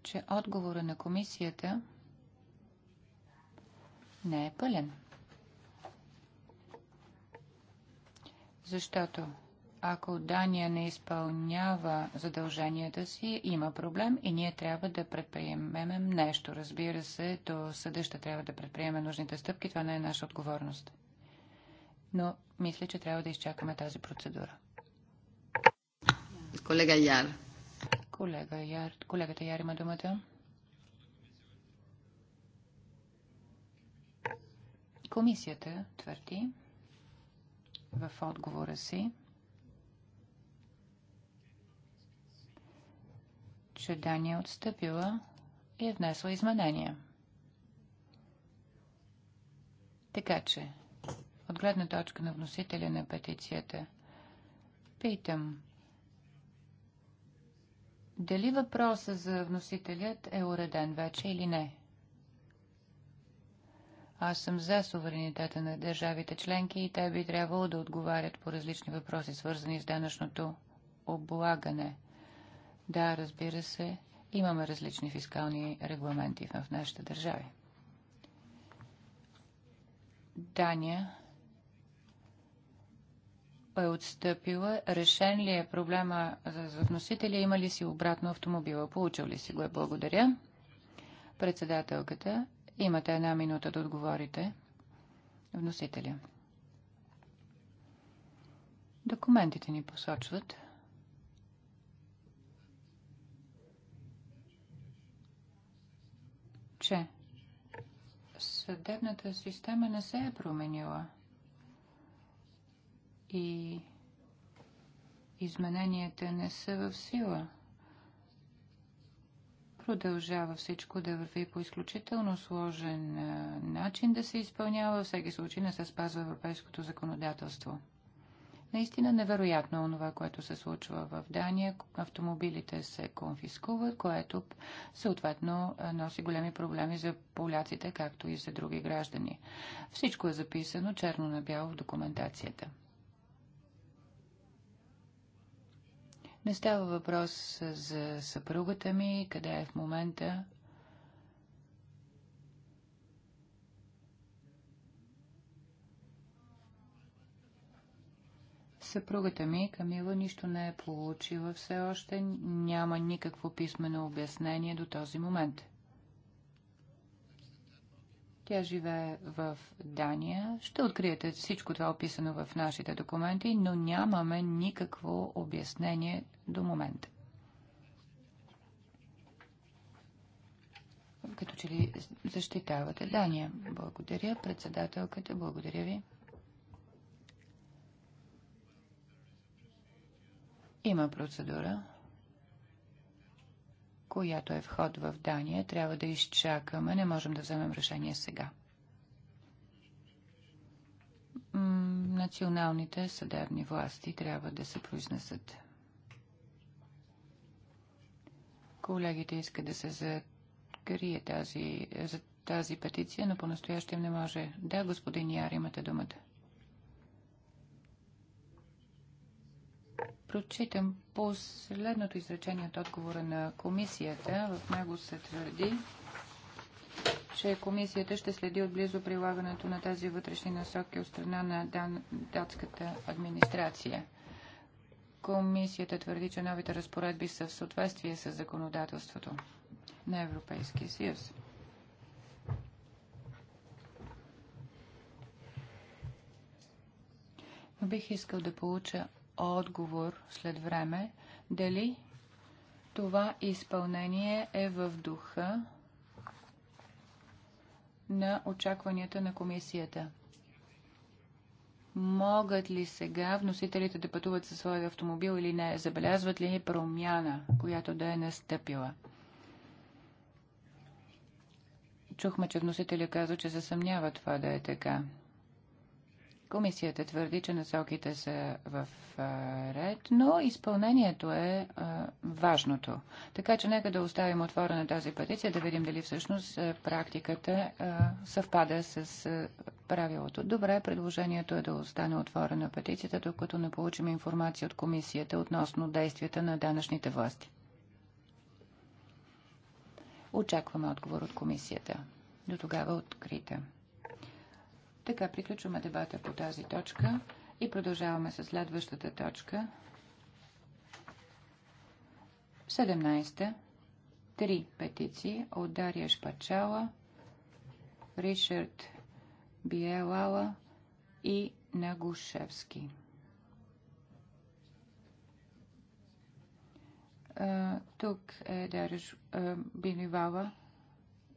че отговора на комисията не е пълен. Защото ако Дания не изпълнява задълженията си, има проблем и ние трябва да предприемем нещо. Разбира се, то съда ще трябва да предприеме нужните стъпки, това не е наша отговорност. Но мисля, че трябва да изчакаме тази процедура. Колега Яр. Колега Яр. Колегата Яр има думата. Комисията твърди в отговора си, че Дания е отстъпила и е внесла изменения. Така че, от гледна точка на вносителя на петицията, питам, дали въпроса за вносителят е уреден вече или не? Аз съм за суверенитета на държавите членки и те би трябвало да отговарят по различни въпроси, свързани с данъчното облагане. Да, разбира се, имаме различни фискални регламенти в нашите държави. Дания е отстъпила, решен ли е проблема за вносителя, има ли си обратно автомобила, получил ли си го е. Благодаря. Председателката, имате една минута да отговорите. Вносителя. Документите ни посочват, че съдебната система не се е променила – и измененията не са в сила. Продължава всичко да върви по изключително сложен начин да се изпълнява, във всеки случай не се спазва европейското законодателство. Наистина невероятно е това, което се случва в Дания. Автомобилите се конфискуват, което съответно носи големи проблеми за поляците, както и за други граждани. Всичко е записано черно на бяло в документацията. Не става въпрос за съпругата ми, къде е в момента. Съпругата ми, Камила, нищо не е получила все още, няма никакво писмено обяснение до този момент. Тя живее в Дания. Ще откриете всичко това описано в нашите документи, но нямаме никакво обяснение до момента. Като че ли защитавате Дания. Благодаря, председателката. Благодаря ви. Има процедура, която е вход в Дания. Трябва да изчакаме. Не можем да вземем решение сега. Националните съдебни власти трябва да се произнесат. Колегите искат да се закрие тази, за тази петиция, но по-настоящем не може. Да, господин Яр, имате думата. Прочитам последното изречение от отговора на комисията. В него се твърди, че комисията ще следи отблизо прилагането на тези вътрешни насоки от страна на датската администрация. Комисията твърди, че новите разпоредби са в съответствие с законодателството на Европейския съюз. Но бих искал да получа отговор след време дали това изпълнение е в духа на очакванията на комисията. Могат ли сега вносителите да пътуват със своя автомобил или не? Забелязват ли промяна, която да е настъпила? Чухме, че вносителя казва, че се съмнява това да е така. Комисията твърди, че насоките са в ред, но изпълнението е важното. Така че нека да оставим отворена тази петиция, да видим дали всъщност практиката съвпада с правилото. Добре, предложението е да остане отворена петицията, докато не получим информация от комисията относно действията на данъчните власти. Очакваме отговор от комисията. До тогава открита. Така приключваме дебата по тази точка и продължаваме с следващата точка. 17. Три петиции от Дария Шпачала, Ришард Биелала и Нагушевски. Тук е Дариш Биливала.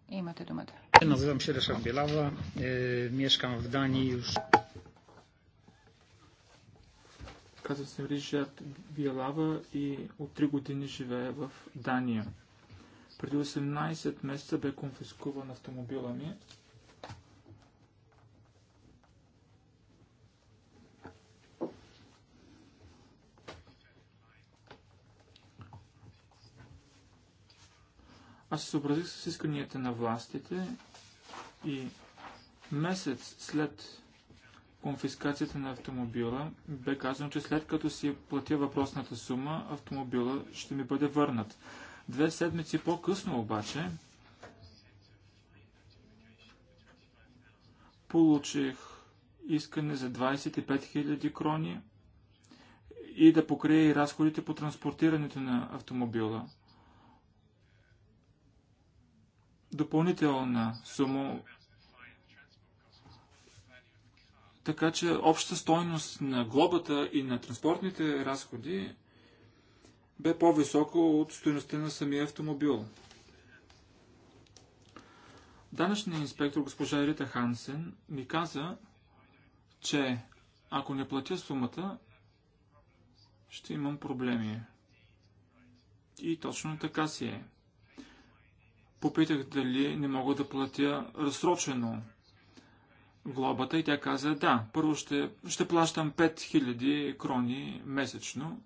Имате думата. Nazywam się Ryszard Bielawa, e, mieszkam w Danii już. Казвам се Ришард Биелава и от 3 години живея в Дания. Преди 18 месеца бе конфискуван автомобила ми. Аз се съобразих с исканията на властите и месец след конфискацията на автомобила бе казано, че след като си е платя въпросната сума, автомобила ще ми бъде върнат. Две седмици по-късно обаче получих искане за 25 000 крони и да покрия и разходите по транспортирането на автомобила. допълнителна сума. Така че общата стойност на глобата и на транспортните разходи бе по-висока от стоеността на самия автомобил. Данъчният инспектор госпожа Рита Хансен ми каза, че ако не платя сумата, ще имам проблеми. И точно така си е попитах дали не мога да платя разсрочено глобата и тя каза да, първо ще, ще плащам 5000 крони месечно,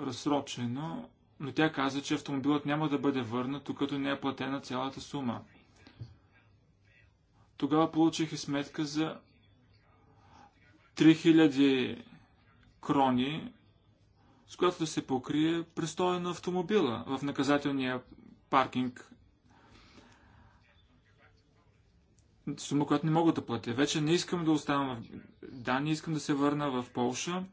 разсрочено, но тя каза, че автомобилът няма да бъде върнат, докато не е платена цялата сума. Тогава получих и сметка за 3000 крони с която да се покрие престоя на автомобила в наказателния паркинг. Сума, която не мога да платя. Вече не искам да оставам в Дания, искам да се върна в Полша.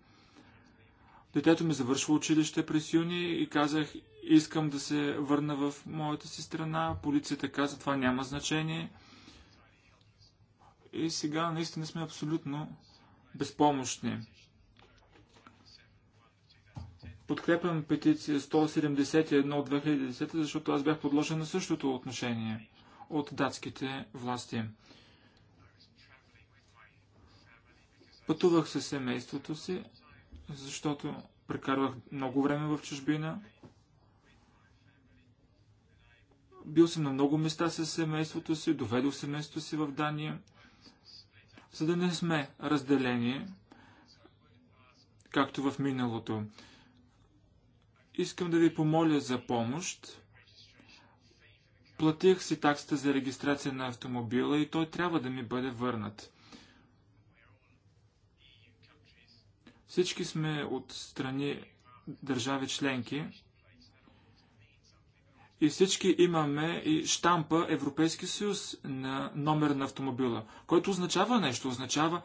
Детето ми завършва училище през юни и казах, искам да се върна в моята си страна. Полицията каза, това няма значение. И сега наистина сме абсолютно безпомощни подкрепям петиция 171 от 2010, защото аз бях подложен на същото отношение от датските власти. Пътувах със семейството си, защото прекарвах много време в чужбина. Бил съм на много места с семейството си, доведох семейството си в Дания, за да не сме разделени, както в миналото. Искам да ви помоля за помощ. Платих си таксата за регистрация на автомобила и той трябва да ми бъде върнат. Всички сме от страни държави членки и всички имаме и штампа Европейски съюз на номер на автомобила, който означава нещо, означава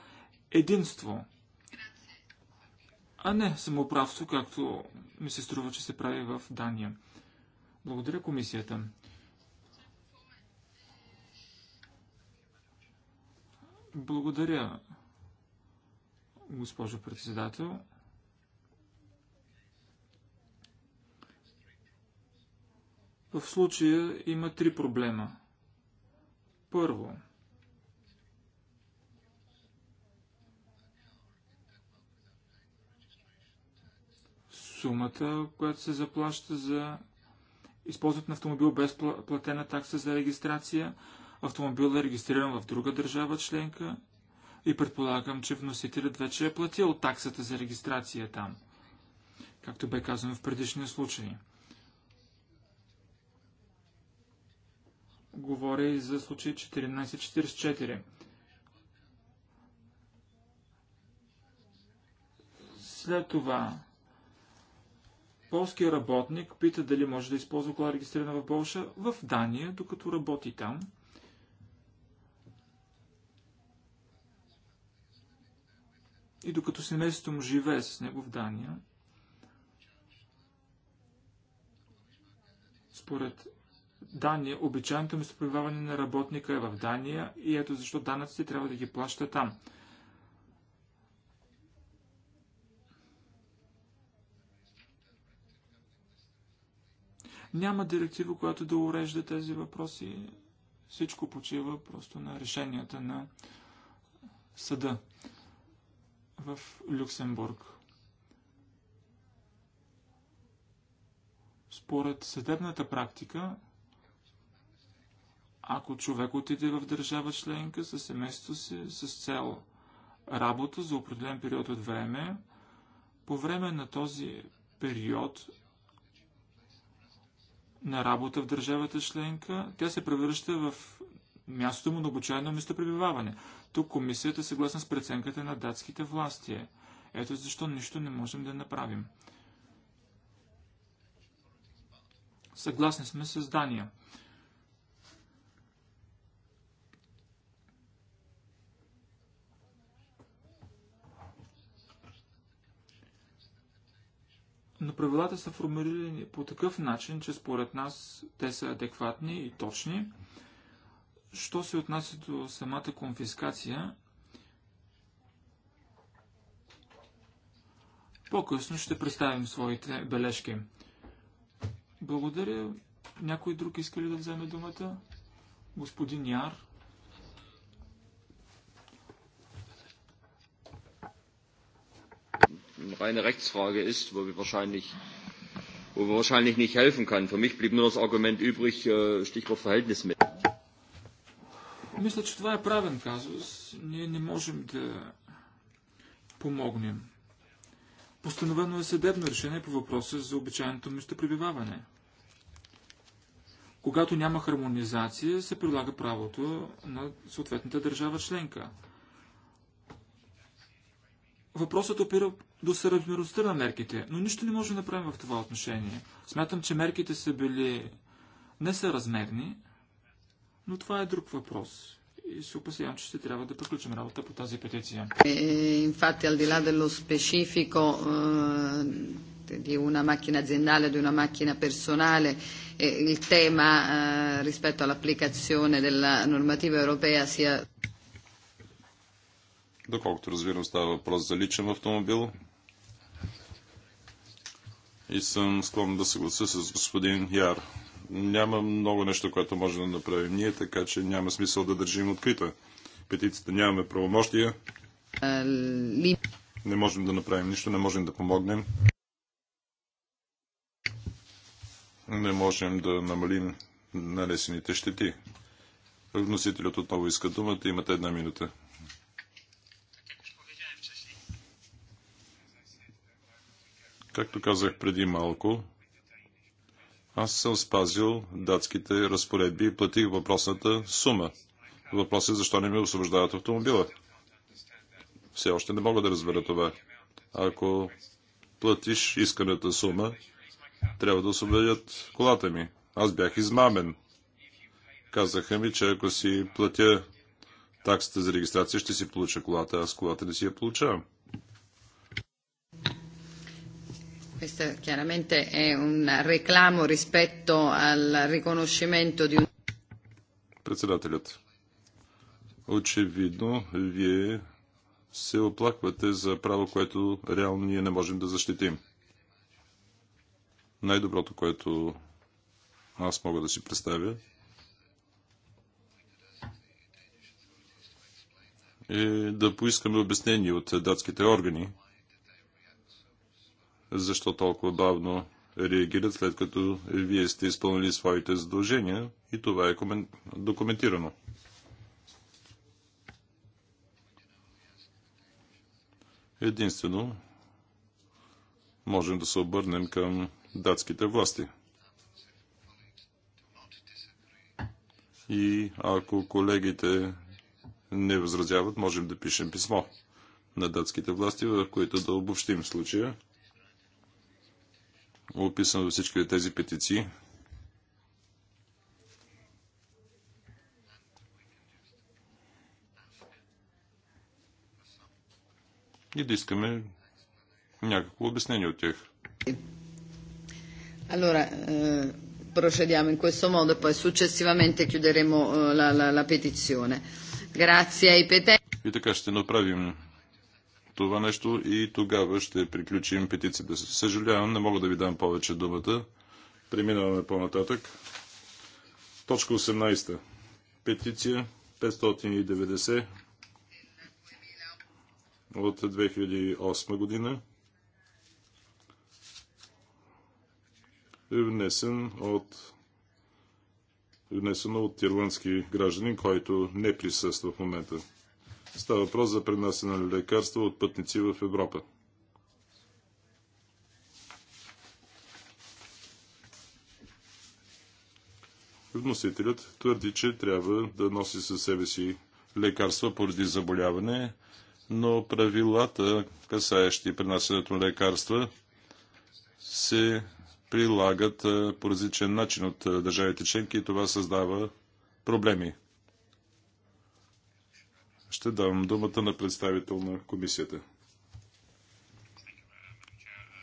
единство а не самоправство, както ми се струва, че се прави в Дания. Благодаря комисията. Благодаря, госпожо председател. В случая има три проблема. Първо – сумата, която се заплаща за използването на автомобил без платена такса за регистрация. Автомобил е регистриран в друга държава членка и предполагам, че вносителят вече е платил таксата за регистрация там, както бе казано в предишния случай. Говоря и за случай 1444. След това Полския работник пита дали може да използва кола регистрирана в Полша, в Дания, докато работи там. И докато семейството му живее с него в Дания, според Дания, обичайното местопребиваване на работника е в Дания и ето защо данъците трябва да ги плаща там. Няма директива, която да урежда тези въпроси. Всичко почива просто на решенията на съда в Люксембург. Според съдебната практика, ако човек отиде в държава членка със семейството си с цел работа за определен период от време, по време на този период на работа в държавата членка, тя се превръща в мястото му на обичайно местопребиваване. Тук комисията е съгласна с преценката на датските власти. Ето защо нищо не можем да направим. Съгласни сме с Дания. но правилата са формулирани по такъв начин, че според нас те са адекватни и точни. Що се отнася до самата конфискация, по-късно ще представим своите бележки. Благодаря. Някой друг иска ли да вземе думата? Господин Яр. eine reine Rechtsfrage ist, wo wir wahrscheinlich wo wir wahrscheinlich nicht helfen kann. Für mich blieb nur das Argument übrig, äh, Stichwort Verhältnismäßigkeit. Мисля, че това е правен казус. Ние не можем да помогнем. Постановено е съдебно решение по въпроса за обичайното местопребиваване. Когато няма хармонизация, се прилага правото на съответната държава членка. Въпросът опира до съразмерността на мерките, но нищо не може да направим в това отношение. Смятам, че мерките са били несъразмерни, но това е друг въпрос. И се опасявам, че ще трябва да приключим работа по тази петиция. Infatti, al di là dello specifico eh, di una macchina aziendale, di una macchina personale, eh, il tema eh, rispetto all'applicazione della normativa europea sia Доколкото разбирам, става въпрос за личен автомобил, и съм склонен да съглася с господин Яр. Няма много нещо, което може да направим ние, така че няма смисъл да държим открита. Петицията нямаме правомощия. Не можем да направим нищо, не можем да помогнем. Не можем да намалим налесените щети. Вносителят отново иска думата. Имате една минута. Както казах преди малко, аз съм спазил датските разпоредби и платих въпросната сума. Въпрос е защо не ми освобождават автомобила. Все още не мога да разбера това. Ако платиш исканата сума, трябва да освободят колата ми. Аз бях измамен. Казаха ми, че ако си платя таксата за регистрация, ще си получа колата. Аз колата не си я получавам. Questo chiaramente è un reclamo rispetto al riconoscimento di un... Председателят. Очевидно, вие се оплаквате за право, което реално ние не можем да защитим. Най-доброто, което аз мога да си представя, е да поискаме обяснение от датските органи защо толкова бавно реагират, след като вие сте изпълнили своите задължения и това е документирано. Единствено, можем да се обърнем към датските власти. И ако колегите не възразяват, можем да пишем писмо на датските власти, в които да обобщим случая описано във всички тези петиции. И да искаме някакво обяснение от тях. Allora, eh, procediamo in questo modo e poi successivamente chiuderemo eh, la, la, la petizione. Grazie ai petenti това нещо и тогава ще приключим петицията. Съжалявам, не мога да ви дам повече думата. Преминаваме по-нататък. Точка 18. Петиция 590 от 2008 година. Внесен от внесено от ирландски гражданин, който не присъства в момента. Става въпрос за пренасене на лекарства от пътници в Европа. Вносителят твърди, че трябва да носи със себе си лекарства поради заболяване, но правилата, касаещи пренасенето на лекарства, се прилагат по различен начин от държавите членки и това създава проблеми. Ще давам думата на представител на комисията.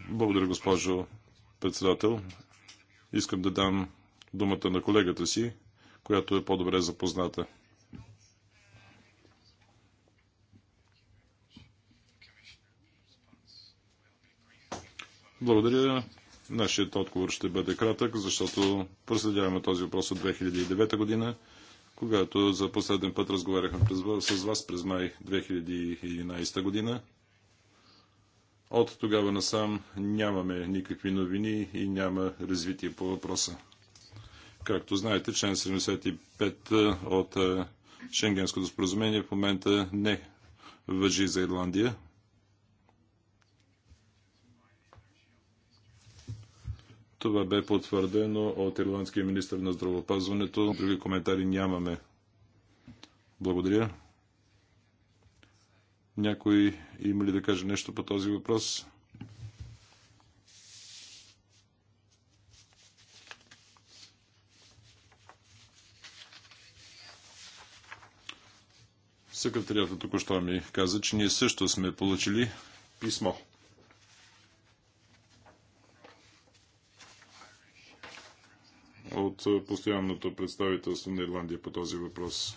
Благодаря, госпожо председател. Искам да дам думата на колегата си, която е по-добре запозната. Благодаря. Нашият отговор ще бъде кратък, защото проследяваме този въпрос от 2009 година. Когато за последен път разговаряхме с вас през май 2011 година, от тогава насам нямаме никакви новини и няма развитие по въпроса. Както знаете, член 75 от Шенгенското споразумение в момента не въжи за Ирландия. Това бе потвърдено от ирландския министр на здравопазването. Други коментари нямаме. Благодаря. Някой има ли да каже нещо по този въпрос? Секретарията току-що ми каза, че ние също сме получили писмо от е, постоянното представителство на Ирландия по този въпрос.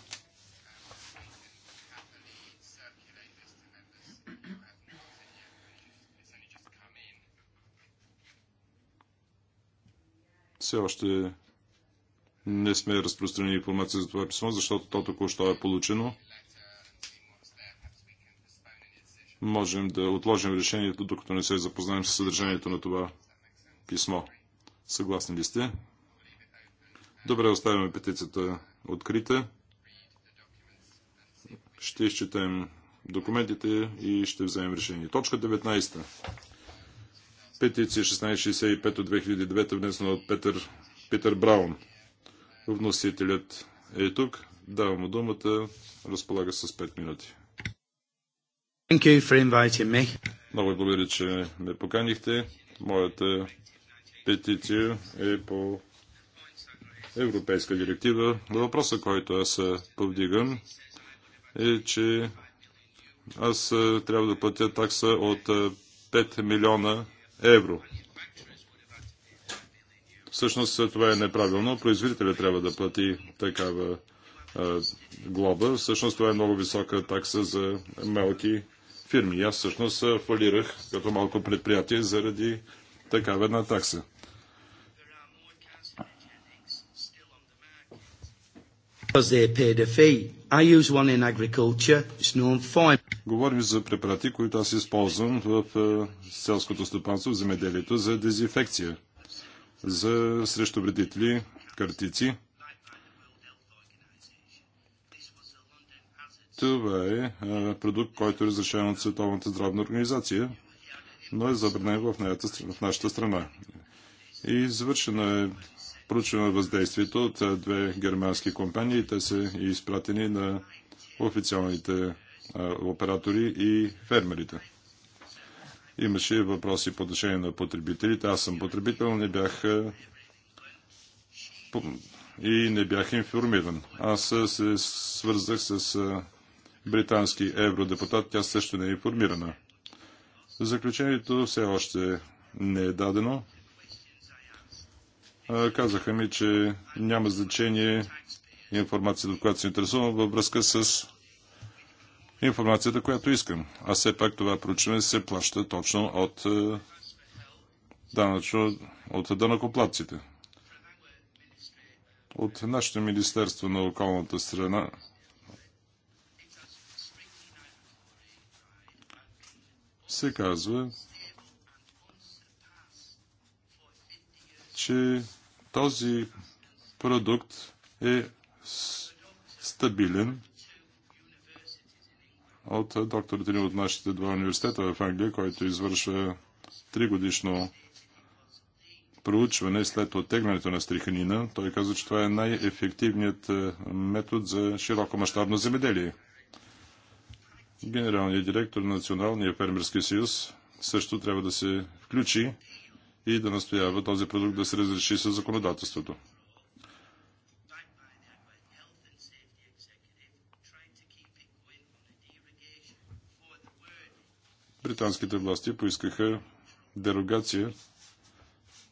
Все още не сме разпространили информация за това писмо, защото то току-що е получено. Можем да отложим решението, докато не се запознаем с съдържанието на това писмо. Съгласни ли сте? Добре, оставяме петицията открита. Ще изчетем документите и ще вземем решение. Точка 19. Петиция 1665 от 2009, внесена от Петър, Питър Браун. Вносителят е тук. Давам му думата. Разполага с 5 минути. Много ви благодаря, че ме поканихте. Моята петиция е по европейска директива. Въпросът, който аз повдигам е, че аз трябва да платя такса от 5 милиона евро. Всъщност това е неправилно. Производителя трябва да плати такава глоба. Всъщност това е много висока такса за малки фирми. Аз всъщност фалирах като малко предприятие заради такава една такса. they paid a fee. I use one in agriculture. It's known for... Говорим за препарати, които аз използвам в е, селското стопанство, в земеделието, за дезинфекция, за срещу вредители, картици. Това е, е продукт, който е разрешен от Световната здравна организация, но е забранен в, нашата страна. И завършена е проучваме въздействието от две германски компании. Те са изпратени на официалните оператори и фермерите. Имаше въпроси по отношение на потребителите. Аз съм потребител, не бях и не бях информиран. Аз се свързах с британски евродепутат, тя също не е информирана. Заключението все още не е дадено. Казаха ми, че няма значение информацията, от която се интересувам, във връзка с информацията, която искам. А все пак това проучване се плаща точно от е, данъчно от данъкоплатците. От нашето Министерство на околната страна се казва, че този продукт е стабилен от докторът ни от нашите два университета в Англия, който извършва тригодишно проучване след оттеглянето на стриханина. Той каза, че това е най-ефективният метод за широко мащабно земеделие. Генералният директор на Националния фермерски съюз също трябва да се включи и да настоява този продукт да се разреши със законодателството. британските власти поискаха дерогация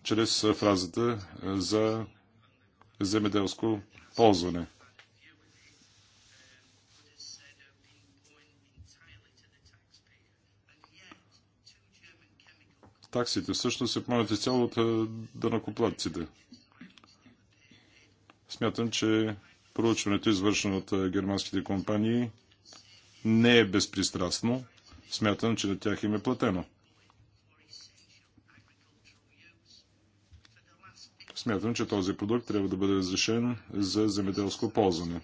чрез фразата за земеделско ползване. таксите също се поемат изцяло от е, данакоплатците. Смятам, че проучването, извършено от е, германските компании, не е безпристрастно. Смятам, че на тях им е платено. Смятам, че този продукт трябва да бъде разрешен за земеделско ползване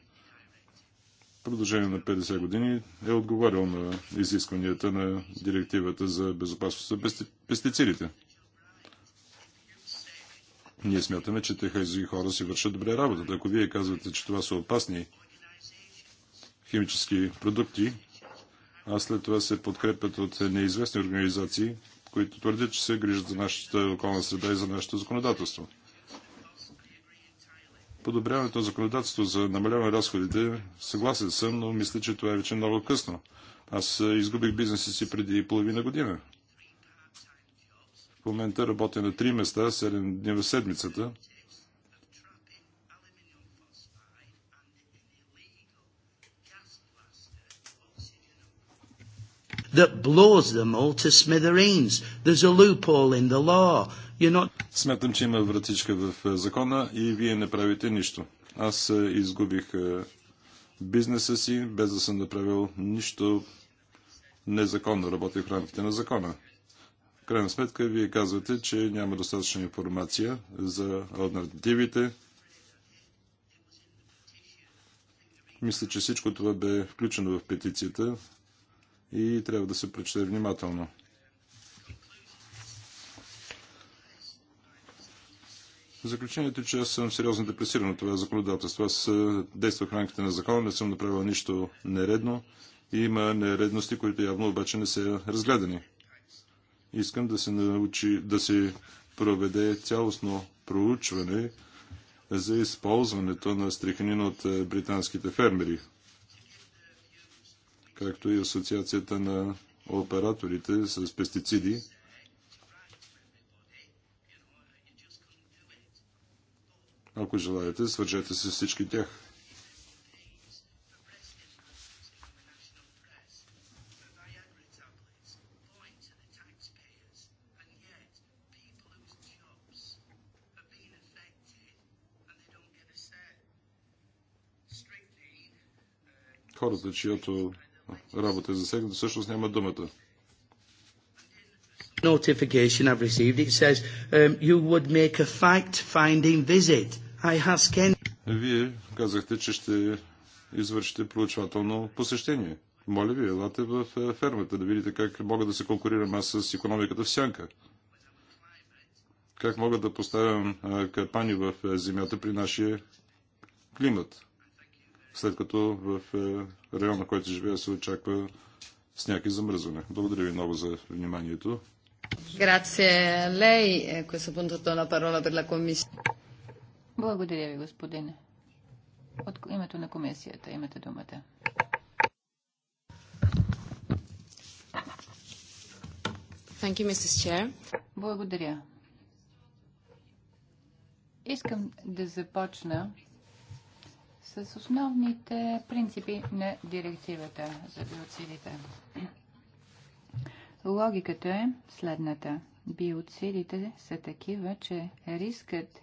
продължение на 50 години е отговарял на изискванията на директивата за безопасност на пестицидите. Ние смятаме, че тези хора си вършат добре работата. Ако вие казвате, че това са опасни химически продукти, а след това се подкрепят от неизвестни организации, които твърдят, че се грижат за нашата околна среда и за нашето законодателство подобряването на законодателство за намаляване на разходите, съгласен съм, но мисля, че това е вече много късно. Аз е, изгубих бизнеса си преди половина година. В момента работя на три места, 7 дни в седмицата. that blows them all to smithereens. There's a loophole in the law. Смятам, че има вратичка в е, закона и вие не правите нищо. Аз е, изгубих е, бизнеса си, без да съм направил нищо незаконно. Работих в рамките на закона. В крайна сметка, вие казвате, че няма достатъчна информация за альтернативите. Мисля, че всичко това бе включено в петицията и трябва да се прочете внимателно. Заключението е, че аз съм сериозно депресиран от това законодателство. Аз е, действах в рамките на закона, не съм направил нищо нередно и има нередности, които явно обаче не са разгледани. Искам да се научи, да се проведе цялостно проучване за използването на стриханин от е, британските фермери, както и Асоциацията на операторите с пестициди Ако желаете, свържете се всички тях. хората, чиято работа е засегната, всъщност няма думата. Notification I've received, it says um, you would make a fact finding visit вие казахте, че ще извършите проучвателно посещение. Моля ви, елате в е, фермата да видите как мога да се конкурирам аз с економиката в сянка. Как мога да поставям е, капани в е, земята при нашия климат, след като в района, в който живея, се очаква сняг и замръзване. Благодаря ви много за вниманието. Grazie a lei. E a questo punto do la parola per la Commissione. Благодаря ви, господин. От името на комисията имате думата. Thank you, Mrs. Chair. Благодаря. Искам да започна с основните принципи на директивата за биоцидите. Логиката е следната. Биоцидите са такива, че рискът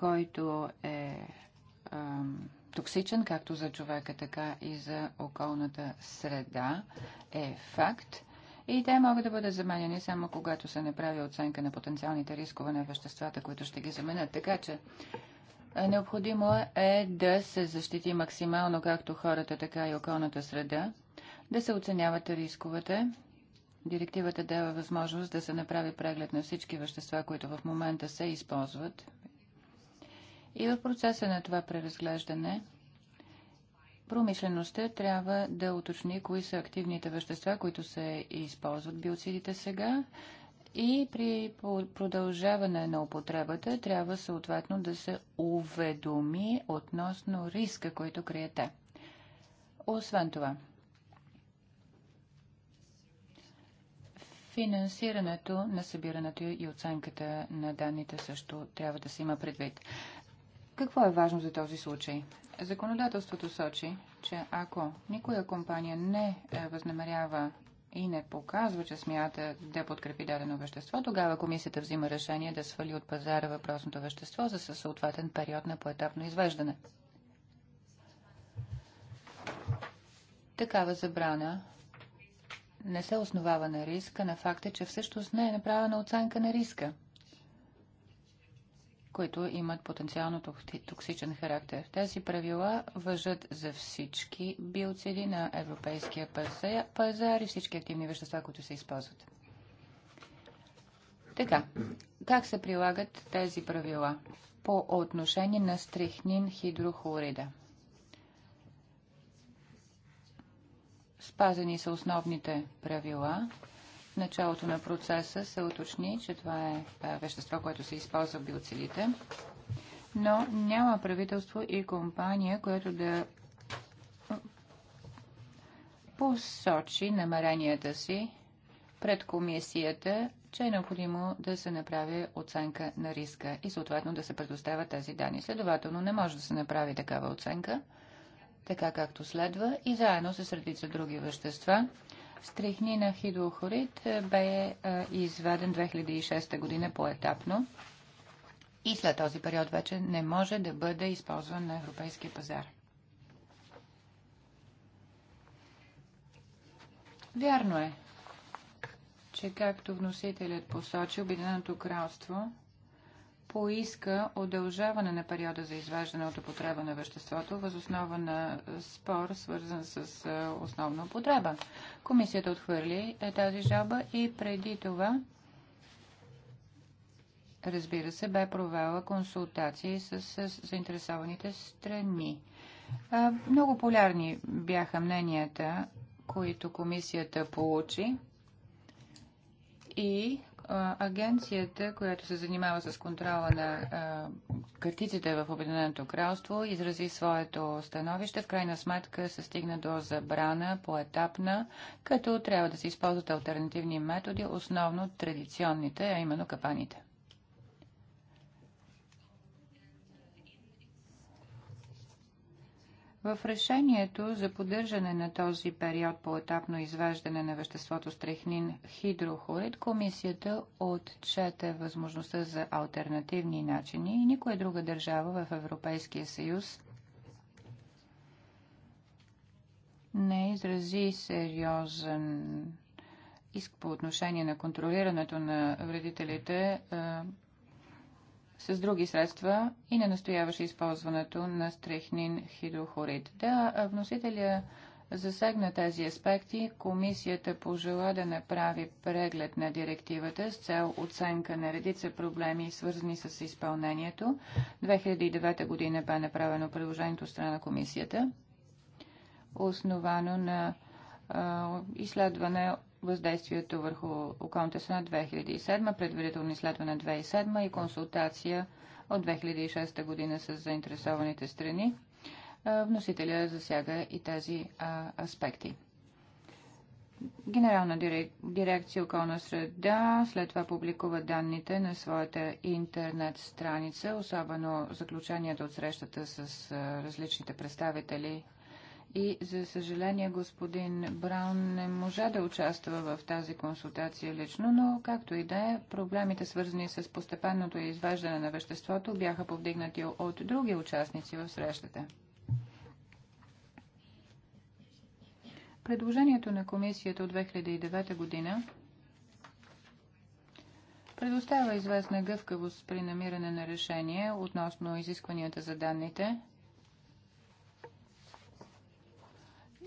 който е а, токсичен както за човека, така и за околната среда, е факт. И те могат да бъдат заменени само когато се направи оценка на потенциалните рискове на веществата, които ще ги заменят. Така че е, необходимо е да се защити максимално както хората, така и околната среда, да се оценяват рисковете. Директивата дава възможност да се направи преглед на всички вещества, които в момента се използват и в процеса на това преразглеждане промишлеността трябва да уточни кои са активните вещества, които се използват биоцидите сега и при продължаване на употребата трябва съответно да се уведоми относно риска, който криете. Освен това, финансирането на събирането и оценката на данните също трябва да се има предвид. Какво е важно за този случай? Законодателството сочи, че ако никоя компания не е, възнамерява и не показва, че смята да подкрепи дадено вещество, тогава комисията взима решение да свали от пазара въпросното вещество за съответен период на поетапно извеждане. Такава забрана не се основава на риска на факта, че всъщност не е направена оценка на риска – които имат потенциално токсичен характер. Тези правила въжат за всички биоциди на европейския пазар и всички активни вещества, които се използват. Така, как се прилагат тези правила по отношение на стрихнин хидрохлорида? Спазени са основните правила началото на процеса се уточни, че това е вещество, което се използва в биоцелите, но няма правителство и компания, което да посочи намеренията си пред комисията, че е необходимо да се направи оценка на риска и съответно да се предоставят тези данни. Следователно не може да се направи такава оценка, така както следва и заедно с редица други вещества, Стрихнина хидрохорид е, бе е, изведен 2006 година поетапно и след този период вече не може да бъде използван на европейския пазар. Вярно е, че както вносителят посочи, Обединеното кралство поиска удължаване на периода за изваждане от употреба на веществото възоснова на спор, свързан с основна употреба. Комисията отхвърли е, тази жалба и преди това, разбира се, бе провела консултации с, с заинтересованите страни. Много полярни бяха мненията, които комисията получи и Агенцията, която се занимава с контрола на картиците в Обединеното кралство, изрази своето становище. В крайна сметка се стигна до забрана поетапна, като трябва да се използват альтернативни методи, основно традиционните, а именно капаните. В решението за поддържане на този период по етапно изваждане на веществото стрехнин хидрохлорид, комисията отчете възможността за альтернативни начини и никоя друга държава в Европейския съюз не изрази сериозен иск по отношение на контролирането на вредителите с други средства и не настояваше използването на стрехнин хидрохорид. Да, вносителя засегна тези аспекти. Комисията пожела да направи преглед на директивата с цел оценка на редица проблеми, свързани с изпълнението. 2009 година бе направено предложението от страна на комисията, основано на изследване въздействието върху околната среда 2007, предварително изследване 2007 и консултация от 2006 година с заинтересованите страни. Вносителя засяга и тези аспекти. Генерална дирекция околна среда след това публикува данните на своята интернет страница, особено заключенията от срещата с различните представители и за съжаление господин Браун не можа да участва в тази консултация лично, но както и да е, проблемите свързани с постепенното изваждане на веществото бяха повдигнати от други участници в срещата. Предложението на комисията от 2009 година предоставя известна гъвкавост при намиране на решение относно изискванията за данните,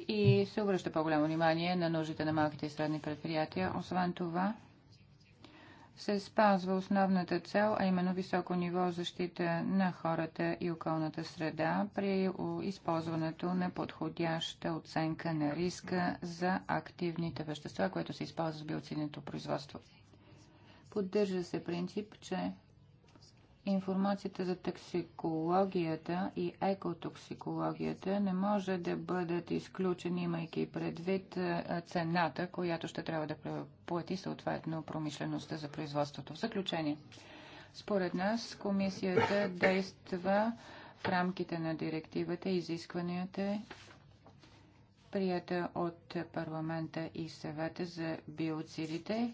и се обръща по-голямо внимание на нуждите на малките и средни предприятия. Освен това, се спазва основната цел, а именно високо ниво защита на хората и околната среда при използването на подходяща оценка на риска за активните вещества, което се използва в биоцидното производство. Поддържа се принцип, че информацията за токсикологията и екотоксикологията не може да бъдат изключени, имайки предвид цената, която ще трябва да плати съответно промишлеността за производството. В заключение, според нас комисията действа в рамките на директивата и изискванията прията от парламента и съвета за биоцидите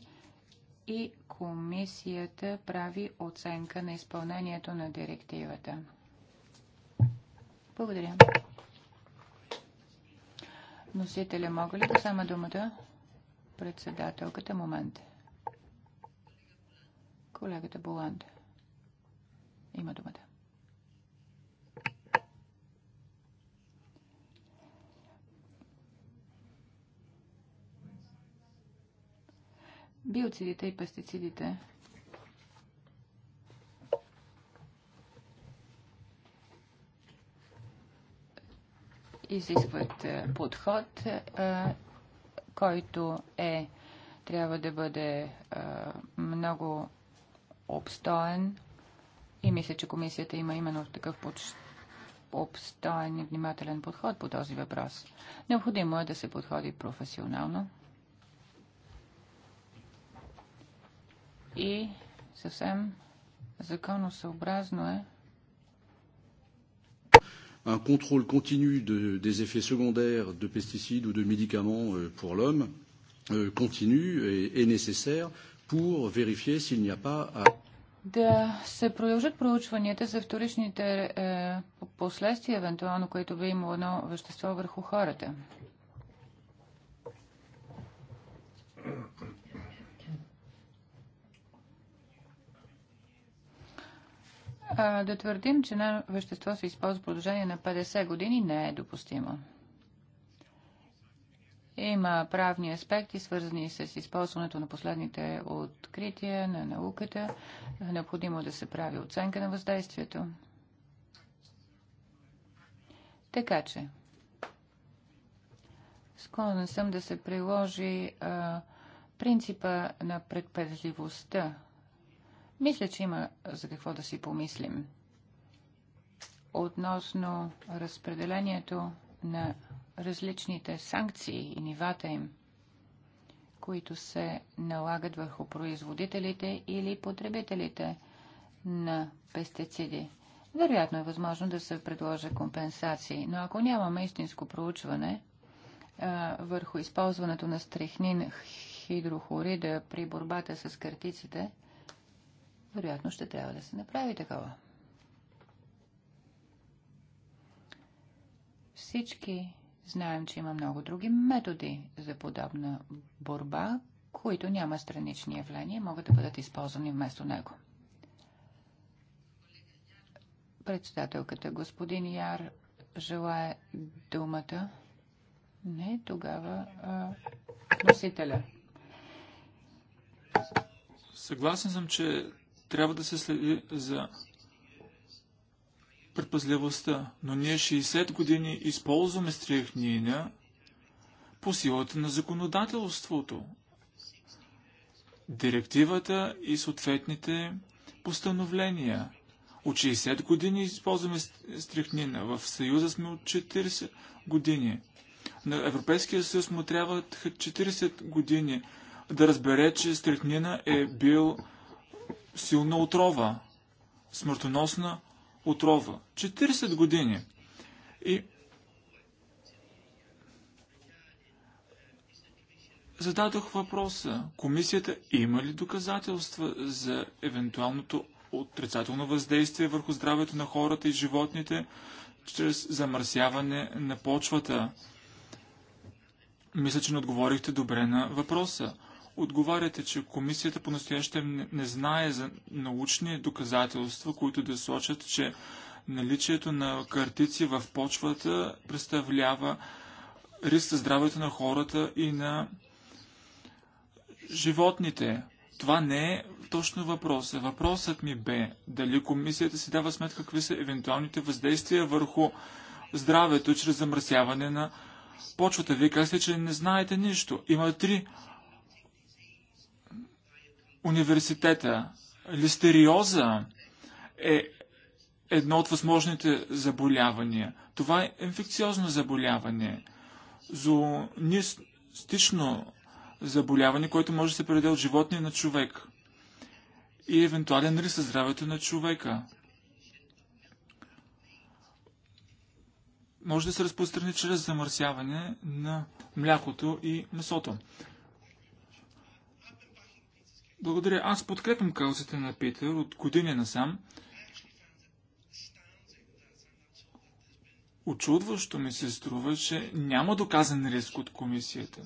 и комисията прави оценка на изпълнението на директивата. Благодаря. Носителя, мога ли да взема думата? Председателката, момент. Колегата Боланд има думата. биоцидите и пестицидите. изискват е, подход, е, който е трябва да бъде е, много обстоен и мисля, че комисията има именно такъв обстоен и внимателен подход по този въпрос. Необходимо е да се подходи професионално и съвсем законосъобразно е un contrôle continu de, des effets secondaires de pesticides ou de médicaments pour l'homme euh, continu et, et nécessaire pour vérifier s'il n'y a pas à... Да се продължат проучванията за вторичните е, последствия, евентуално, които би имало едно вещество върху хората. а, да твърдим, че на вещество се използва в продължение на 50 години не е допустимо. Има правни аспекти, свързани с използването на последните открития на науката. Необходимо е да се прави оценка на въздействието. Така че, склонен съм да се приложи а, принципа на предпазливостта мисля, че има за какво да си помислим относно разпределението на различните санкции и нивата им, които се налагат върху производителите или потребителите на пестициди. Вероятно е възможно да се предложа компенсации, но ако нямаме истинско проучване а, върху използването на стрихнин хидрохорида при борбата с картиците – вероятно ще трябва да се направи такова. Всички знаем, че има много други методи за подобна борба, които няма странични явления, могат да бъдат използвани вместо него. Председателката господин Яр желая думата. Не, тогава а, носителя. Съгласен съм, че трябва да се следи за предпазливостта, но ние 60 години използваме стрихнина по силата на законодателството, директивата и съответните постановления. От 60 години използваме стрихнина. В Съюза сме от 40 години. На Европейския съюз му трябва 40 години да разбере, че стрихнина е бил силна отрова, смъртоносна отрова. 40 години. И зададох въпроса, комисията има ли доказателства за евентуалното отрицателно въздействие върху здравето на хората и животните чрез замърсяване на почвата? Мисля, че не отговорихте добре на въпроса. Отговаряте, че комисията по-настоящем не знае за научни доказателства, които да сочат, че наличието на картици в почвата представлява риск за здравето на хората и на животните. Това не е точно въпроса. Въпросът ми бе дали комисията си дава сметка какви са евентуалните въздействия върху здравето чрез замърсяване на почвата. Вие казвате, че не знаете нищо. Има три университета. Листериоза е едно от възможните заболявания. Това е инфекциозно заболяване, зоонистично заболяване, което може да се предаде от животния на човек и евентуален риск за здравето на човека. Може да се разпространи чрез замърсяване на млякото и месото. Благодаря. Аз подкрепям каузата на Питър от години насам. Очудващо ми се струва, че няма доказан риск от комисията.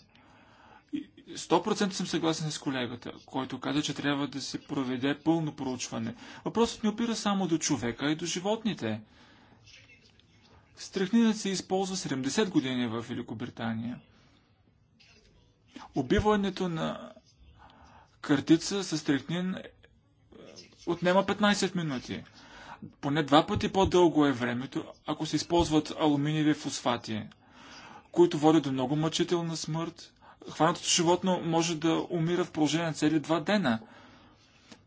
100% съм съгласен с колегата, който каза, че трябва да се проведе пълно проучване. Въпросът не опира само до човека, а и до животните. Страхнинът се използва 70 години в Великобритания. Убиването на картица с трихнин е, отнема 15 минути. Поне два пъти по-дълго е времето, ако се използват алуминиеви фосфати, които водят до много мъчителна смърт. Хванатото животно може да умира в положение на цели два дена.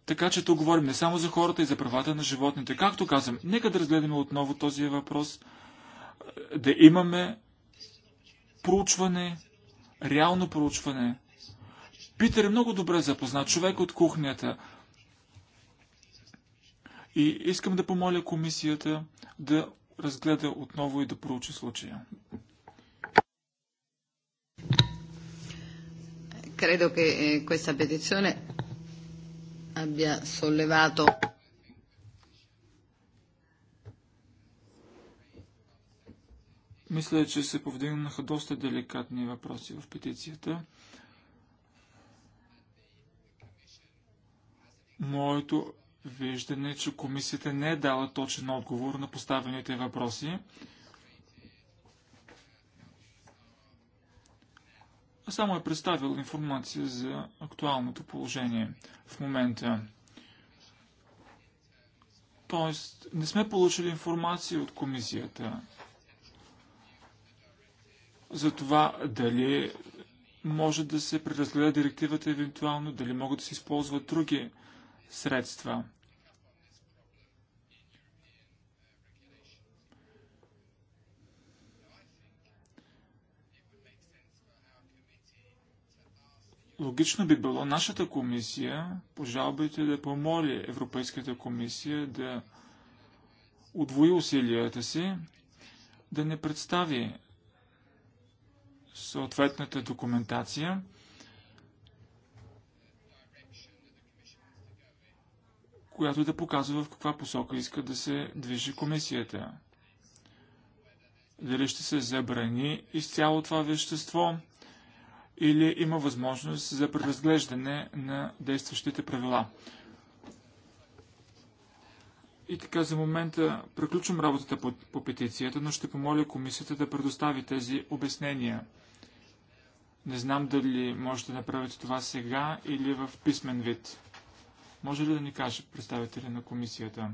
Така че тук говорим не само за хората и за правата на животните. Както казвам, нека да разгледаме отново този въпрос, е, да имаме проучване, реално проучване, Питер е много добре запознат човек от кухнята. И искам да помоля комисията да разгледа отново и да проучи случая. Credo che eh, questa petizione abbia sollevato Мисля, че се повдигнаха доста деликатни въпроси в петицията. Моето виждане е, че комисията не е дала точен отговор на поставените въпроси. а само е представил информация за актуалното положение в момента. Тоест, не сме получили информация от комисията за това дали може да се преразгледа директивата евентуално, дали могат да се използват други средства. Логично би било нашата комисия по жалбите да помоли Европейската комисия да удвои усилията си, да не представи съответната документация – която да показва в каква посока иска да се движи комисията. Дали ще се забрани изцяло това вещество или има възможност за преразглеждане на действащите правила. И така за момента приключвам работата по, по петицията, но ще помоля комисията да предостави тези обяснения. Не знам дали можете да направите това сега или в писмен вид. Може ли да ни каже представителя на комисията?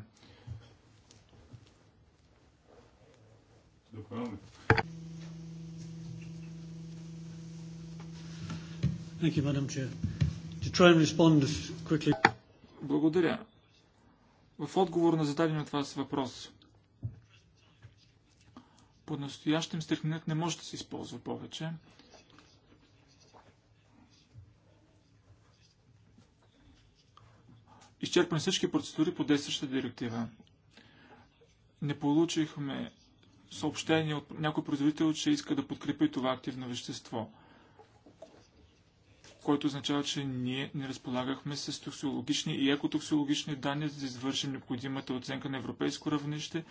Благодаря. В отговор на зададен от вас въпрос. По настоящем стрихнинът не може да се използва повече. изчерпани всички процедури по действащата директива. Не получихме съобщение от някой производител, че иска да подкрепи това активно вещество, което означава, че ние не разполагахме с токсиологични и екотоксиологични данни, за да извършим необходимата оценка на европейско равнище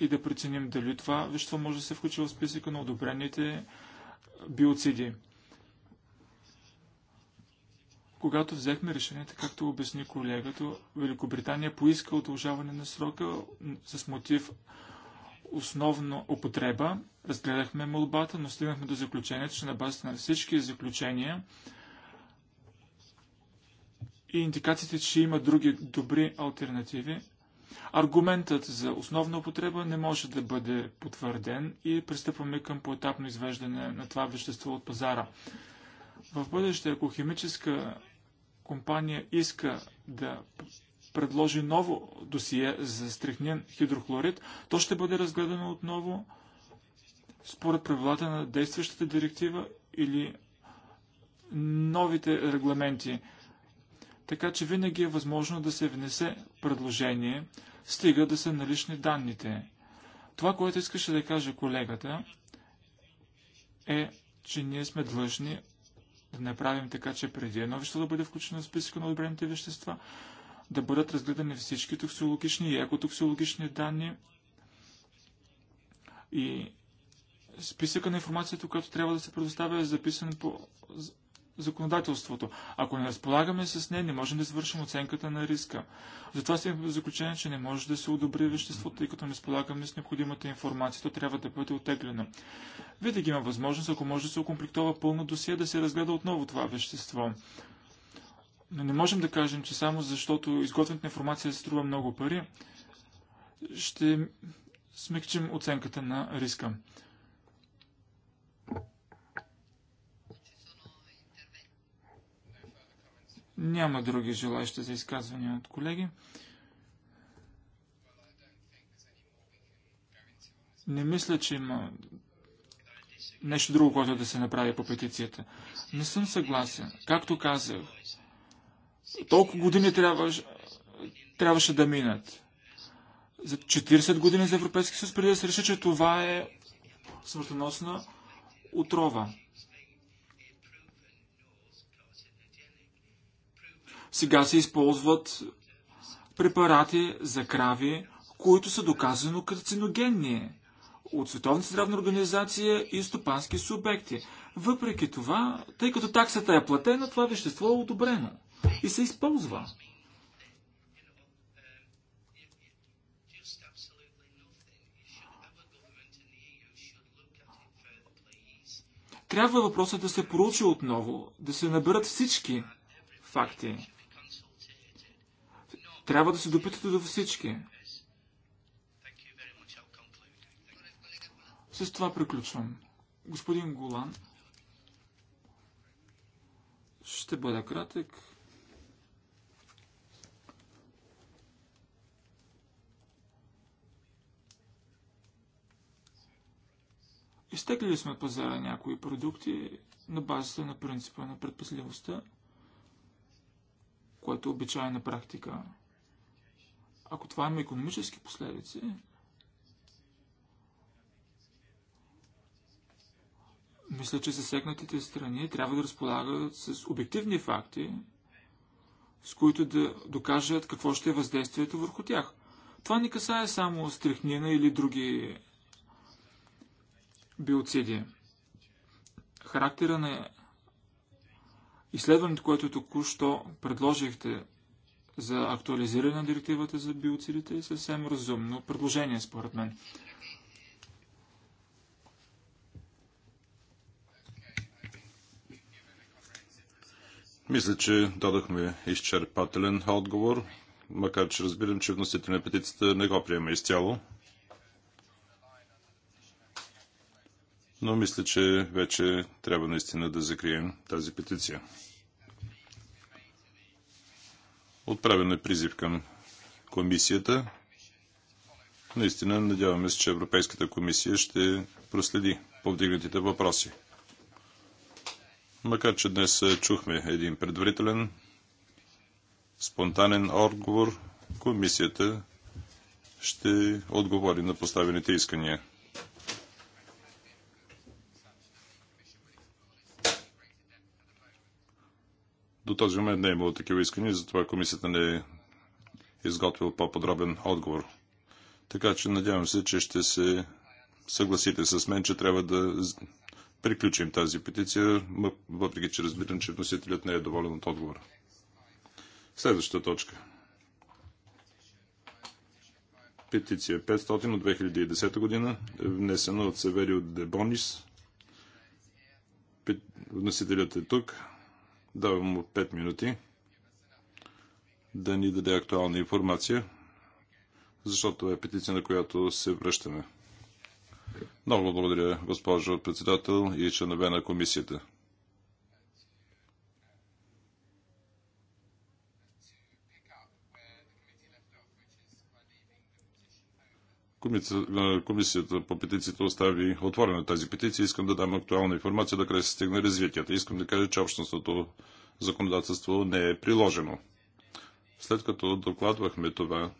и да преценим дали това вещество може да се включи в списъка на одобрените биоциди. Когато взехме решението, както обясни колегата, Великобритания поиска удължаване на срока с мотив основно употреба. Разгледахме молбата, но стигнахме до заключението, че на базата на всички заключения и индикациите, че има други добри альтернативи, аргументът за основна употреба не може да бъде потвърден и пристъпваме към поетапно извеждане на това вещество от пазара. В бъдеще, ако химическа компания иска да предложи ново досие за стрихнин хидрохлорид, то ще бъде разгледано отново според правилата на действащата директива или новите регламенти. Така че винаги е възможно да се внесе предложение, стига да са налични данните. Това, което искаше да каже колегата, е, че ние сме длъжни да направим така, че преди едно вещество да бъде включено в списъка на одобрените вещества, да бъдат разгледани всички токсиологични и екотоксиологични данни и списъка на информацията, която трябва да се предоставя е записан по законодателството. Ако не разполагаме с нея, не можем да извършим оценката на риска. Затова сме в заключение, че не може да се одобри веществото, тъй като не разполагаме с необходимата информация, то трябва да бъде отеглено. Винаги има възможност, ако може да се окомплектова пълно досие, да се разгледа отново това вещество. Но не можем да кажем, че само защото изготвянето на информация се струва много пари, ще смекчим оценката на риска. Няма други желаящи за изказвания от колеги. Не мисля, че има нещо друго, което да се направи по петицията. Не съм съгласен. Както казах, толкова години трябваше, трябваше да минат. За 40 години за Европейски съюз преди да се реши, че това е смъртоносна отрова. Сега се използват препарати за крави, които са доказано карциногенни от световна здравна организация и стопански субекти. Въпреки това, тъй като таксата е платена, това вещество е одобрено и се използва. Трябва въпросът да се проучи отново, да се наберат всички факти. Трябва да се допитате до всички. С това приключвам. Господин Голан, ще бъда кратък. Изтекли сме от пазара някои продукти на базата на принципа на предпазливостта, което е обичайна практика. Ако това има економически последици, мисля, че засегнатите страни трябва да разполагат с обективни факти, с които да докажат какво ще е въздействието върху тях. Това не касае само стрихнина или други биоциди. Характера на изследването, което току-що предложихте за актуализиране на директивата за биоцидите е съвсем разумно предложение, според мен. Мисля, че дадохме изчерпателен отговор, макар че разбирам, че вносителя на петицията не го приема изцяло. Но мисля, че вече трябва наистина да закрием тази петиция. Отправен е призив към комисията. Наистина надяваме се, че Европейската комисия ще проследи повдигнатите въпроси. Макар, че днес е, чухме един предварителен, спонтанен отговор, комисията ще отговори на поставените искания. До този момент не е имало такива искания, затова комисията не е изготвила по-подробен отговор. Така че надявам се, че ще се съгласите с мен, че трябва да приключим тази петиция, въпреки че разбирам, че вносителят не е доволен от отговора. Следващата точка. Петиция 500 от 2010 година, внесена от Северио Дебонис. Вносителят е тук. Давам му 5 минути да ни даде актуална информация, защото е петиция, на която се връщаме. Много благодаря, госпожо председател и членове на комисията. Комисията по петициите остави отворена тази петиция. Искам да дам актуална информация, да къде се стигне развитията. Искам да кажа, че общностното законодателство не е приложено. След като докладвахме това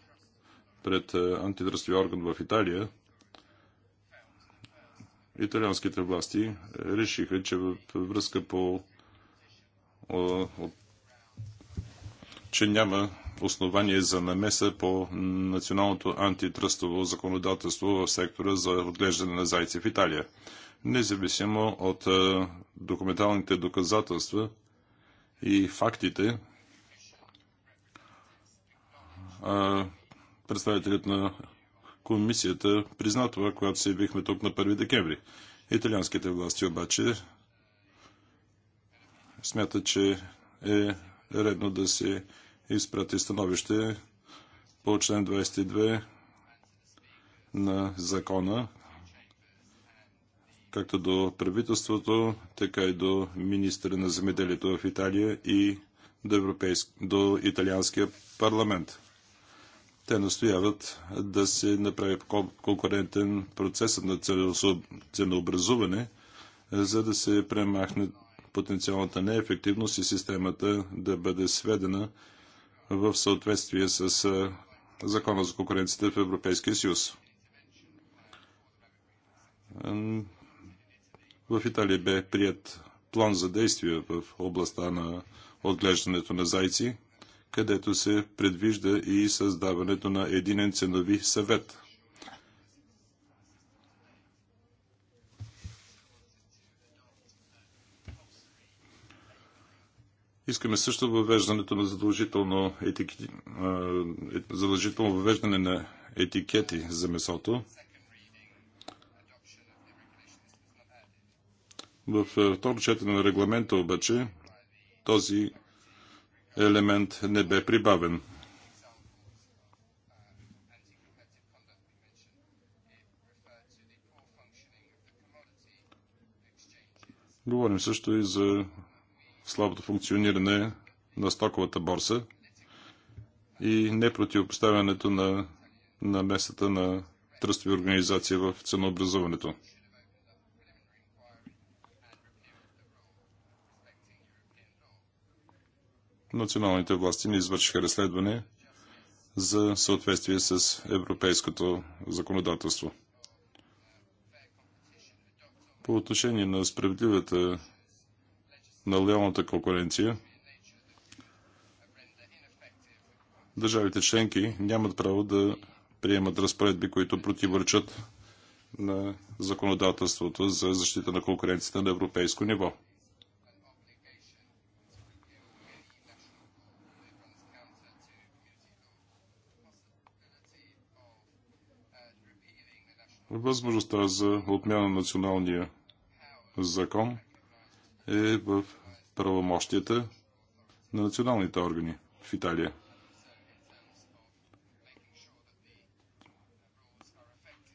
пред антидръстови орган в Италия, италианските власти е, решиха, че във връзка по че няма основание за намеса по националното антитръстово законодателство в сектора за отглеждане на зайци в Италия. Независимо от е, документалните доказателства и фактите, е, представителят на комисията призна това, когато се явихме тук на 1 декември. Италианските власти обаче смятат, че е редно да се изпрати становище по член 22 на закона, както до правителството, така и до министра на земеделието в Италия и до, европейск... до италианския парламент. Те настояват да се направи конкурентен процес на ценообразуване, за да се премахне потенциалната неефективност и системата да бъде сведена в съответствие с Закона за конкуренцията в Европейския съюз. В Италия бе прият план за действие в областта на отглеждането на зайци, където се предвижда и създаването на единен ценови съвет – Искаме също въвеждането на задължително, етики... Е, задължително въвеждане на етикети за месото. В второ четене на регламента обаче този елемент не бе прибавен. Говорим също и за слабото функциониране на стоковата борса и непротивопоставянето на намесата на тръстови организации в ценообразуването. Националните власти не извършиха разследване за съответствие с европейското законодателство. По отношение на справедливата на лоялната конкуренция, държавите членки нямат право да приемат разпоредби, които противоречат на законодателството за защита на конкуренцията на европейско ниво. Възможността за отмяна на националния закон е в правомощията на националните органи в Италия.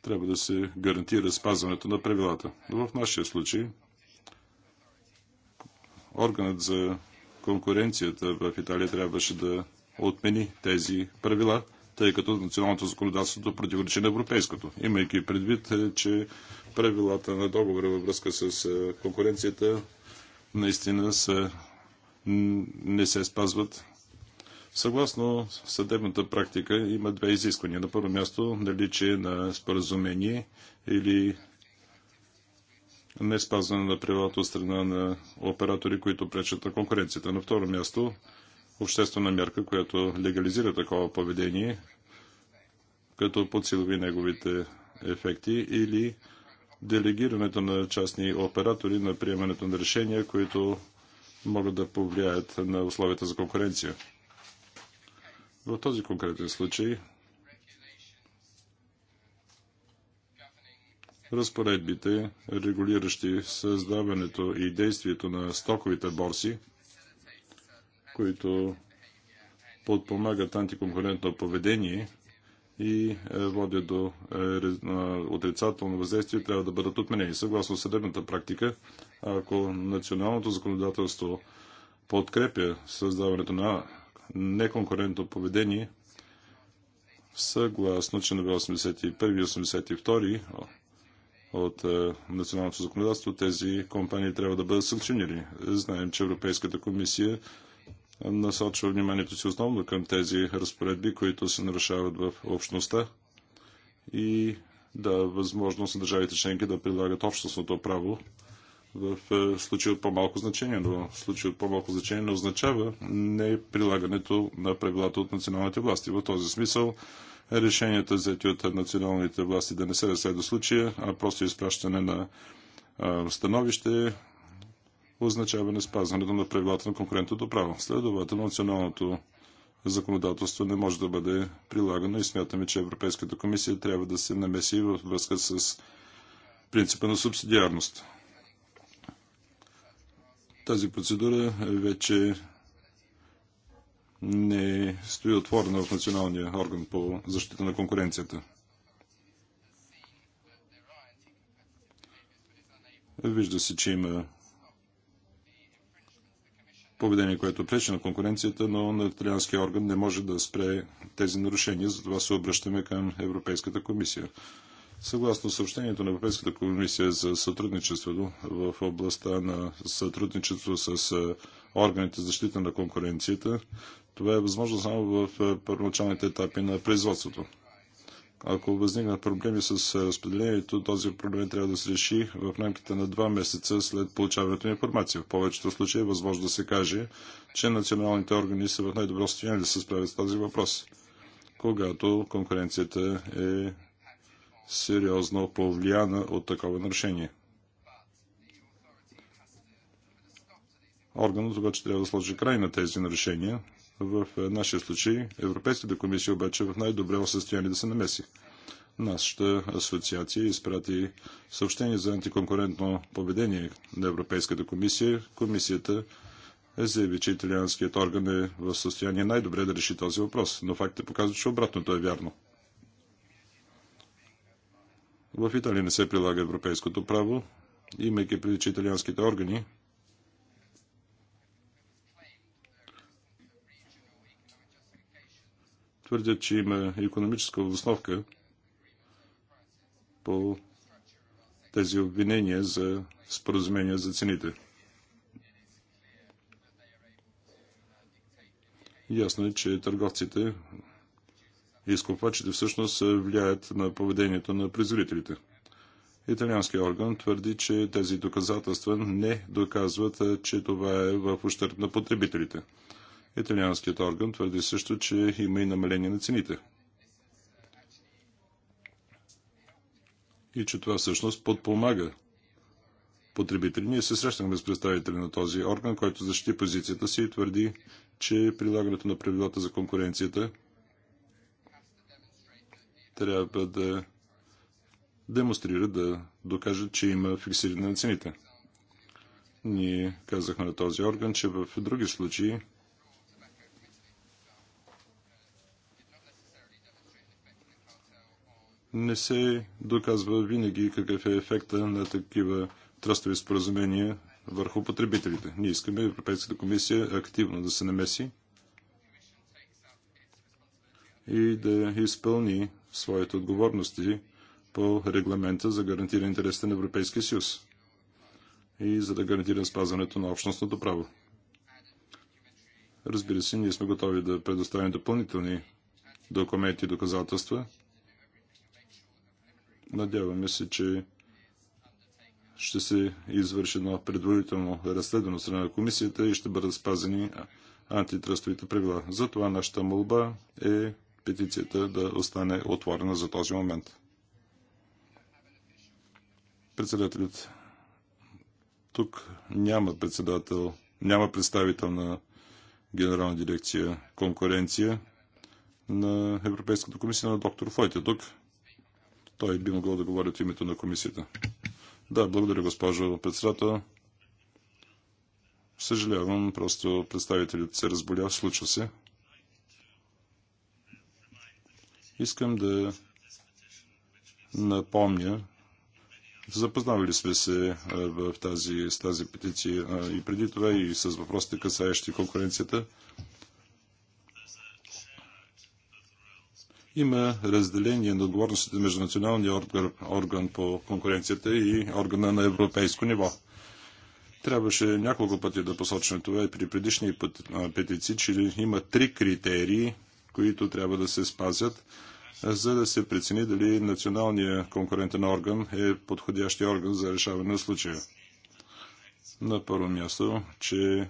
Трябва да се гарантира спазването на правилата. Но в нашия случай органът за конкуренцията в Италия трябваше да отмени тези правила, тъй като националното законодателство противоречи на европейското. Имайки предвид, е, че правилата на договора във връзка с е, конкуренцията наистина са, не се спазват. Съгласно съдебната практика има две изисквания. На първо място наличие на споразумение или не спазване на правилата от страна на оператори, които пречат на конкуренцията. На второ място обществена мярка, която легализира такова поведение, като подсилви неговите ефекти или делегирането на частни оператори на приемането на решения, които могат да повлияят на условията за конкуренция. В този конкретен случай разпоредбите, регулиращи създаването и действието на стоковите борси, които подпомагат антиконкурентно поведение – и е, води до е, отрицателно въздействие, трябва да бъдат отменени. Съгласно съдебната практика, ако националното законодателство подкрепя създаването на неконкурентно поведение, съгласно членове 81 и 82 от е, националното законодателство, тези компании трябва да бъдат санкционирани. Знаем, че Европейската комисия насочва вниманието си основно към тези разпоредби, които се нарушават в общността и да възможност на държавите членки да прилагат общностното право в е, случай от по-малко значение, но в случай от по-малко значение не означава не прилагането на правилата от националните власти. В този смисъл решенията взети от националните власти да не се разследва случая, а просто изпращане на становище означава не спазването на правилата на конкурентното право. Следователно, националното законодателство не може да бъде прилагано и смятаме, че Европейската комисия трябва да се намеси във връзка с принципа на субсидиарност. Тази процедура вече не стои отворена в националния орган по защита на конкуренцията. Вижда се, че има поведение, което е пречи на конкуренцията, но на италианския орган не може да спре тези нарушения, затова се обръщаме към Европейската комисия. Съгласно съобщението на Европейската комисия за сътрудничеството в областта на сътрудничество с органите за защита на конкуренцията, това е възможно само в първоначалните етапи на производството. Ако възникнат проблеми с разпределението, този проблем трябва да се реши в рамките на два месеца след получаването на информация. В повечето случаи е възможно да се каже, че националните органи са в най-добро състояние да се справят с този въпрос, когато конкуренцията е сериозно повлияна от такова нарушение. Органът обаче трябва да сложи край на тези нарушения в е, нашия случай Европейската комисия обаче е в най-добре състояние да се намеси. Нашата асоциация изпрати съобщение за антиконкурентно поведение на Европейската комисия. Комисията е заяви, че италианският орган е в състояние най-добре да реши този въпрос, но фактите показват, че обратното е вярно. В Италия не се прилага европейското право, имайки преди, че италианските органи твърдят, че има економическа обосновка по тези обвинения за споразумения за цените. Ясно е, че търговците и изкупвачите всъщност влияят на поведението на производителите. Италианският орган твърди, че тези доказателства не доказват, че това е в ущърп на потребителите. Италианският орган твърди също, че има и намаление на цените. И че това всъщност подпомага потребители. Ние се срещнахме с представители на този орган, който защити позицията си и твърди, че прилагането на правилата за конкуренцията трябва да демонстрира, да докаже, че има фиксиране на цените. Ние казахме на този орган, че в други случаи не се доказва винаги какъв е ефекта на такива тръстови споразумения върху потребителите. Ние искаме Европейската комисия активно да се намеси и да изпълни своите отговорности по регламента за гарантиране интересите на Европейския съюз и за да гарантира спазването на общностното право. Разбира се, ние сме готови да предоставим допълнителни документи и доказателства, Надяваме се, че ще се извърши едно предварително разследване от страна на комисията и ще бъдат спазени антитръстовите правила. Затова нашата молба е петицията да остане отворена за този момент. Председателят тук няма председател, няма представител на Генерална дирекция конкуренция на Европейската комисия на доктор Фойте тук. Той би могъл да говори от името на комисията. Да, благодаря, госпожо председател. Съжалявам, просто представителят се разболя, случва се. Искам да напомня, запознавали сме се в тази, с тази петиция и преди това и с въпросите касаещи конкуренцията. има разделение на отговорностите между националния орган, орган по конкуренцията и органа на европейско ниво. Трябваше няколко пъти да посочим това и при предишни път, петиции, че има три критерии, които трябва да се спазят, за да се прецени дали националният конкурентен орган е подходящия орган за решаване на случая. На първо място, че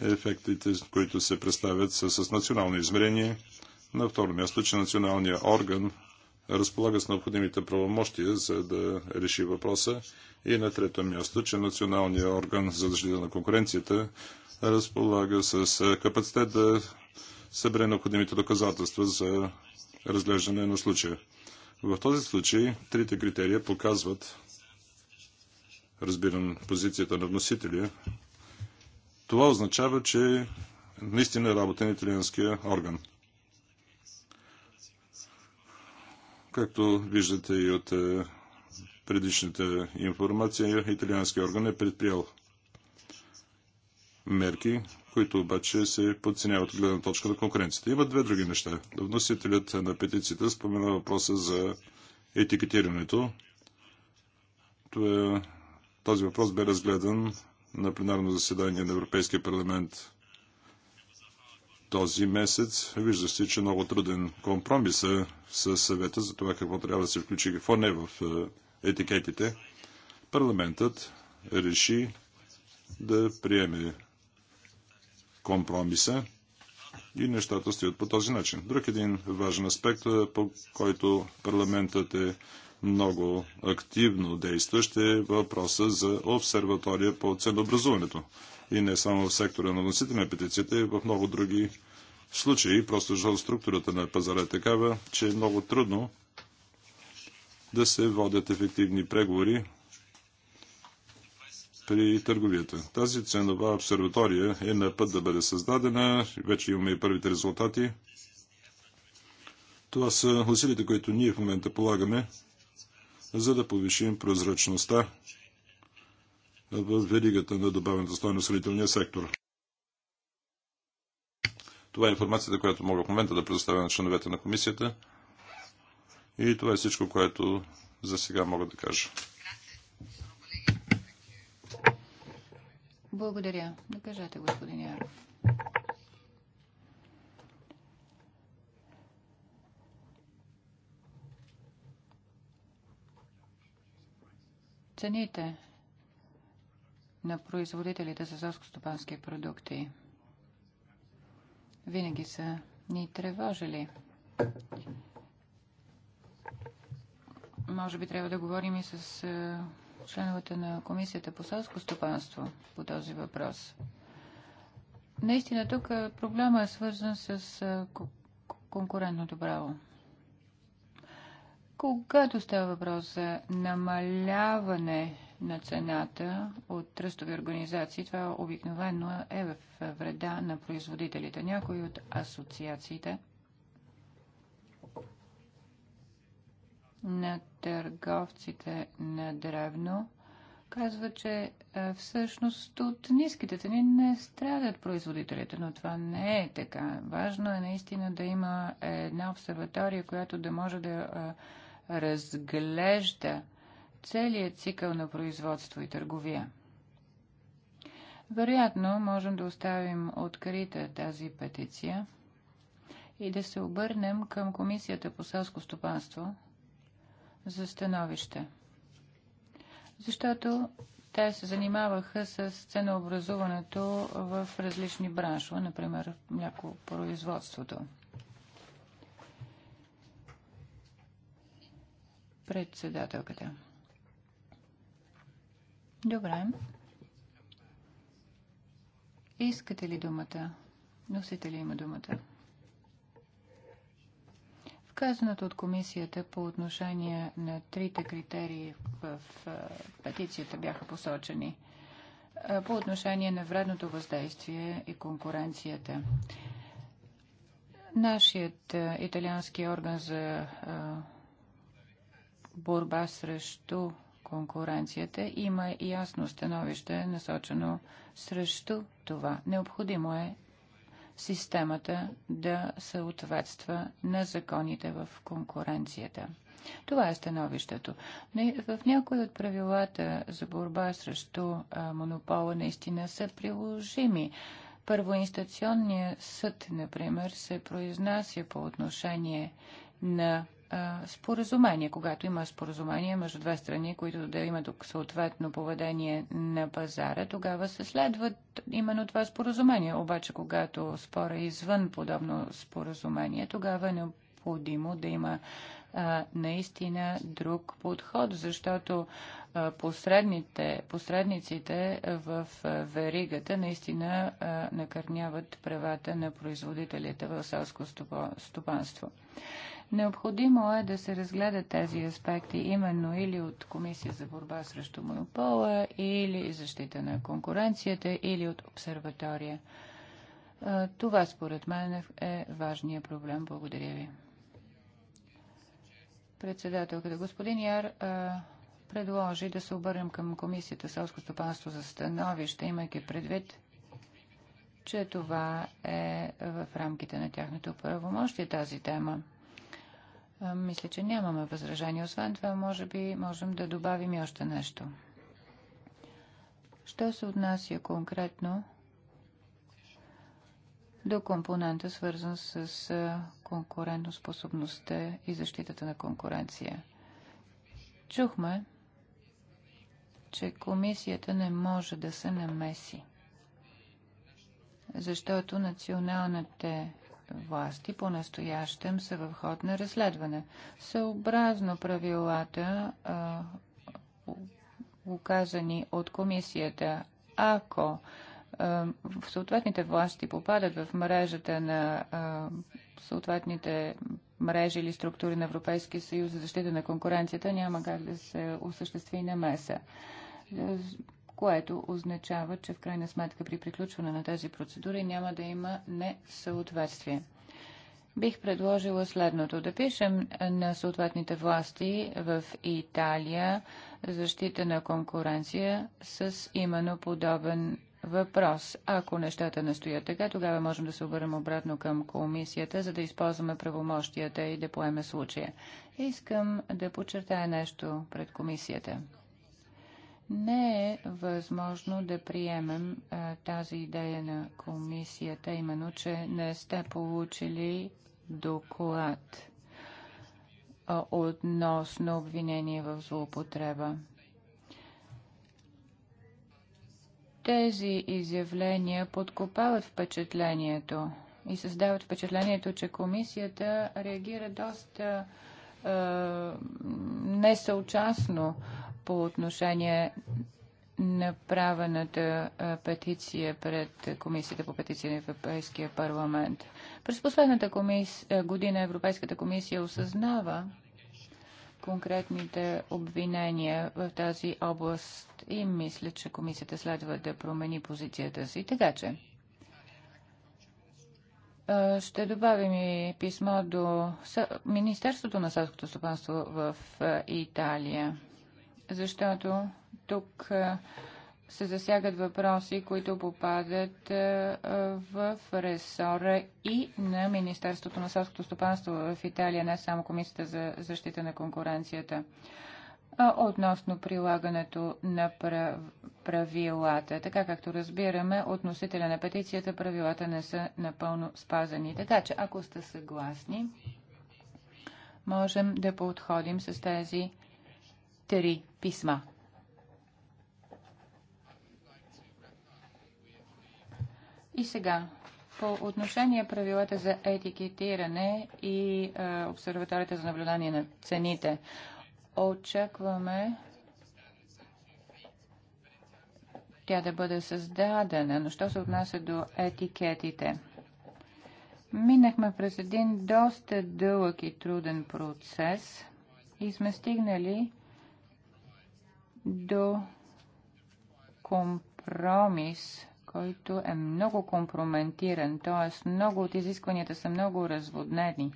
ефектите, които се представят са с национално измерение – на второ място, че националният орган разполага с необходимите правомощия, за да реши въпроса. И на трето място, че националният орган за защита на конкуренцията разполага с е, капацитет да събере необходимите доказателства за разглеждане на случая. В този случай трите критерия показват, разбирам позицията на вносителя, това означава, че наистина е работен италианския орган. Както виждате и от е, предишната информация, италианският орган е предприел мерки, които обаче се подценяват от гледна точка на конкуренцията. Има две други неща. Вносителят на петицията спомена въпроса за етикетирането. Е, този въпрос бе разгледан на пленарно заседание на Европейския парламент този месец. Вижда се, че много труден компромис е с съвета за това какво трябва да се включи какво не в е, етикетите. Парламентът реши да приеме компромиса и нещата стоят по този начин. Друг един важен аспект, е, по който парламентът е много активно действащ е въпроса за обсерватория по ценообразуването и не само в сектора на носителя на петицията, и в много други случаи, просто защото структурата на пазара е такава, че е много трудно да се водят ефективни преговори при търговията. Тази ценова обсерватория е на път да бъде създадена. Вече имаме и първите резултати. Това са усилите, които ние в момента полагаме, за да повишим прозрачността в веригата на добавената стойност в хранителния сектор. Това е информацията, която мога в момента да предоставя на членовете на комисията. И това е всичко, което за сега мога да кажа. Благодаря. Накажете, господин Яров. Цените на производителите за селскостопански продукти винаги са ни тревожили. Може би трябва да говорим и с е, членовете на Комисията по селско стопанство по този въпрос. Наистина тук е, проблема е свързан с е, конкурентното право. Когато става въпрос за намаляване на цената от тръстови организации, това обикновено е в вреда на производителите. Някои от асоциациите на търговците на древно казва, че е, всъщност от ниските цени не страдат производителите, но това не е така. Важно е наистина да има една обсерватория, която да може да е, разглежда целият цикъл на производство и търговия. Вероятно, можем да оставим открита тази петиция и да се обърнем към Комисията по селско стопанство за становище. Защото те се занимаваха с ценообразуването в различни браншове, например млякопроизводството. Председателката. Добре. Искате ли думата? Носите ли има думата? Вказаното от комисията по отношение на трите критерии в петицията бяха посочени по отношение на вредното въздействие и конкуренцията. Нашият италиански орган за борба срещу конкуренцията има ясно становище насочено срещу това. Необходимо е системата да съответства на законите в конкуренцията. Това е становището. В някои от правилата за борба срещу монопола наистина са приложими. Първоинстационният съд, например, се произнася по отношение на споразумение, когато има споразумение между две страни, които да имат съответно поведение на пазара, тогава се следват именно това споразумение. Обаче, когато спора извън подобно споразумение, тогава е необходимо да има а, наистина друг подход, защото а, посредните, посредниците в веригата наистина а, накърняват правата на производителите в селско стопанство. Ступо, Необходимо е да се разгледат тези аспекти именно или от Комисия за борба срещу монопола, или защита на конкуренцията, или от обсерватория. Това според мен е важният проблем. Благодаря ви. Председателката господин Яр предложи да се обърнем към Комисията селско стопанство за становище, имайки предвид, че това е в рамките на тяхното правомощие тази тема. Мисля, че нямаме възражение. Освен това, може би можем да добавим и още нещо. Що се отнася конкретно до компонента, свързан с конкурентоспособността и защитата на конкуренция? Чухме, че комисията не може да се намеси, защото националните власти по-настоящем са в ход на разследване. Съобразно правилата, а, указани от комисията, ако а, в съответните власти попадат в мрежата на а, съответните мрежи или структури на Европейския съюз за защита на конкуренцията, няма как да се осъществи намеса което означава, че в крайна сметка при приключване на тези процедури няма да има несъответствие. Бих предложила следното. Да пишем на съответните власти в Италия защита на конкуренция с именно подобен въпрос. Ако нещата не стоят така, тогава можем да се обърнем обратно към комисията, за да използваме правомощията и да поеме случая. Искам да подчертая нещо пред комисията не е възможно да приемем а, тази идея на комисията, именно, че не сте получили доклад а, относно обвинение в злоупотреба. Тези изявления подкопават впечатлението и създават впечатлението, че комисията реагира доста е, несъучастно по отношение направената петиция пред Комисията по петиция на Европейския парламент. През последната година Европейската комисия осъзнава конкретните обвинения в тази област и мисля, че комисията следва да промени позицията си. Така че ще добавим и писмо до Министерството на селското стопанство в Италия защото тук се засягат въпроси, които попадат в ресора и на Министерството на селското стопанство в Италия, не само Комисията за защита на конкуренцията относно прилагането на правилата. Така както разбираме, относителя на петицията правилата не са напълно спазани. Така че, ако сте съгласни, можем да подходим с тези три писма. И сега, по отношение правилата за етикетиране и е, обсерваторията за наблюдание на цените, очакваме тя да бъде създадена, но що се отнася до етикетите? Минахме през един доста дълъг и труден процес и сме стигнали до компромис, който е много компроментиран, т.е. много от изискванията са много разводнени.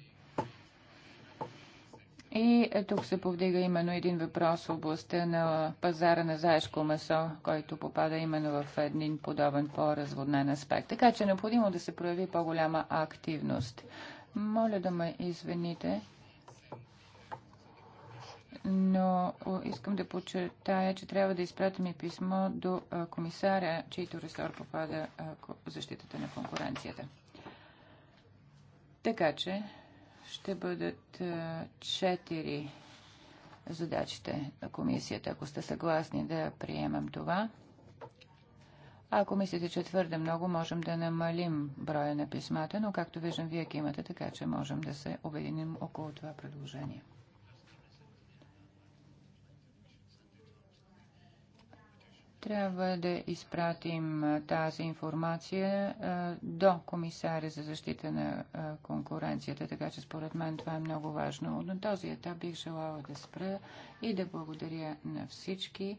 И е, тук се повдига именно един въпрос в областта на пазара на заешко месо, който попада именно в един подобен по-разводнен аспект. Така че е необходимо да се прояви по-голяма активност. Моля да ме извините, но искам да подчертая, че трябва да изпратим и писмо до комисаря, чийто ресор попада защитата на конкуренцията. Така че ще бъдат четири задачите на комисията, ако сте съгласни да приемам това. Ако мислите, че твърде много, можем да намалим броя на писмата, но както виждам, вие имате, така че можем да се обединим около това предложение. трябва да изпратим тази информация до комисаря за защита на конкуренцията, така че според мен това е много важно. На този етап бих желала да спра и да благодаря на всички.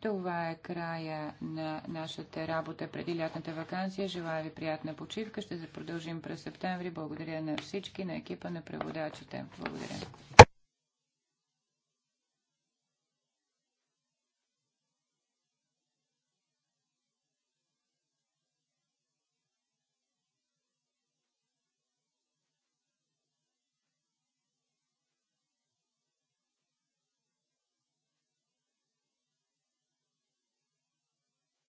Това е края на нашата работа преди лятната вакансия. Желая ви приятна почивка. Ще продължим през септември. Благодаря на всички, на екипа, на преводачите. Благодаря.